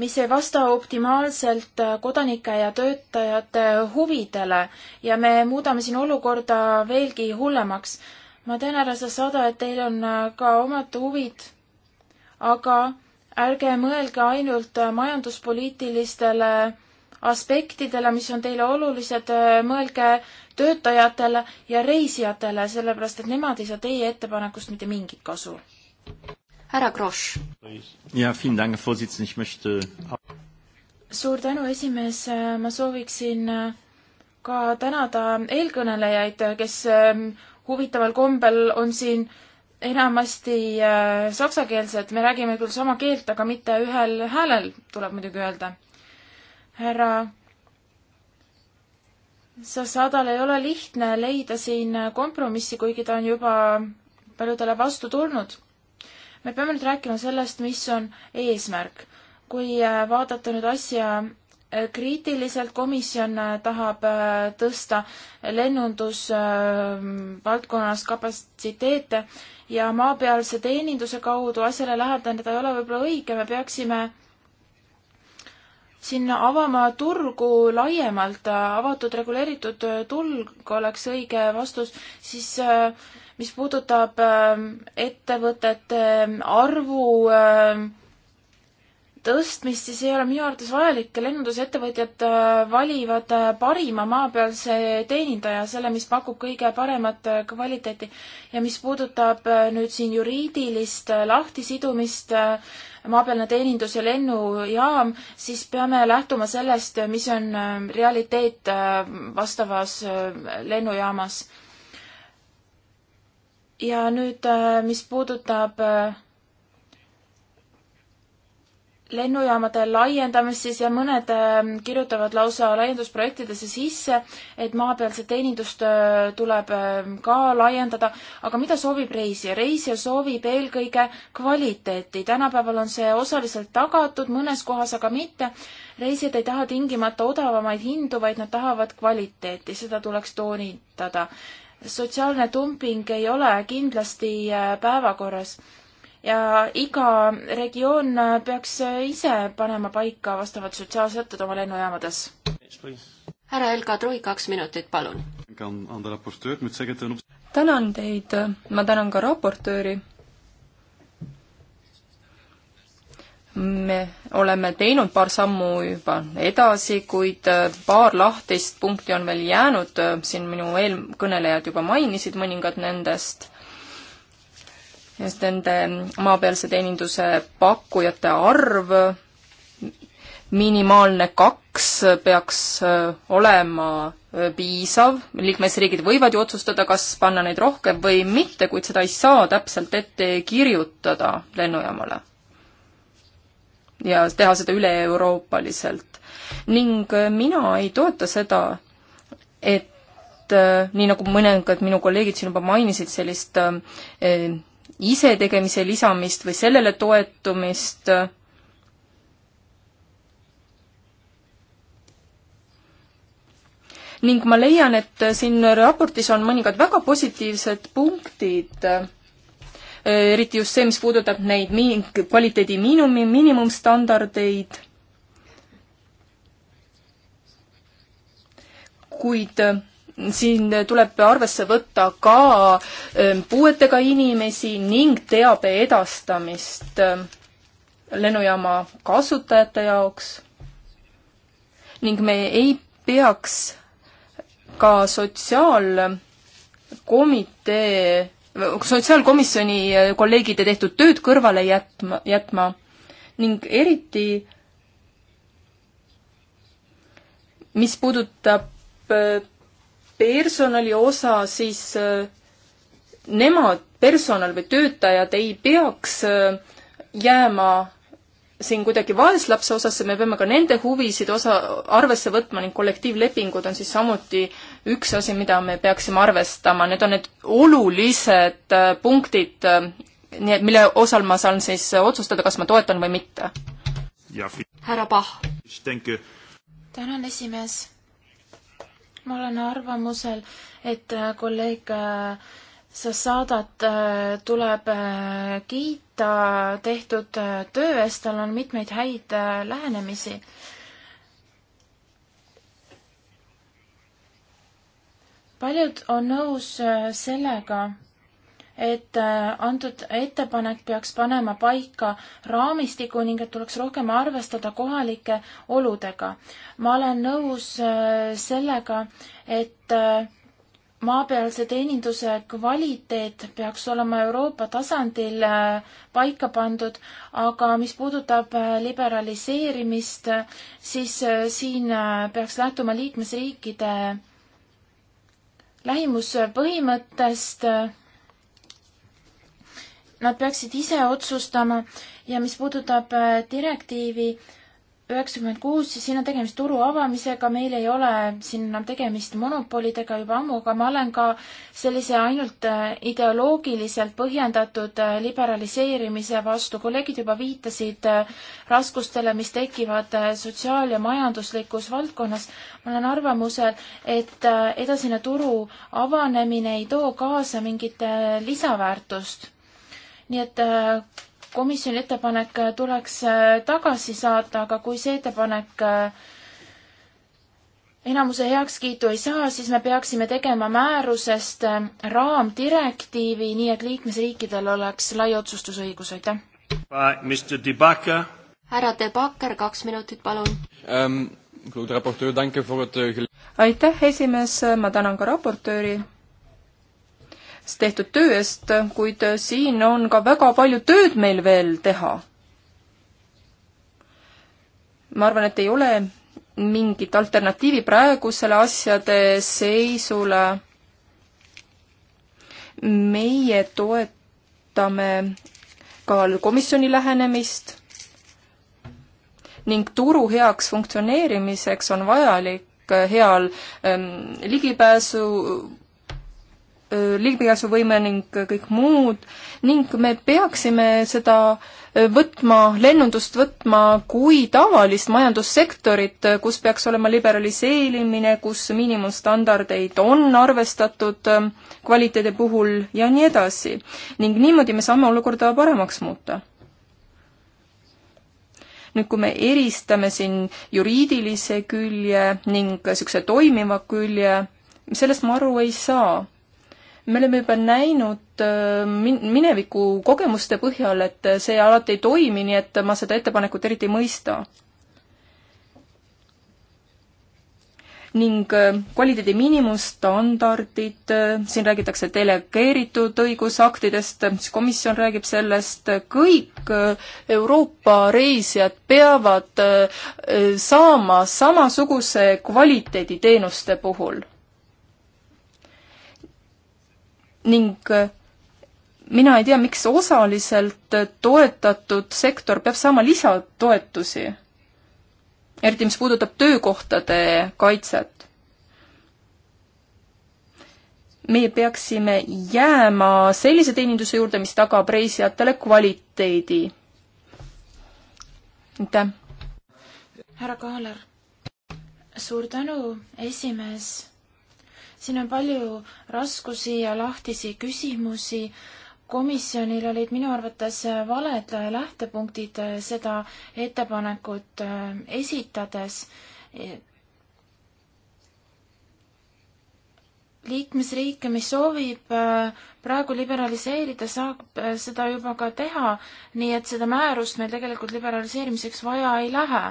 mis ei vasta optimaalselt äh, kodanike ja töötajate huvidele ja me muudame siin olukorda veelgi hullemaks. ma tean, härra Sassada, et teil on äh, ka omad huvid, aga ärge mõelge ainult äh, majanduspoliitilistele aspektidele, mis on teile olulised, mõelge töötajatele ja reisijatele, sellepärast et nemad ei saa teie ettepanekust mitte mingit kasu härra Grosch. suur tänu, esimees, ma sooviksin äh, ka tänada eelkõnelejaid, kes ähm, huvitaval kombel on siin enamasti äh, saksakeelsed, me räägime küll sama keelt, aga mitte ühel häälel, tuleb muidugi öelda. härra Sassadal ei ole lihtne leida siin äh, kompromissi, kuigi ta on juba paljudele vastu tulnud me peame nüüd rääkima sellest, mis on eesmärk. kui äh, vaadata nüüd asja äh, kriitiliselt, komisjon äh, tahab tõsta lennundusvaldkonnas kapatsiteete ja maapealse teeninduse kaudu asjale läheneda ei ole võib-olla õige, me peaksime sinna avama turgu laiemalt, avatud reguleeritud turg oleks õige vastus, siis mis puudutab ähm, ettevõtete ähm, arvu ähm, tõstmist, siis ei ole minu arvates vajalik, lennundusettevõtjad äh, valivad äh, parima maapealse teenindaja, selle, mis pakub kõige paremat äh, kvaliteeti. ja mis puudutab nüüd siin juriidilist lahtisidumist, maapealne teenindus ja lennujaam, siis peame lähtuma sellest, mis on realiteet vastavas lennujaamas ja nüüd, äh, mis puudutab äh, lennujaamade laiendamist, siis ja mõned äh, kirjutavad lausa laiendusprojektidesse sisse, et maapealset teenindust tuleb ka laiendada, aga mida soovib reisija? reisija soovib eelkõige kvaliteeti, tänapäeval on see osaliselt tagatud, mõnes kohas aga mitte. reisijad ei taha tingimata odavamaid hindu, vaid nad tahavad kvaliteeti, seda tuleks toonitada sotsiaalne dumping ei ole kindlasti äh, päevakorras ja iga regioon äh, peaks äh, ise panema paika vastavad sotsiaalsätted oma lennujaamades. härra Elka Trui, kaks minutit, palun. tänan teid, ma tänan ka raportööri me oleme teinud paar sammu juba edasi, kuid äh, paar lahtist punkti on veel jäänud, äh, siin minu eelkõnelejad juba mainisid mõningad nendest, just nende maapealse teeninduse pakkujate arv, minimaalne kaks peaks äh, olema piisav, liikmesriigid võivad ju otsustada, kas panna neid rohkem või mitte, kuid seda ei saa täpselt ette kirjutada lennujaamale ja teha seda üle-euroopaliselt. ning äh, mina ei toeta seda, et äh, nii, nagu mõningad minu kolleegid siin juba mainisid, sellist äh, isetegemise lisamist või sellele toetumist, ning ma leian, et siin raportis on mõningad väga positiivsed punktid Äh, eriti just see, mis puudutab neid miin-, kvaliteedi miinimumi, miinimumstandardeid, kuid äh, siin tuleb arvesse võtta ka äh, puuetega inimesi ning teabe edastamist lennujaama kasutajate jaoks ning me ei peaks ka sotsiaalkomitee sotsiaalkomisjoni äh, kolleegide tehtud tööd kõrvale jätma, jätma ning eriti mis puudutab äh, personali osa, siis äh, nemad, personal või töötajad ei peaks jääma siin kuidagi vaeslapse osasse, me peame ka nende huvisid osa, arvesse võtma ning kollektiivlepingud on siis samuti üks asi, mida me peaksime arvestama, need on need olulised äh, punktid, äh, nii et mille osal ma saan siis otsustada, kas ma toetan või mitte. härra Pah. tänan, esimees. ma olen arvamusel, et äh, kolleeg Sassadat tuleb kiita tehtud töö eest, tal on mitmeid häid lähenemisi paljud on nõus äh, sellega, et äh, antud ettepanek peaks panema paika raamistiku ning et tuleks rohkem arvestada kohalike oludega. ma olen nõus äh, sellega, et maapealse teeninduse kvaliteet peaks olema Euroopa tasandil paika pandud, aga mis puudutab liberaliseerimist, siis siin peaks lähtuma liikmesriikide lähimuspõhimõttest. Nad peaksid ise otsustama ja mis puudutab äh, direktiivi üheksakümmend kuus, siis siin on tegemist turu avamisega, meil ei ole siin enam tegemist monopolidega juba ammu, aga ma olen ka sellise ainult äh, ideoloogiliselt põhjendatud äh, liberaliseerimise vastu. kolleegid juba viitasid äh, raskustele, mis tekivad sotsiaal- ja majanduslikus valdkonnas. ma olen arvamusel, et edasine turu avanemine ei too kaasa mingit lisaväärtust. nii et komisjoni ettepanek tuleks äh, tagasi saata, aga kui see ettepanek äh, enamuse heakskiitu ei saa, siis me peaksime tegema määrusest äh, raamdirektiivi, nii et liikmesriikidel oleks lai otsustusõigus, aitäh. härra De Backer, kaks minutit, palun um,. aitäh, esimees, ma tänan ka raportööri tehtud töö eest, kuid siin on ka väga palju tööd meil veel teha. ma arvan, et ei ole mingit alternatiivi praegusele asjade seisule. meie toetame ka komisjoni lähenemist ning turu heaks funktsioneerimiseks on vajalik äh, heal ähm, ligipääsu Äh, ligipääsuvõime ning äh, kõik muud ning me peaksime seda äh, võtma, lennundust võtma kui tavalist majandussektorit, kus peaks olema liberaliseerimine, kus miinimumstandardeid on arvestatud kvaliteedi puhul ja nii edasi. ning niimoodi me saame olukorda paremaks muuta. nüüd, kui me eristame siin juriidilise külje ning niisuguse toimiva külje, sellest ma aru ei saa me oleme juba näinud äh, min-, mineviku kogemuste põhjal, et see alati ei toimi, nii et ma seda ettepanekut eriti ei mõista. ning äh, kvaliteedi miinimumstandardid, äh, siin räägitakse delegeeritud õigusaktidest, siis komisjon räägib sellest, kõik Euroopa reisijad peavad saama samasuguse kvaliteedi teenuste puhul ning äh, mina ei tea, miks osaliselt toetatud sektor peab saama lisatoetusi, eriti mis puudutab töökohtade kaitset. me peaksime jääma sellise teeninduse juurde, mis tagab reisijatele kvaliteedi. aitäh! härra Kaaler, suur tänu, esimees siin on palju raskusi ja lahtisi küsimusi. komisjonil olid minu arvates valed lähtepunktid seda ettepanekut äh, esitades. liikmesriike, mis soovib äh, praegu liberaliseerida, saab äh, seda juba ka teha, nii et seda määrust meil tegelikult liberaliseerimiseks vaja ei lähe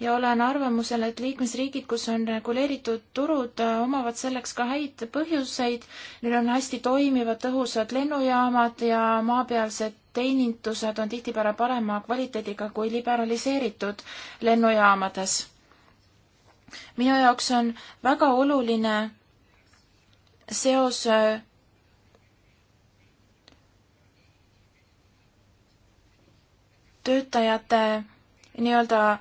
ja olen arvamusel, et liikmesriigid, kus on reguleeritud turud, omavad selleks ka häid põhjuseid. Neil on hästi toimivad tõhusad lennujaamad ja maapealsed teenindused on tihtipeale parema kvaliteediga kui liberaliseeritud lennujaamades. minu jaoks on väga oluline seos töötajate nii-öelda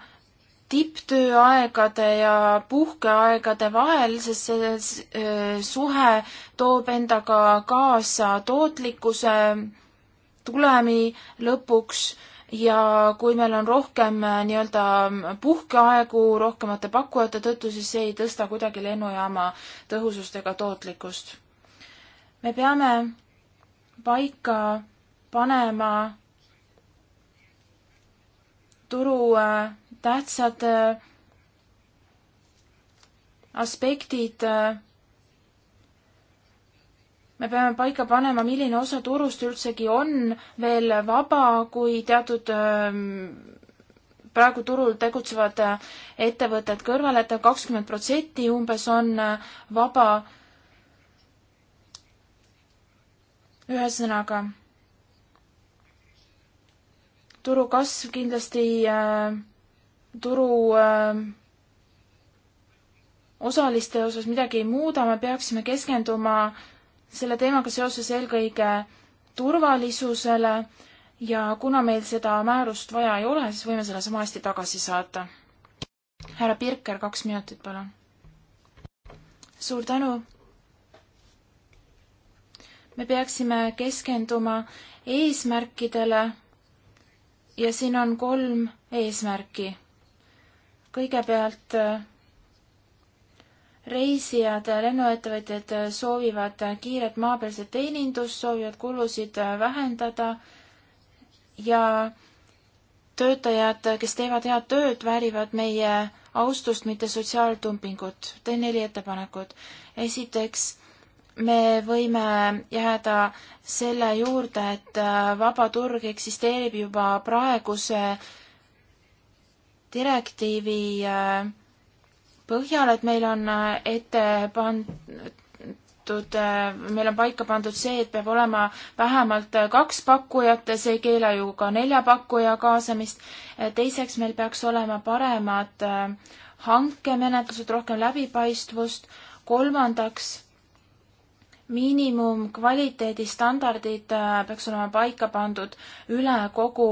tipptööaegade ja puhkeaegade vahel, sest see äh, suhe toob endaga kaasa tootlikkuse tulemi lõpuks ja kui meil on rohkem äh, nii-öelda puhkeaegu rohkemate pakkujate tõttu, siis see ei tõsta kuidagi lennujaama tõhusust ega tootlikkust. me peame paika panema turu äh, tähtsad äh, aspektid. Äh, me peame paika panema, milline osa turust üldsegi on veel vaba, kui teatud ähm, praegu turul tegutsevad äh, ettevõtted kõrvale et, et kakskümmend protsenti umbes on vaba. ühesõnaga, turu kasv kindlasti äh, turu ähm, osaliste osas midagi ei muuda, me peaksime keskenduma selle teemaga seoses eelkõige turvalisusele ja kuna meil seda määrust vaja ei ole, siis võime selle sama hästi tagasi saata. härra Pirker, kaks minutit, palun. suur tänu. me peaksime keskenduma eesmärkidele ja siin on kolm eesmärki kõigepealt äh, reisijad, lennuettevõtjad äh, soovivad äh, kiiret maapealset teenindust, soovivad kulusid vähendada ja töötajad, kes teevad head tööd, väärivad meie austust, mitte sotsiaaltumpingut. teen neli ettepanekut. esiteks, me võime jääda selle juurde, et vaba turg eksisteerib juba praeguse direktiivi äh, põhjal, et meil on äh, ette pandud, äh, meil on paika pandud see, et peab olema vähemalt kaks pakkujat ja see ei keela ju ka nelja pakkuja kaasamist. teiseks, meil peaks olema paremad hankemenetlused, rohkem läbipaistvust. kolmandaks miinimumkvaliteedistandardid äh, peaks olema paika pandud üle kogu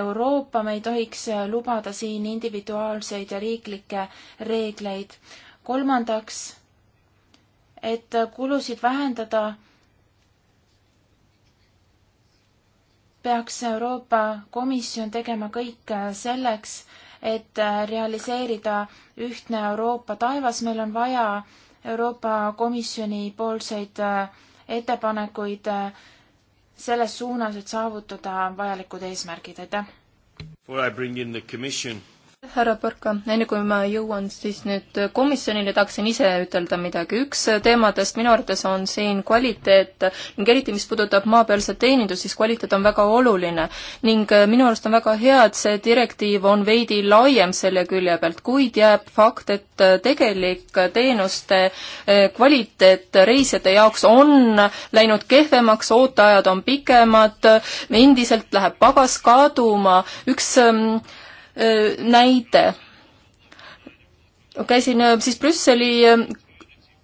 Euroopa, me ei tohiks äh, lubada siin individuaalseid ja riiklikke reegleid. kolmandaks, et äh, kulusid vähendada, peaks Euroopa Komisjon tegema kõik selleks, et realiseerida ühtne Euroopa taevas, meil on vaja Euroopa Komisjoni poolseid äh, ettepanekuid äh, selles suunas, et saavutada vajalikud eesmärgid, aitäh! Before I bring in the Commission, härra Põrka, enne kui ma jõuan siis nüüd komisjonile, tahaksin ise ütelda midagi. üks teemadest minu arvates on siin kvaliteet ning eriti, mis puudutab maapealset teenindust, siis kvaliteet on väga oluline. ning äh, minu arust on väga hea, et see direktiiv on veidi laiem selle külje pealt, kuid jääb fakt, et äh, tegelik teenuste äh, kvaliteet reisijate jaoks on läinud kehvemaks, ooteajad on pikemad, endiselt läheb pagas kaduma, üks ähm, näide. käisin siis Brüsseli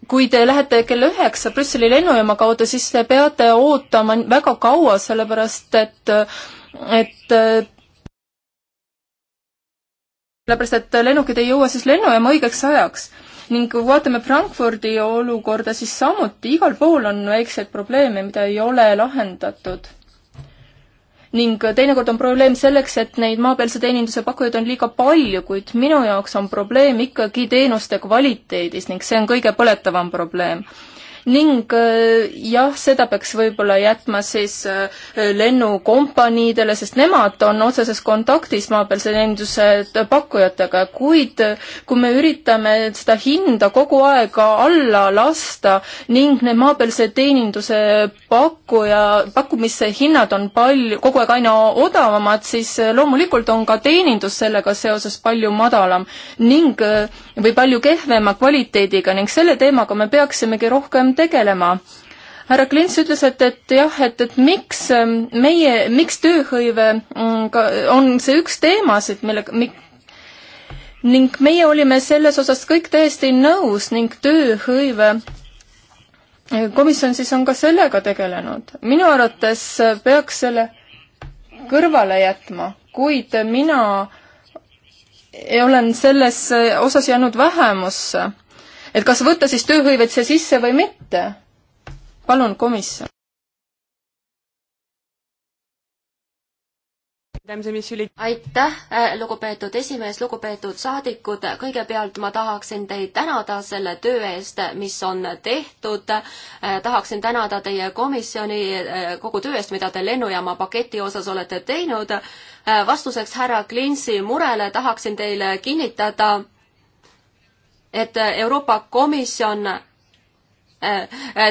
kui te lähete kell üheksa Brüsseli lennujaama kaudu, siis te peate ootama väga kaua, sellepärast et, et sellepärast, et lennukid ei jõua siis lennujaama õigeks ajaks. ning kui vaatame Frankfurdi olukorda, siis samuti igal pool on väikseid probleeme, mida ei ole lahendatud ning teinekord on probleem selleks, et neid maapealse teeninduse pakkujaid on liiga palju, kuid minu jaoks on probleem ikkagi teenuste kvaliteedis ning see on kõige põletavam probleem ning äh, jah, seda peaks võib-olla jätma siis äh, lennukompaniidele, sest nemad on otseses kontaktis maapealse lenduse pakkujatega, kuid äh, kui me üritame seda hinda kogu aeg alla lasta ning need maapealse teeninduse pakkuja, pakkumisse hinnad on palju, kogu aeg aina odavamad, siis loomulikult on ka teenindus sellega seoses palju madalam ning, või palju kehvema kvaliteediga ning selle teemaga me peaksimegi rohkem rohkem tegelema härra Klints ütles, et, et jah, et, et miks ähm, meie, miks tööhõive mm, on see üks teemasid, millega, ning meie olime selles osas kõik täiesti nõus ning tööhõive äh, komisjon siis on ka sellega tegelenud. minu arvates äh, peaks selle kõrvale jätma, kuid mina olen selles äh, osas jäänud vähemusse et kas võtta siis tööhõivet siia sisse või mitte? palun, komisjon. aitäh, äh, lugupeetud esimees, lugupeetud saadikud, kõigepealt ma tahaksin teid tänada selle töö eest, mis on tehtud. Äh, tahaksin tänada teie komisjoni äh, kogu töö eest, mida te lennujaama paketi osas olete teinud. vastuseks härra Klintsi murele tahaksin teile kinnitada et Euroopa Komisjon äh,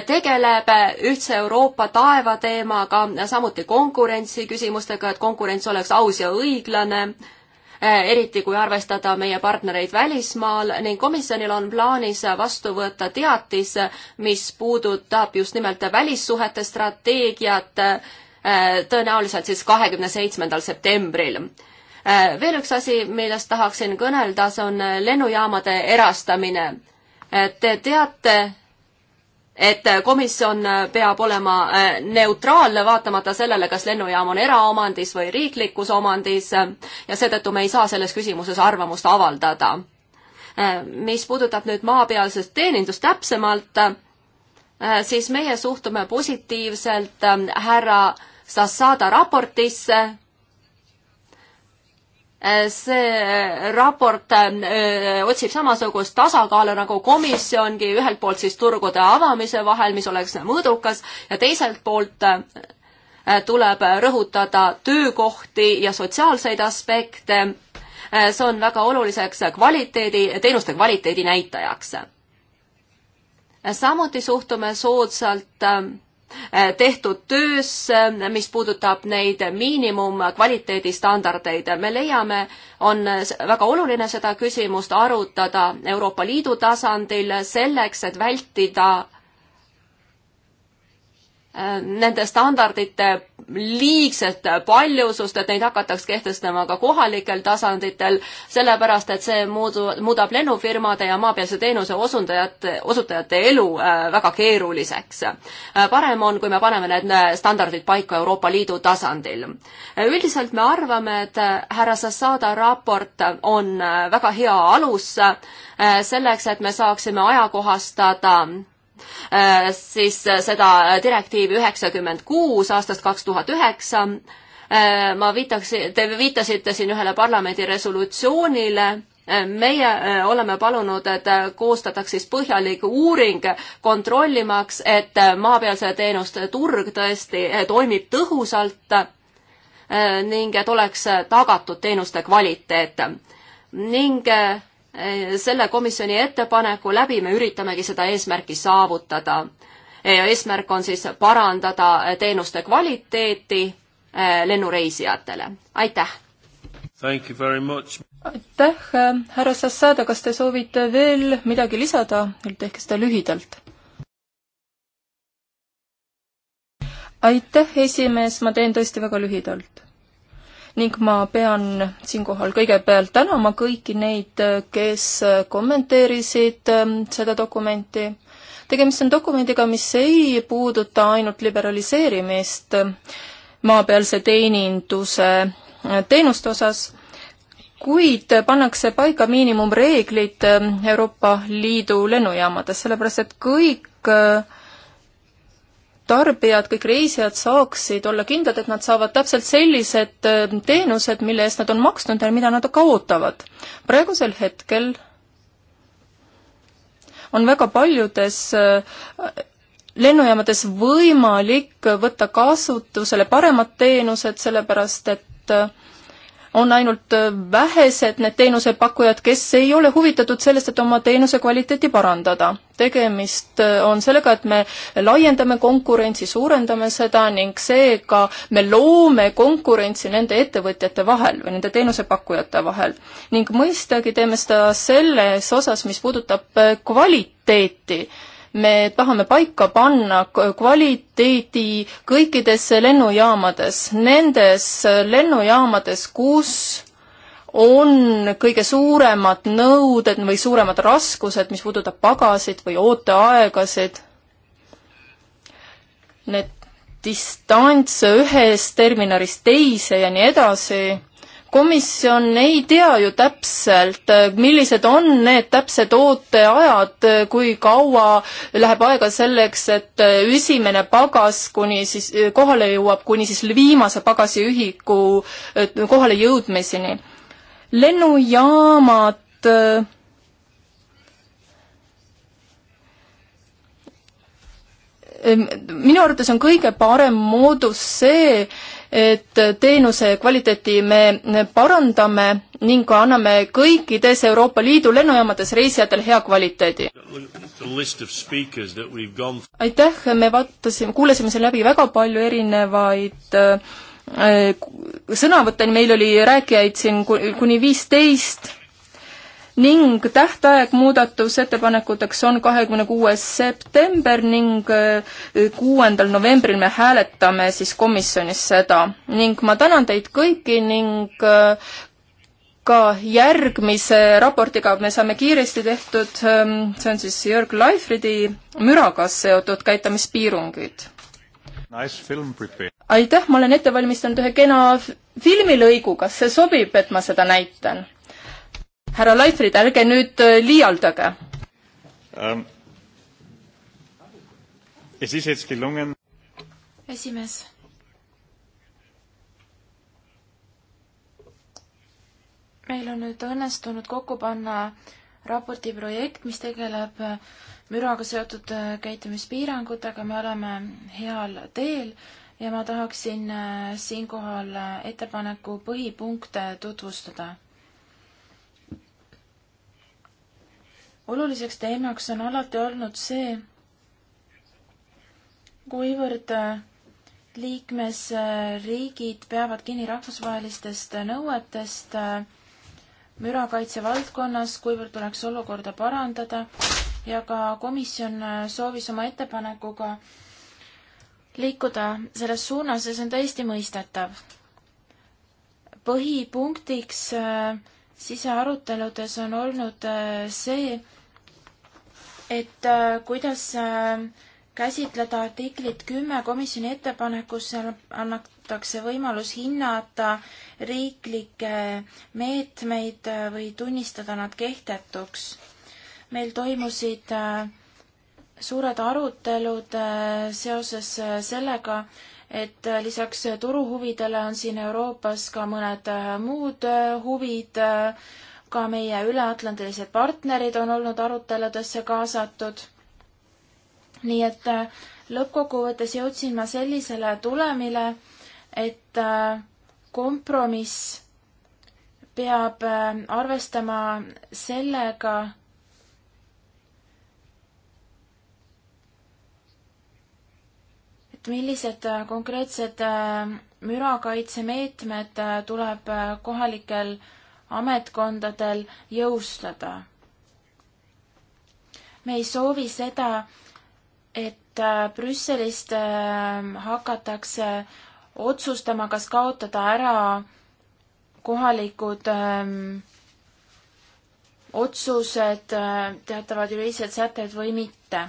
tegeleb ühtse Euroopa taeva teemaga, samuti konkurentsi küsimustega, et konkurents oleks aus ja õiglane, äh, eriti kui arvestada meie partnereid välismaal ning komisjonil on plaanis vastu võtta teatis, mis puudutab just nimelt välissuhete strateegiat, äh, tõenäoliselt siis kahekümne seitsmendal septembril Äh, veel üks asi, millest tahaksin kõnelda, see on äh, lennujaamade erastamine. Äh, te teate, et komisjon peab olema neutraalne, vaatamata sellele, kas lennujaam on eraomandis või riiklikus omandis ja seetõttu me ei saa selles küsimuses arvamust avaldada. mis puudutab nüüd maapealset teenindust täpsemalt, siis meie suhtume positiivselt härra Sassada raportisse, Äh, see äh, raport äh, otsib samasugust tasakaalu nagu komisjongi, ühelt poolt siis turgude avamise vahel, mis oleks mõõdukas, ja teiselt poolt tuleb rõhutada töökohti ja sotsiaalseid aspekte. see on väga oluliseks kvaliteedi, teenuste kvaliteedi näitajaks. samuti suhtume soodsalt Eh, tehtud töös, eh, mis puudutab neid miinimumkvaliteedistandardeid. me leiame, on väga oluline seda küsimust arutada Euroopa Liidu tasandil selleks, et vältida Äh, nende standardite liigset paljusust, et neid hakataks kehtestama ka kohalikel tasanditel, sellepärast et see muudu, muudab lennufirmade ja maapealse teenuse osundajate, osutajate elu äh, väga keeruliseks. Äh, parem on, kui me paneme need standardid paika Euroopa Liidu tasandil. üldiselt me arvame, et härra Sassada raport on väga hea alus selleks, et me saaksime ajakohastada Äh, siis äh, seda äh, direktiivi üheksakümmend kuus aastast kaks tuhat üheksa. ma viitaks, te viitasite siin ühele parlamendi resolutsioonile meie oleme palunud, et koostataks siis põhjalik uuring kontrollimaks, et maapealse teenuste turg tõesti toimib tõhusalt ning et oleks tagatud teenuste kvaliteet. ning Eh, selle komisjoni ettepaneku läbi me üritamegi seda eesmärki saavutada. Eh, eesmärk on siis parandada eh, teenuste kvaliteeti lennureisijatele. aitäh! aitäh, härra Sassada, kas te soovite veel midagi lisada, tehke seda lühidalt. aitäh, esimees, ma teen tõesti väga lühidalt ning ma pean siinkohal kõigepealt tänama kõiki neid, kes kommenteerisid ähm, seda dokumenti. tegemist on dokumendiga, mis ei puuduta ainult liberaliseerimist ähm, maapealse teeninduse äh, teenuste osas, kuid pannakse paika miinimumreeglid ähm, Euroopa Liidu lennujaamades, sellepärast et kõik äh, tarbijad, kõik reisijad saaksid olla kindlad, et nad saavad täpselt sellised äh, teenused, mille eest nad on maksnud ja mida nad ka ootavad. praegusel hetkel on väga paljudes äh, lennujaamades võimalik võtta kasutusele paremad teenused, sellepärast et äh, on ainult äh, vähesed need teenusepakkujad, kes ei ole huvitatud sellest, et oma teenuse kvaliteeti parandada. tegemist äh, on sellega, et me laiendame konkurentsi, suurendame seda ning seega me loome konkurentsi nende ettevõtjate vahel või nende teenusepakkujate vahel. ning mõistagi teeme seda selles osas, mis puudutab äh, kvaliteeti me tahame paika panna kvaliteedi kõikides lennujaamades, nendes lennujaamades, kus on kõige suuremad nõuded või suuremad raskused, mis puudutab pagasid või ooteaegasid. Need distants ühest terminalist teise ja nii edasi komisjon ei tea ju täpselt, millised on need täpsed ooteajad, kui kaua läheb aega selleks, et esimene pagas kuni siis kohale jõuab, kuni siis viimase pagasiühiku kohale jõudmiseni. lennujaamad minu arvates on kõige parem moodus see, et teenuse kvaliteeti me parandame ning anname kõikides Euroopa Liidu lennujaamades reisijatele hea kvaliteedi. aitäh, me vaatasime, kuulasime siin läbi väga palju erinevaid äh, sõnavõtte, meil oli rääkijaid siin kuni viisteist ning tähtaeg muudatusettepanekuteks on kahekümne kuues september ning äh, kuuendal novembril me hääletame siis komisjonis seda ning ma tänan teid kõiki ning äh, ka järgmise raportiga me saame kiiresti tehtud, ähm, see on siis Jörg Laifridi müraga seotud käitumispiirangud nice. aitäh, ma olen ette valmistanud ühe kena filmilõigu, kas see sobib, et ma seda näitan? härra Leifrid, ärge nüüd äh, liialdage um,. esimees. meil on nüüd õnnestunud kokku panna raporti projekt, mis tegeleb äh, müraga seotud äh, käitumispiirangutega, me oleme heal teel ja ma tahaksin siinkohal ettepaneku põhipunkte tutvustada oluliseks teemaks on alati olnud see, kuivõrd äh, liikmesriigid peavad kinni rahvusvahelistest nõuetest äh, mürakaitse valdkonnas, kuivõrd tuleks olukorda parandada ja ka komisjon äh, soovis oma ettepanekuga liikuda selles suunas ja see on täiesti mõistetav. põhipunktiks sisearuteludes on olnud äh, see, et äh, kuidas äh, käsitleda artiklit kümme komisjoni ettepanekus, seal antakse võimalus hinnata riiklikke meetmeid või tunnistada nad kehtetuks. meil toimusid suured arutelud seoses sellega, et äh, lisaks äh, turuhuvidele on siin Euroopas ka mõned äh, muud huvid, ka meie üleatlandilised partnerid on olnud aruteludesse kaasatud. nii et lõppkokkuvõttes jõudsin ma sellisele tulemile, et kompromiss peab arvestama sellega, et millised äh, konkreetsed äh, mürakaitsemeetmed äh, tuleb kohalikel ametkondadel jõustada. me ei soovi seda, et Brüsselist hakatakse otsustama, kas kaotada ära kohalikud ähm, otsused, teatavad juriidilised sätted või mitte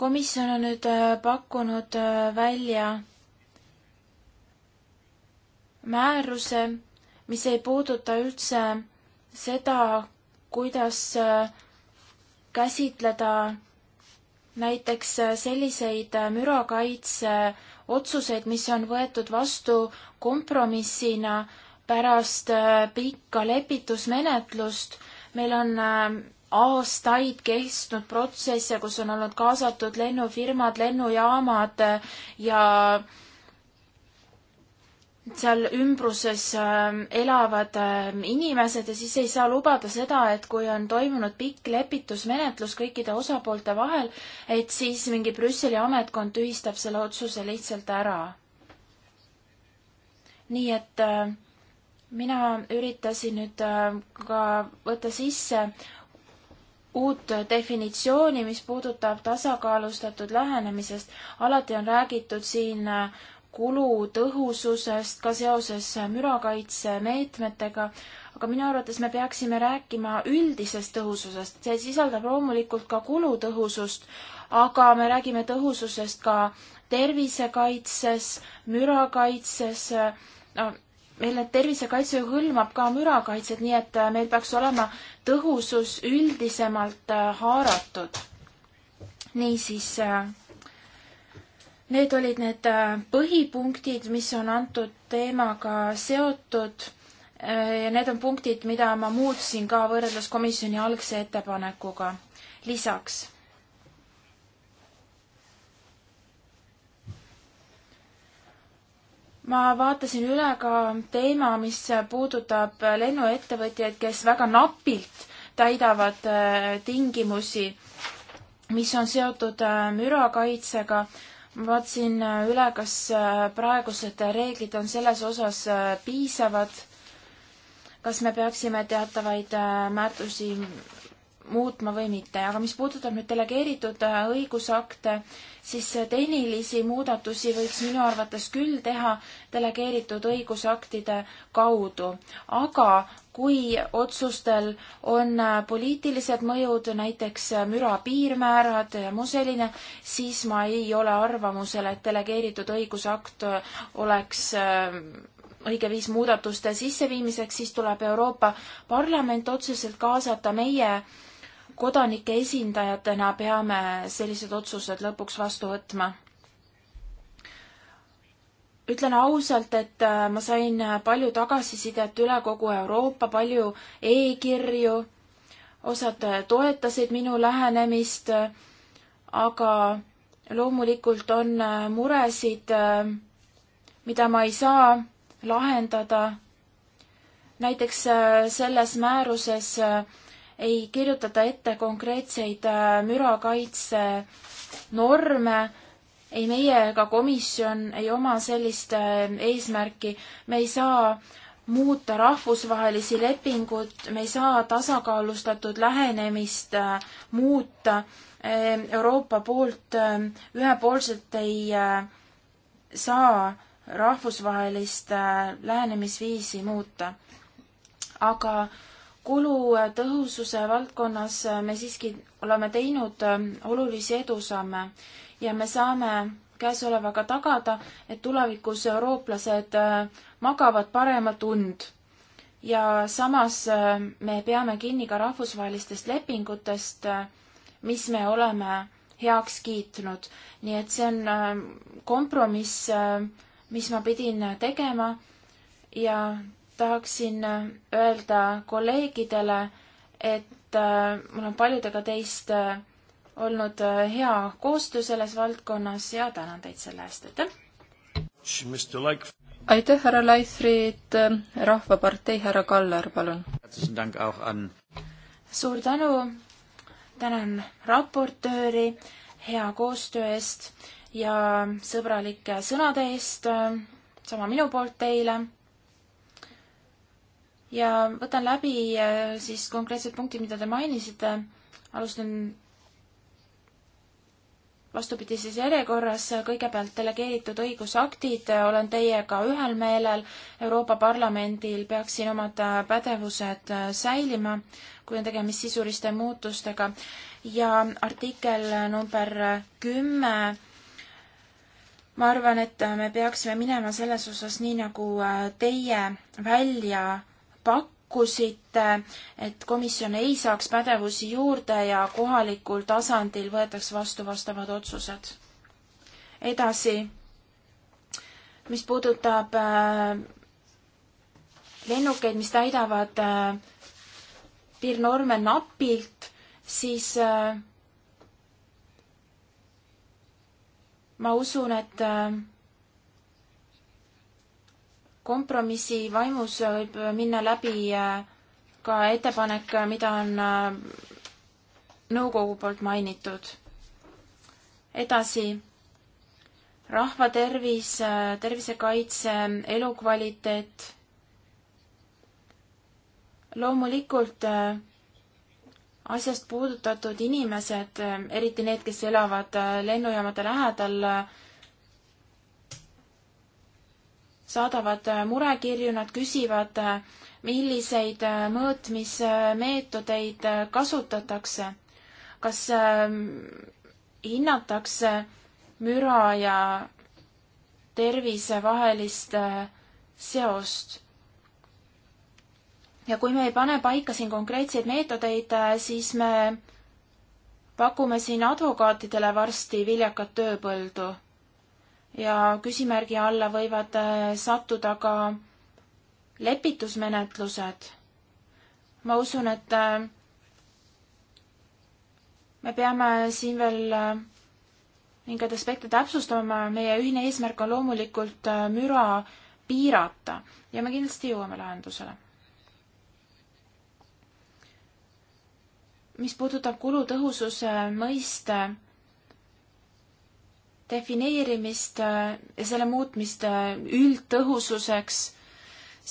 komisjon on nüüd äh, pakkunud äh, välja määruse, mis ei puuduta üldse seda, kuidas äh, käsitleda näiteks selliseid mürakaitse otsuseid, mis on võetud vastu kompromissina pärast pikka lepitusmenetlust. meil on aastaid kestnud protsess ja kus on olnud kaasatud lennufirmad, lennujaamad ja seal ümbruses ähm, elavad ähm, inimesed ja siis ei saa lubada seda, et kui on toimunud pikk lepitusmenetlus kõikide osapoolte vahel, et siis mingi Brüsseli ametkond tühistab selle otsuse lihtsalt ära. nii et ähm, mina üritasin nüüd ka võtta sisse uut definitsiooni, mis puudutab tasakaalustatud lähenemisest. alati on räägitud siin äh, kulutõhususest ka seoses äh, mürakaitsemeetmetega, aga minu arvates me peaksime rääkima üldisest tõhususest, see sisaldab loomulikult ka kulutõhusust, aga me räägime tõhususest ka tervisekaitses, mürakaitses, äh, no meil need tervisekaitse hõlmab ka mürakaitset, nii et äh, meil peaks olema tõhusus üldisemalt äh, haaratud. niisiis, äh, need olid need põhipunktid, mis on antud teemaga seotud ja need on punktid, mida ma muutsin ka võrreldes komisjoni algse ettepanekuga. lisaks ma vaatasin üle ka teema, mis puudutab lennuettevõtjaid, kes väga napilt täidavad äh, tingimusi, mis on seotud äh, mürakaitsega. ma vaatasin äh, üle, kas praegused reeglid on selles osas piisavad. kas me peaksime teatavaid määrdusi muutma või mitte, aga mis puudutab nüüd delegeeritud äh, õigusakte, siis äh, tehnilisi muudatusi võiks minu arvates küll teha delegeeritud õigusaktide kaudu, aga kui otsustel on äh, poliitilised mõjud, näiteks müra piirmäärad ja muu selline, siis ma ei ole arvamusel, et delegeeritud õigusakt oleks õige viis muudatuste sisseviimiseks, siis tuleb Euroopa Parlament otseselt kaasata meie kodanike esindajatena peame sellised otsused lõpuks vastu võtma. ütlen ausalt, et äh, ma sain palju tagasisidet üle kogu Euroopa, palju e-kirju, osad toetasid minu lähenemist, aga loomulikult on äh, muresid, äh, mida ma ei saa lahendada. näiteks selles määruses äh, ei kirjutata ette konkreetseid äh, mürakaitse norme, ei meie ega komisjon ei oma sellist äh, eesmärki, me ei saa muuta rahvusvahelisi lepinguid, me ei saa tasakaalustatud lähenemist äh, muuta. Euroopa poolt ühepoolselt ei saa rahvusvahelist lähenemisviisi muuta. aga kulutõhususe valdkonnas me siiski oleme teinud ähm, olulisi edusamme ja me saame käesolevaga tagada, et tulevikus eurooplased äh, magavad paremat und. ja samas äh, me peame kinni ka rahvusvahelistest lepingutest, äh, mis me oleme heaks kiitnud. nii et see on ähm, kompromiss, mis ma pidin tegema ja tahaksin öelda kolleegidele, et äh, mul on paljudega teist äh, olnud äh, hea koostöö selles valdkonnas ja tänan teid selle eest, aitäh! aitäh, härra Leifrid, Rahvapartei härra Kallar, palun! suur tänu, tänan raportööri hea koostöö eest ja sõbralike sõnade eest, sama minu poolt teile ja võtan läbi äh, siis konkreetsed punktid, mida te mainisite. alustan vastupidises järjekorras, kõigepealt delegeeritud õigusaktid, olen teiega ühel meelel, Euroopa Parlamendil peaks siin omad äh, pädevused äh, säilima, kui on tegemist sisuliste muutustega ja artikkel number kümme, ma arvan, et me peaksime minema selles osas nii, nagu teie välja pakkusite, et komisjon ei saaks pädevusi juurde ja kohalikul tasandil võetaks vastu vastavad otsused. edasi, mis puudutab äh, lennukeid, mis täidavad äh, piirnorme napilt, siis äh, ma usun, et kompromissi vaimus võib minna läbi äh, ka ettepanek, äh, mida on äh, nõukogu poolt mainitud. edasi, rahvatervis, tervisekaitse, elukvaliteet. loomulikult asjast puudutatud inimesed, eriti need, kes elavad lennujaamade lähedal, saadavad äh, murekirju, nad küsivad, äh, milliseid äh, mõõtmismeetodeid kasutatakse. kas ähm, hinnatakse müra ja tervise vahelist seost? ja kui me ei pane paika siin konkreetseid meetodeid, siis me pakume siin advokaatidele varsti viljakat tööpõldu ja küsimärgi alla võivad äh, sattuda ka lepitusmenetlused. ma usun, et äh, me peame siin veel äh, mingeid aspekte täpsustama, meie ühine eesmärk on loomulikult müra piirata ja me kindlasti jõuame lahendusele. mis puudutab kulutõhususe mõiste defineerimist ja äh, selle muutmist äh, üldtõhususeks,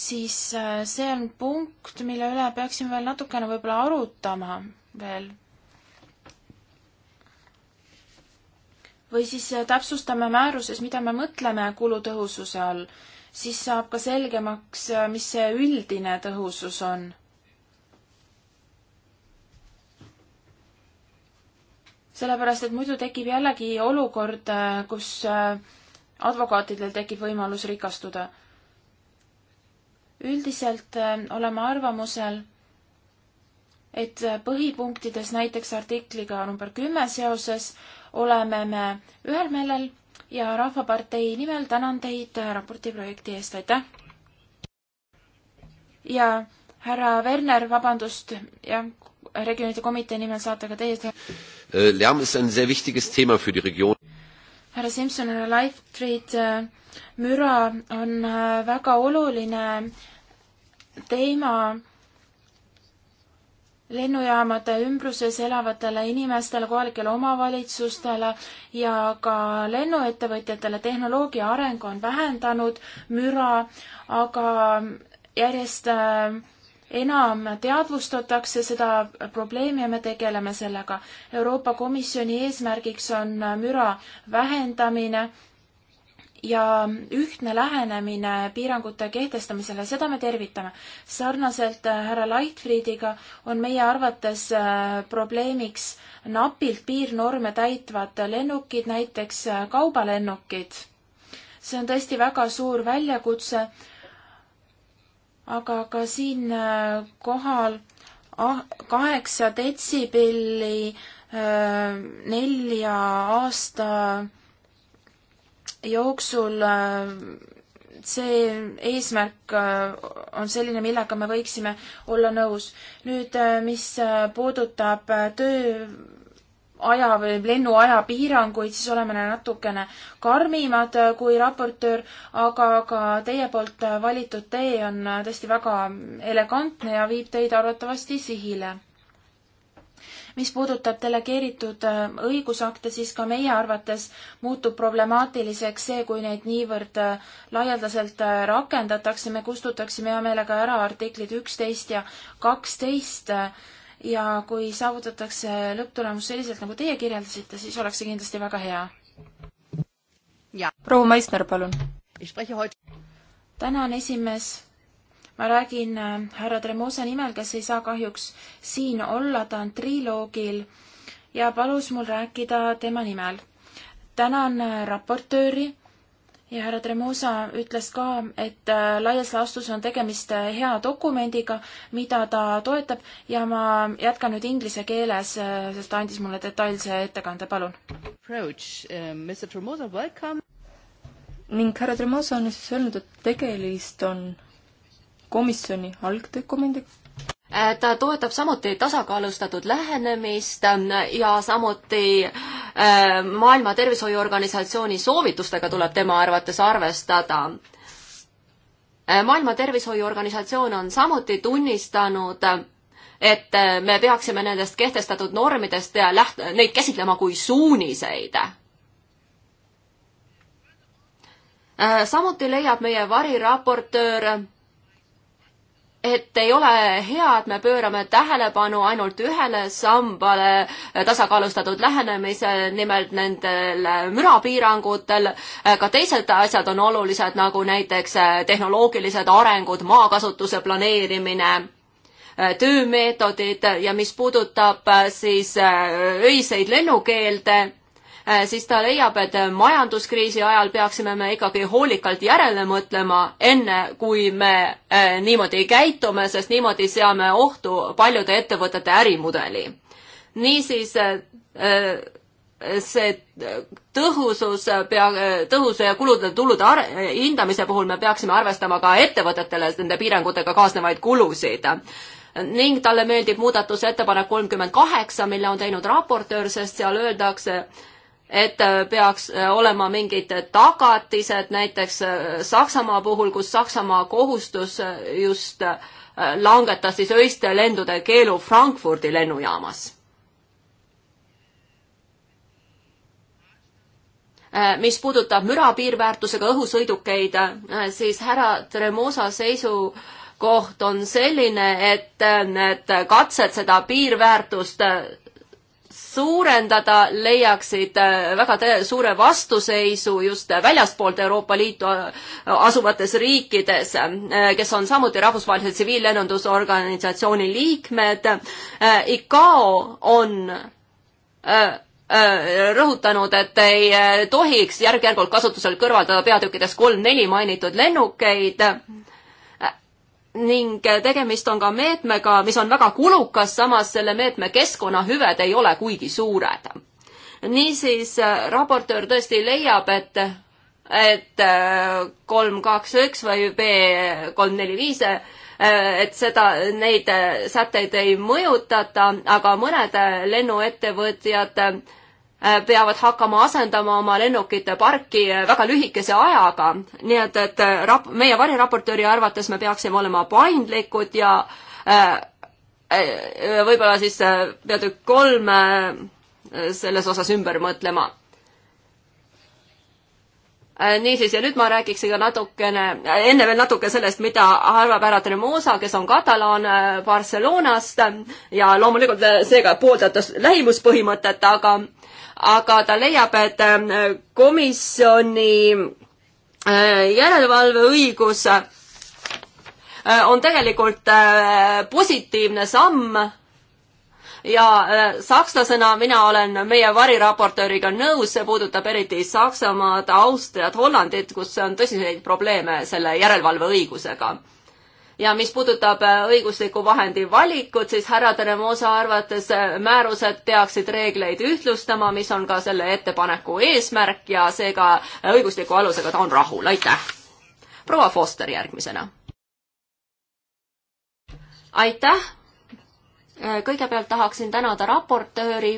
siis äh, see on punkt, mille üle peaksime veel natukene võib-olla arutama veel. või siis täpsustame määruses, mida me mõtleme kulutõhususe all, siis saab ka selgemaks, mis see üldine tõhusus on sellepärast et muidu tekib jällegi olukord, kus äh, advokaatidel tekib võimalus rikastuda. üldiselt äh, oleme arvamusel, et põhipunktides, näiteks artikliga number kümme seoses, oleme me ühel meelel ja Rahvapartei nimel tänan teid äh, raporti projekti eest, aitäh! ja härra Werner, vabandust, jah, regioonide komitee nimel saate ka teie äh, Lärm ist ein sehr wichtiges Thema für die Region. härra Simson, härra Leifrid, äh, müra on äh, väga oluline teema lennujaamade ümbruses elavatele inimestele, kohalikele omavalitsustele ja ka lennuettevõtjatele. tehnoloogia areng on vähendanud müra, aga järjest äh, enam teadvustatakse seda probleemi ja me tegeleme sellega. Euroopa Komisjoni eesmärgiks on müra vähendamine ja ühtne lähenemine piirangute kehtestamisele, seda me tervitame. sarnaselt äh, härra Leitfriediga on meie arvates äh, probleemiks napilt piirnorme täitvad lennukid, näiteks äh, kaubalennukid. see on tõesti väga suur väljakutse aga ka siin äh, kohal ah, kaheksa detsibelli äh, nelja aasta jooksul äh, see eesmärk on selline, millega me võiksime olla nõus. nüüd, mis puudutab töö aja või lennuaja piiranguid, siis oleme natukene karmimad äh, kui raportöör, aga ka teie poolt äh, valitud tee on äh, tõesti väga elegantne ja viib teid arvatavasti sihile. mis puudutab delegeeritud õigusakte, siis ka meie arvates muutub problemaatiliseks see, kui neid niivõrd laialdaselt rakendatakse, me kustutaksime hea meelega ära artiklid üksteist ja kaksteist 12 ja kui saavutatakse lõpptulemus selliselt, nagu teie kirjeldasite, siis oleks see kindlasti väga hea. proua Meissner, palun. tänan, esimees. ma räägin äh, härra Tremose nimel, kes ei saa kahjuks siin olla, ta on triloogil ja palus mul rääkida tema nimel. tänan äh, raportööri ja härra Tremosa ütles ka, et äh, laias laastus on tegemist äh, hea dokumendiga, mida ta toetab ja ma jätkan nüüd inglise keeles, äh, sest ta andis mulle detailse ettekande, palun. ning härra Tremosa on siis öelnud, et tegelist on komisjoni algdokumendiga, Äh, ta toetab samuti tasakaalustatud lähenemist äh, ja samuti äh, Maailma Tervishoiuorganisatsiooni soovitustega tuleb tema arvates arvestada. maailma Tervishoiuorganisatsioon on samuti tunnistanud, et me peaksime nendest kehtestatud normidest läht-, neid käsitlema kui suuniseid samuti leiab meie variraportöör, et ei ole hea, et me pöörame tähelepanu ainult ühele sambale tasakaalustatud lähenemisel, nimelt nendel mürapiirangutel. ka teised asjad on olulised, nagu näiteks tehnoloogilised arengud, maakasutuse planeerimine, töömeetodid ja mis puudutab siis öiseid lennukeelde Äh, siis ta leiab, et äh, majanduskriisi ajal peaksime me ikkagi hoolikalt järele mõtlema, enne kui me äh, niimoodi käitume, sest niimoodi seame ohtu paljude ettevõtete ärimudeli. niisiis see tõhusus pea, tõhuse ja kulude-tulude hindamise puhul me peaksime arvestama ka ettevõtetele nende piirangutega kaasnevaid kulusid. ning talle meeldib muudatusettepanek kolmkümmend kaheksa, mille on teinud raportöör, sest seal öeldakse, et äh, peaks äh, olema mingid tagatised, näiteks äh, Saksamaa puhul, kus Saksamaa kohustus just langetas siis öiste lendude keelu Frankfurdi lennujaamas. mis puudutab mürapiirväärtusega õhusõidukeid, siis härra Tremosa seisu koht on selline, et need katsed seda piirväärtust suurendada, leiaksid äh, väga suure vastuseisu just väljaspoolt Euroopa Liitu äh, asuvates riikides, äh, kes on samuti rahvusvahelise tsiviillennundusorganisatsiooni liikmed. ICAO on rõhutanud, et ei tohiks järk-järgult kasutuselt kõrvaldada peatükkides kolm-neli mainitud lennukeid ning tegemist on ka meetmega, mis on väga kulukas, samas selle meetme keskkonnahüved ei ole kuigi suured. niisiis raportöör tõesti leiab, et et äh, kolm, kaks, üks või B kolm, neli, viis, äh, et seda, neid sätteid ei mõjutata, aga mõned lennuettevõtjad äh, Äh, peavad hakkama asendama oma lennukite parki äh, väga lühikese ajaga, nii et, et äh, rap-, meie variraportööri arvates me peaksime olema paindlikud ja võib-olla siis peatükk kolm selles osas ümber mõtlema. niisiis, ja nüüd ma räägiksin ka natukene, enne veel natuke sellest, mida arvab härra Tremosa, kes on katalaan Barcelonast ja loomulikult seega pooldatas lähimuspõhimõtet, aga aga ta leiab, et äh, komisjoni äh, järelevalveõigus äh, on tegelikult positiivne samm ja sakslasena mina olen meie variraportööriga nõus, see puudutab eriti Saksamaad, Austriat, Hollandit, kus on tõsiseid probleeme selle järelevalveõigusega ja mis puudutab äh, õigusliku vahendi valikut, siis härra Tremosa arvates äh, määrused peaksid reegleid ühtlustama, mis on ka selle ettepaneku eesmärk ja seega äh, õigusliku alusega ta on rahul, aitäh. proua Foster järgmisena. aitäh. kõigepealt tahaksin tänada raportööri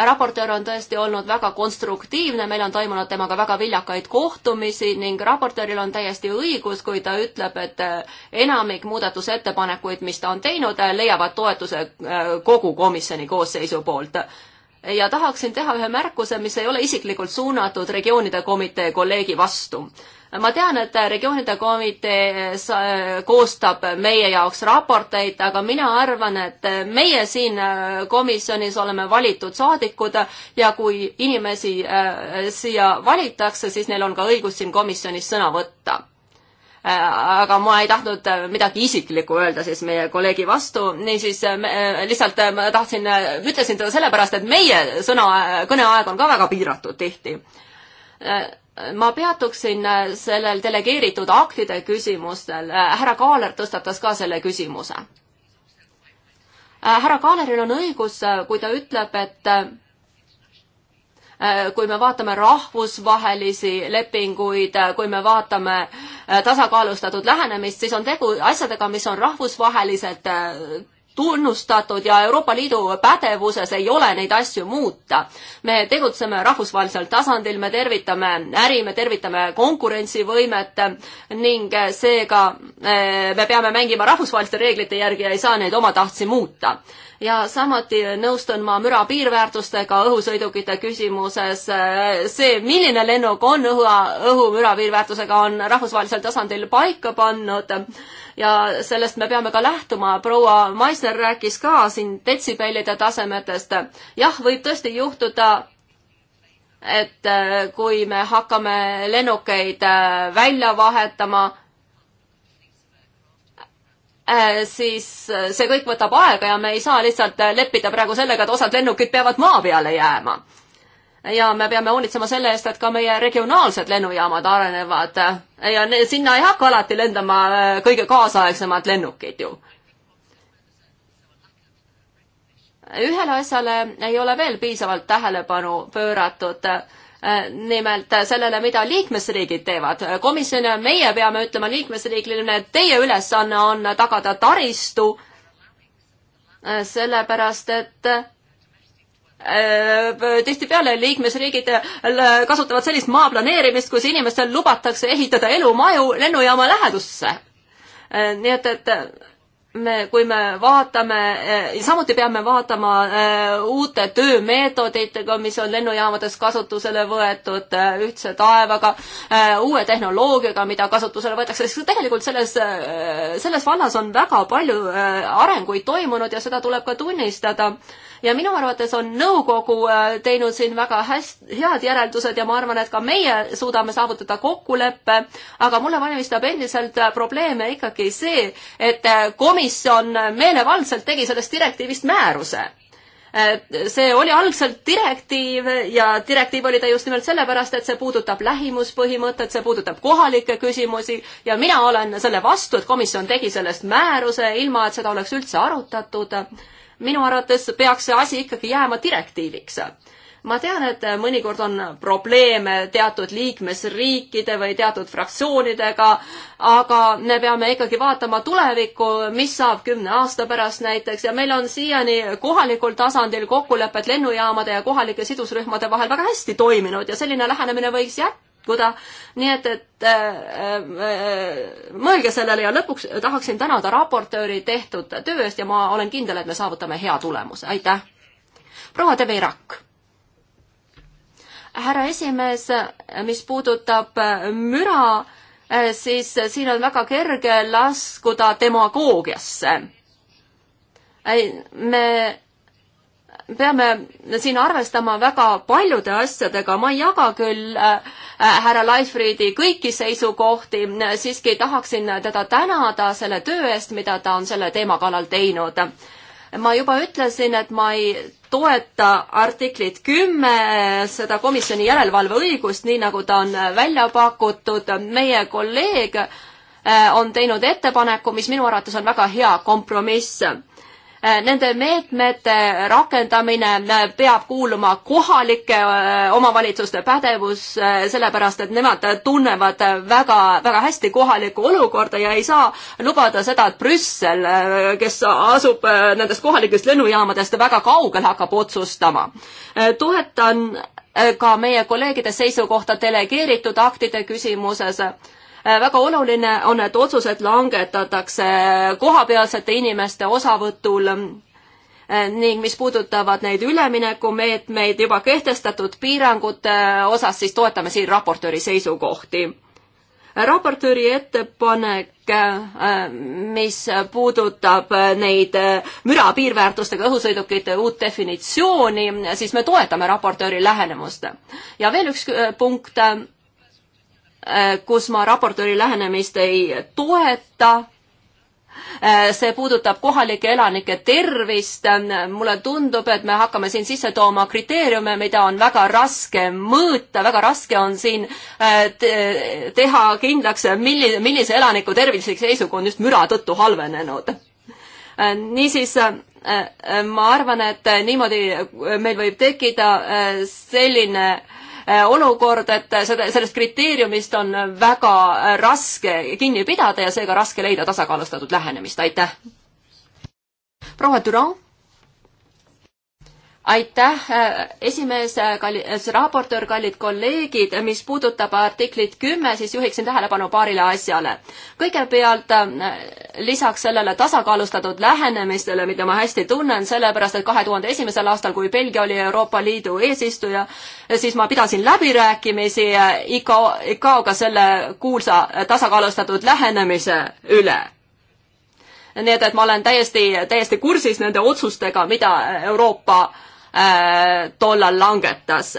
raportöör on tõesti olnud väga konstruktiivne, meil on toimunud temaga väga viljakaid kohtumisi ning raportööril on täiesti õigus, kui ta ütleb, et äh, enamik muudatusettepanekuid, mis ta on teinud, äh, leiavad toetuse äh, kogu komisjoni koosseisu poolt. ja tahaksin teha ühe märkuse, mis ei ole isiklikult suunatud regioonide komitee kolleegi vastu ma tean, et regioonide komitee eh, eh, koostab meie jaoks raporteid, aga mina arvan, et eh, meie siin komisjonis oleme valitud saadikud ja kui inimesi siia valitakse, siis neil on ka õigus siin komisjonis sõna võtta. aga ma ei tahtnud midagi isiklikku öelda siis meie kolleegi vastu, niisiis lihtsalt ma tahtsin, ütlesin seda sellepärast, et meie sõna, kõneaeg on ka väga piiratud tihti ma peatuksin äh, sellel delegeeritud aktide küsimustel, äh, härra Kaaler tõstatas ka selle küsimuse. Äh, härra Kaaleril on õigus, kui ta ütleb, et kui me vaatame rahvusvahelisi lepinguid, kui me vaatame tasakaalustatud lähenemist, siis on tegu asjadega, mis on rahvusvaheliselt tunnustatud ja Euroopa Liidu pädevuses ei ole neid asju muuta. me tegutseme rahvusvahelisel tasandil, me tervitame äri, me tervitame konkurentsivõimet ning seega eh, me peame mängima rahvusvaheliste reeglite järgi ja ei saa neid omatahtsi muuta ja samuti nõustun ma müra piirväärtustega õhusõidukite küsimuses. see, milline lennuk on õhu, õhumüra piirväärtusega, on rahvusvahelisel tasandil paika pannud ja sellest me peame ka lähtuma. proua Maisner rääkis ka siin detsibellide tasemetest. jah, võib tõesti juhtuda, et kui me hakkame lennukeid äh, välja vahetama Äh, siis äh, see kõik võtab aega ja me ei saa lihtsalt äh, leppida praegu sellega, et osad lennukid peavad maa peale jääma. ja me peame hoolitsema selle eest, et ka meie regionaalsed lennujaamad arenevad ja ne, sinna ei hakka alati lendama kõige kaasaegsemad lennukid ju. ühele asjale ei ole veel piisavalt tähelepanu pööratud Äh, nimelt äh, sellele, mida liikmesriigid teevad. Äh, komisjon ja meie peame ütlema liikmesriigile, et teie ülesanne on tagada taristu, sellepärast et tihtipeale liikmesriigid kasutavad sellist maaplaneerimist, kus inimestel lubatakse ehitada elumaju lennujaama lähedusse. nii et, et me, kui me vaatame, eh, samuti peame vaatama eh, uute töömeetoditega, mis on lennujaamades kasutusele võetud, eh, ühtse taevaga, uue tehnoloogiaga, mida kasutusele võetakse, sest tegelikult selles, selles vallas on väga palju arenguid toimunud ja seda tuleb ka tunnistada. ja minu arvates on nõukogu teinud siin väga hästi, head järeldused ja ma arvan, et ka meie suudame saavutada kokkuleppe, aga mulle valmistab endiselt probleeme ikkagi see, et komisjon komisjon meelevaldselt tegi sellest direktiivist määruse see oli algselt direktiiv ja direktiiv oli ta just nimelt sellepärast, et see puudutab lähimuspõhimõtet, see puudutab kohalikke küsimusi ja mina olen selle vastu, et komisjon tegi sellest määruse, ilma et seda oleks üldse arutatud. minu arvates peaks see asi ikkagi jääma direktiiviks ma tean, et mõnikord on probleeme teatud liikmesriikide või teatud fraktsioonidega, aga me peame ikkagi vaatama tulevikku, mis saab kümne aasta pärast näiteks ja meil on siiani kohalikul tasandil kokkulepped lennujaamade ja kohalike sidusrühmade vahel väga hästi toiminud ja selline lähenemine võiks jätkuda. nii et, et äh, äh, mõelge sellele ja lõpuks tahaksin tänada raportööri tehtud töö eest ja ma olen kindel, et me saavutame hea tulemuse. aitäh! proua De Veirak härra esimees, mis puudutab äh, müra, äh, siis siin on väga kerge laskuda demagoogiasse. me peame siin arvestama väga paljude asjadega, ma ei jaga küll äh, härra Leifridi kõiki seisukohti, siiski tahaksin teda tänada selle töö eest, mida ta on selle teema kallal teinud ma juba ütlesin, et ma ei toeta artiklit kümme, seda komisjoni järelevalveõigust, nii nagu ta on välja pakutud. meie kolleeg äh, on teinud ettepaneku, mis minu arvates on väga hea kompromiss Äh, nende meetmete rakendamine äh, peab kuuluma kohalike äh, omavalitsuste pädevus, sellepärast et nemad tunnevad väga, väga hästi kohalikku olukorda ja ei saa lubada seda, et Brüssel, kes asub nendest kohalikest lennujaamadest väga kaugel, hakkab otsustama. toetan ka meie kolleegide seisukohta delegeeritud aktide küsimuses Äh, väga oluline on, et otsused langetatakse kohapealsete inimeste osavõtul äh, ning mis puudutavad neid üleminekumeetmeid juba kehtestatud piirangute osas, siis toetame siin raportööri seisukohti. raportööri ettepanek, äh, mis puudutab neid müra piirväärtustega õhusõidukite uut definitsiooni, siis me toetame raportööri lähenemust. ja veel üks punkt Äh, kus ma raportööri lähenemist ei toeta. Äh, see puudutab kohalike elanike tervist. Äh, mulle tundub, et me hakkame siin sisse tooma kriteeriume, mida on väga raske mõõta, väga raske on siin teha kindlaks, millise, millise elaniku tervislik seisuk on just müra tõttu halvenenud. niisiis ma arvan, et niimoodi meil võib tekkida selline äh, Äh, olukord, et seda, sellest kriteeriumist on väga äh, raske kinni pidada ja seega raske leida tasakaalustatud lähenemist, aitäh. proua Düran aitäh, äh, esimees, äh, kallis äh, raportöör, kallid kolleegid, mis puudutab artiklit kümme, siis juhiksin tähelepanu paarile asjale. kõigepealt lisaks sellele tasakaalustatud lähenemistele, mida ma hästi tunnen, sellepärast et kahe tuhande esimesel aastal, kui Belgia oli Euroopa Liidu eesistuja, siis ma pidasin läbirääkimisi ICAO, ICAO-ga selle kuulsa tasakaalustatud lähenemise üle nii et, et ma olen täiesti, täiesti kursis nende otsustega, mida Euroopa äh, Äh, tollal langetas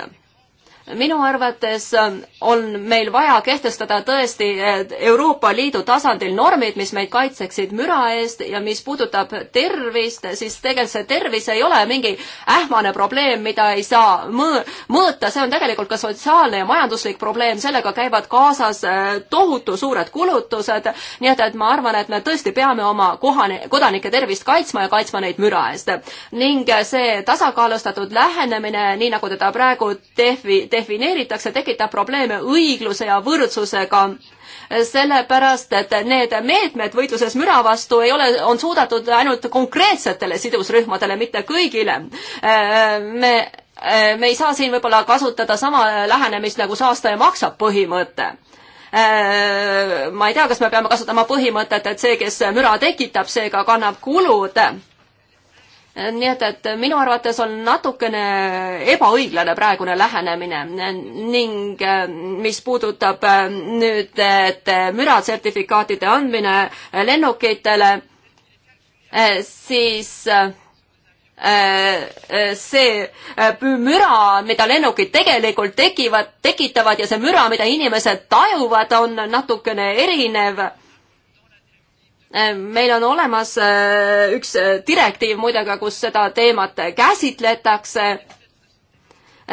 minu arvates ähm, on meil vaja kehtestada tõesti äh, Euroopa Liidu tasandil normid, mis meid kaitseksid müra eest ja mis puudutab tervist, siis tegelikult see tervis ei ole mingi ähmane probleem, mida ei saa mõ-, mõõta, see on tegelikult ka sotsiaalne ja majanduslik probleem, sellega käivad kaasas äh, tohutu suured kulutused, nii et, et ma arvan, et me tõesti peame oma kohane, kodanike tervist kaitsma ja kaitsma neid müra eest. ning äh, see tasakaalustatud lähenemine, nii nagu teda praegu tehvi, tehti, defineeritakse, tekitab probleeme õigluse ja võrdsusega sellepärast, et need meetmed võitluses müra vastu ei ole, on suudetud ainult konkreetsetele sidusrühmadele, mitte kõigile. me, me ei saa siin võib-olla kasutada sama lähenemist nagu saastaja maksab põhimõte ma ei tea, kas me peame kasutama põhimõtet, et see, kes müra tekitab, see ka kannab kulud nii et, et minu arvates on natukene ebaõiglane praegune lähenemine ning äh, mis puudutab äh, nüüd, et äh, mürasertifikaatide andmine lennukitele, siis see müra, mida lennukid tegelikult tekivad, tekitavad ja see müra, mida inimesed tajuvad, on natukene erinev Ehm, meil on olemas äh, üks äh, direktiiv muide ka, kus seda teemat käsitletakse.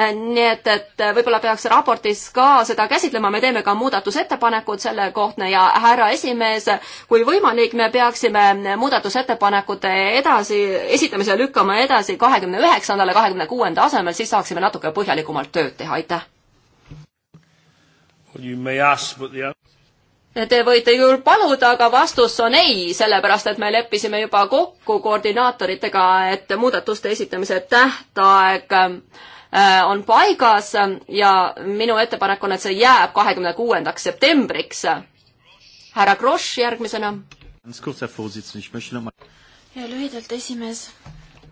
Ehm, nii et, et äh, võib-olla peaks raportis ka seda käsitlema, me teeme ka muudatusettepanekud selle kohta ja härra esimees, kui võimalik, me peaksime muudatusettepanekute edasi, esitamise lükkama edasi kahekümne üheksandale, kahekümne kuuenda asemel, siis saaksime natuke põhjalikumalt tööd teha, aitäh. Te võite küll paluda, aga vastus on ei, sellepärast et me leppisime juba kokku koordinaatoritega, et muudatuste esitamise tähtaeg äh, on paigas ja minu ettepanek on, et see jääb kahekümne kuuendaks septembriks. härra Grosch järgmisena. ja lühidalt, esimees,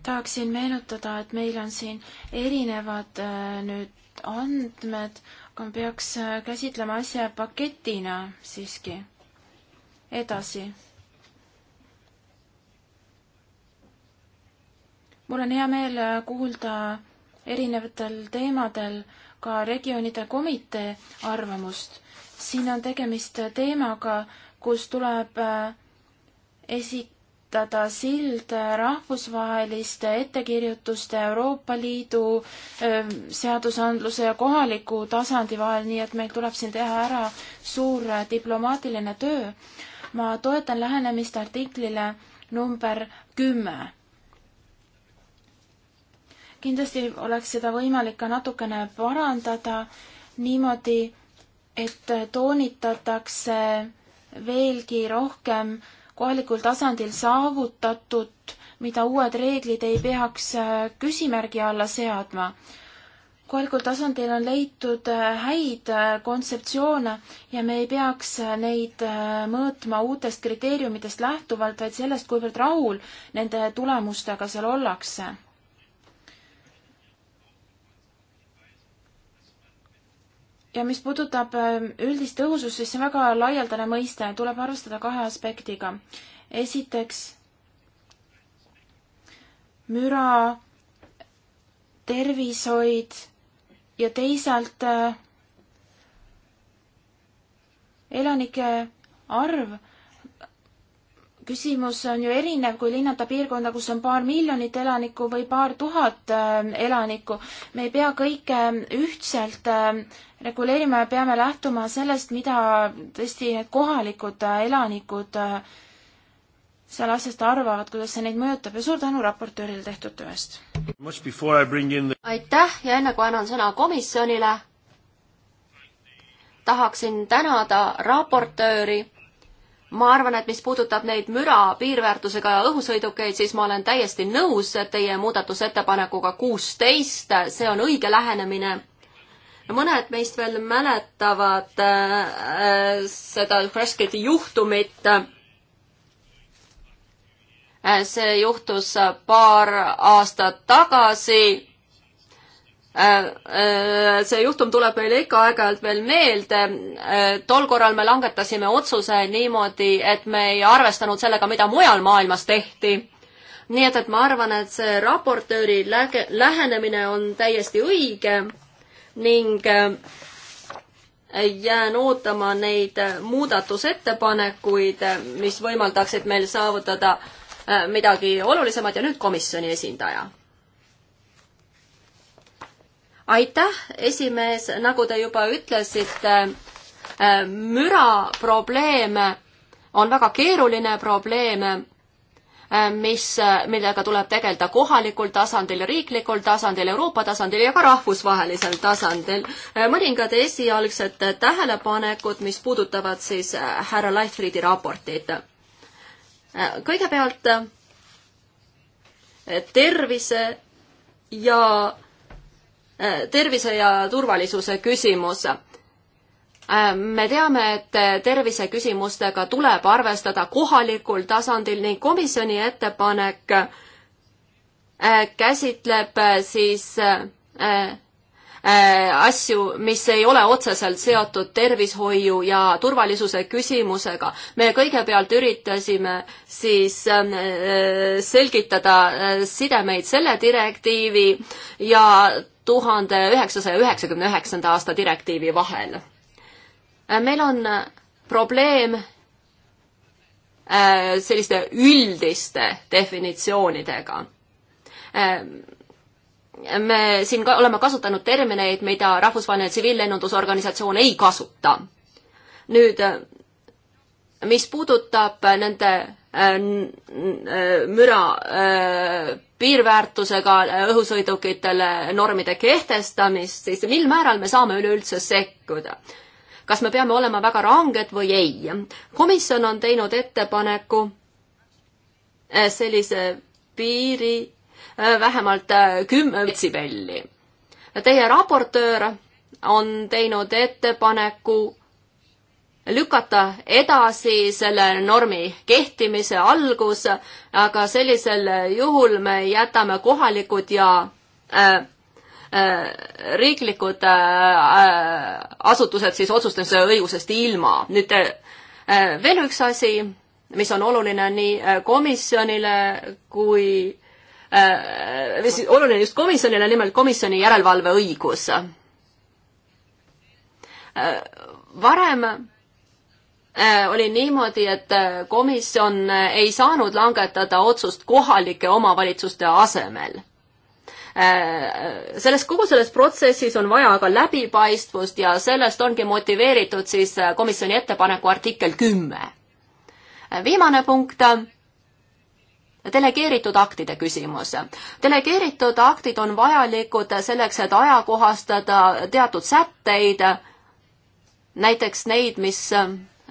tahaksin meenutada, et meil on siin erinevad äh, nüüd andmed, Stockholm peaks äh, käsitlema asja paketina siiski. edasi. mul on hea meel äh, kuulda erinevatel teemadel ka regioonide komitee arvamust. siin on tegemist teemaga, kus tuleb äh, esi-, ehitada sild rahvusvaheliste ettekirjutuste Euroopa Liidu ähm, seadusandluse ja kohaliku tasandi vahel, nii et meil tuleb siin teha ära suur diplomaatiline töö. ma toetan lähenemist artiklile number kümme. kindlasti oleks seda võimalik ka natukene parandada niimoodi, et toonitatakse veelgi rohkem kohalikul tasandil saavutatud, mida uued reeglid ei peaks äh, küsimärgi alla seadma. kohalikul tasandil on leitud äh, häid äh, kontseptsioone ja me ei peaks neid mõõtma uutest kriteeriumidest lähtuvalt, vaid sellest, kuivõrd rahul nende tulemustega seal ollakse ja mis puudutab äh, üldist tõhusust, siis see on väga laialdane mõiste, tuleb arvestada kahe aspektiga. esiteks müra, tervishoid ja teisalt äh, elanike arv küsimus on ju erinev, kui linnata piirkonda, kus on paar miljonit elanikku või paar tuhat äh, elanikku. me ei pea kõike äh, ühtselt äh, reguleerima ja peame lähtuma sellest, mida tõesti need kohalikud elanikud seal asjast arvavad, kuidas see neid mõjutab ja suur tänu raportöörile tehtud tööst! aitäh ja enne kui annan sõna komisjonile, tahaksin tänada raportööri ma arvan, et mis puudutab neid müra piirväärtusega õhusõidukeid, siis ma olen täiesti nõus teie muudatusettepanekuga kuusteist, see on õige lähenemine. mõned meist veel mäletavad äh, seda Fresketi juhtumit. Äh, see juhtus paar aastat tagasi Äh, äh, see juhtum tuleb meile ikka aeg-ajalt veel meelde. Äh, tol korral me langetasime otsuse niimoodi, et me ei arvestanud sellega, mida mujal maailmas tehti. nii et, et ma arvan, et see raportööri läge, lähenemine on täiesti õige ning jään ootama neid muudatusettepanekuid, mis võimaldaksid meil saavutada midagi olulisemat ja nüüd komisjoni esindaja aitäh, esimees, nagu te juba ütlesite, äh, müra probleem on väga keeruline probleem äh, mis, äh, millega tuleb tegeleda kohalikul tasandil, riiklikul tasandil, Euroopa tasandil ja ka rahvusvahelisel tasandil. mõningad esialgsed tähelepanekud, mis puudutavad siis härra Leifridi raportit. kõigepealt tervise ja Äh, tervise ja turvalisuse küsimus äh, me teame, et terviseküsimustega tuleb arvestada kohalikul tasandil ning komisjoni ettepanek äh, käsitleb siis asju, mis ei ole otseselt seotud tervishoiu ja turvalisuse küsimusega. me kõigepealt üritasime siis selgitada sidemeid selle direktiivi ja tuhande üheksasaja üheksakümne üheksanda aasta direktiivi vahel. Äh, meil on äh, probleem äh, selliste üldiste definitsioonidega. me siin ka oleme kasutanud termineid, mida Rahvusvaheline Tsiviillennundusorganisatsioon ei kasuta. nüüd, mis puudutab nende Äh, äh, müra äh, piirväärtusega õhusõidukitele normide kehtestamist, siis mil määral me saame üleüldse sekkuda? kas me peame olema väga ranged või ei? komisjon on teinud ettepaneku sellise piiri vähemalt kümme vetsipelli. Teie raportöör on teinud ettepaneku lükata edasi selle normi kehtimise algus, aga sellisel juhul me jätame kohalikud ja äh, äh, riiklikud äh, äh asutused siis otsustamise õigusest ilma. nüüd äh, veel üks asi, mis on oluline nii äh, komisjonile kui mis oluline just komisjonile, nimelt komisjoni järelevalveõigus. varem Äh, oli niimoodi, et äh, komisjon äh, ei saanud langetada otsust kohalike omavalitsuste asemel. selles, kogu selles protsessis on vaja ka läbipaistvust ja sellest ongi motiveeritud siis komisjoni ettepaneku artikkel kümme. viimane punkt delegeeritud aktide küsimus. delegeeritud aktid on vajalikud selleks, et ajakohastada teatud sätteid, näiteks neid, mis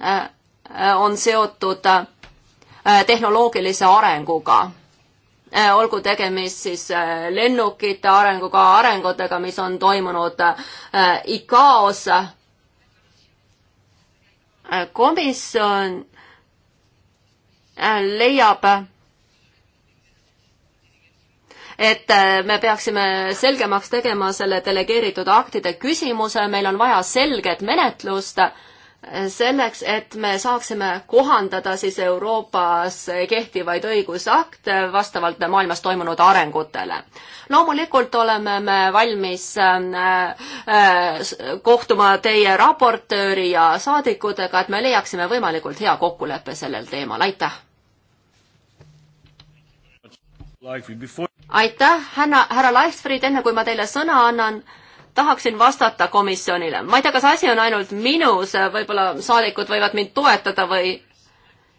Äh, äh, on seotud äh, tehnoloogilise arenguga. olgu tegemist siis lennukite arenguga, arengutega, mis on toimunud ICAO-s. komisjon leiab, et me peaksime selgemaks tegema selle delegeeritud aktide küsimuse, meil on vaja selget menetlust selleks, et me saaksime kohandada siis Euroopas kehtivaid õigusakte vastavalt maailmas toimunud arengutele. loomulikult oleme me valmis äh, kohtuma teie raportööri ja saadikutega, et me leiaksime võimalikult hea kokkuleppe sellel teemal, aitäh! aitäh, härra, härra Leifrid, enne kui ma teile sõna annan tahaksin vastata komisjonile. ma ei tea, kas asi on ainult minus, võib-olla saadikud võivad mind toetada või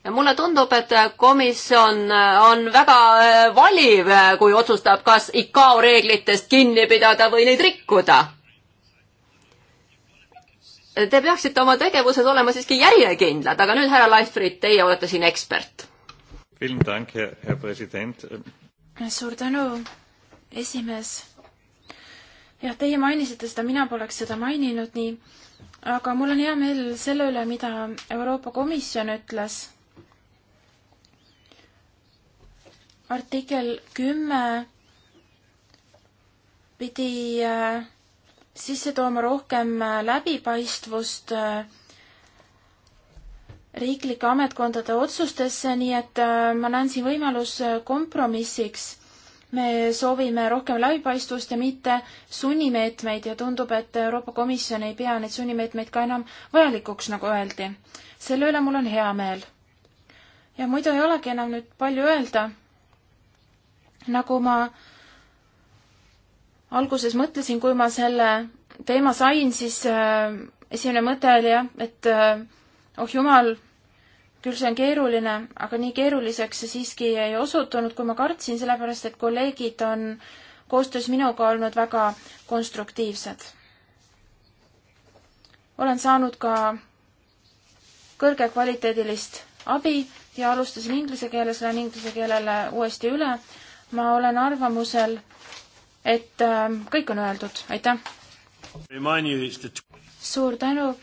ja mulle tundub, et komisjon on väga äh, valiv, äh, kui otsustab, kas ICAO reeglitest kinni pidada või neid rikkuda. Te peaksite oma tegevuses olema siiski järjekindlad, aga nüüd, härra Leifrid, teie olete siin ekspert. suur tänu, esimees jah, teie mainisite seda, mina poleks seda maininud nii, aga mul on hea meel selle üle, mida Euroopa Komisjon ütles. artikkel kümme pidi äh, sisse tooma rohkem äh, läbipaistvust äh, riiklike ametkondade otsustesse, nii et ma näen siin võimalus kompromissiks me soovime rohkem läbipaistvust ja mitte sunnimeetmeid ja tundub, et Euroopa Komisjon ei pea neid sunnimeetmeid ka enam vajalikuks, nagu öeldi. selle üle mul on hea meel. ja muidu ei olegi enam nüüd palju öelda. nagu ma alguses mõtlesin, kui ma selle teema sain, siis äh, esimene mõte oli jah, et äh, oh jumal, küll see on keeruline, aga nii keeruliseks see siiski ei osutunud, kui ma kartsin, sellepärast et kolleegid on koostöös minuga olnud väga konstruktiivsed. olen saanud ka kõrgekvaliteedilist abi ja alustasin inglise keeles, lähen inglise keelele uuesti üle. ma olen arvamusel, et äh, kõik on öeldud, aitäh! suur tänu,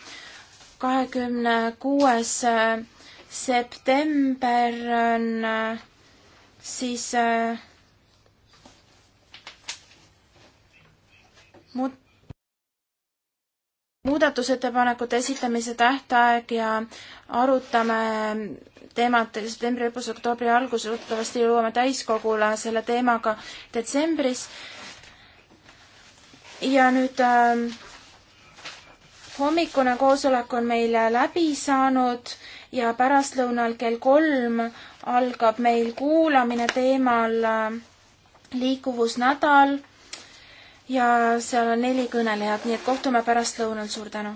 kahekümne kuues äh, september on äh, siis äh, mut-, muudatusettepanekute esitamise tähtaeg ja arutame teemat septembri lõpus, oktoobri alguses, loodetavasti jõuame täiskogule selle teemaga detsembris. ja nüüd äh, hommikune koosolek on meil läbi saanud ja pärastlõunal kell kolm algab meil kuulamine teemal äh, liikuvusnädal ja seal on neli kõnelejat, nii et kohtume pärastlõunal, suur tänu!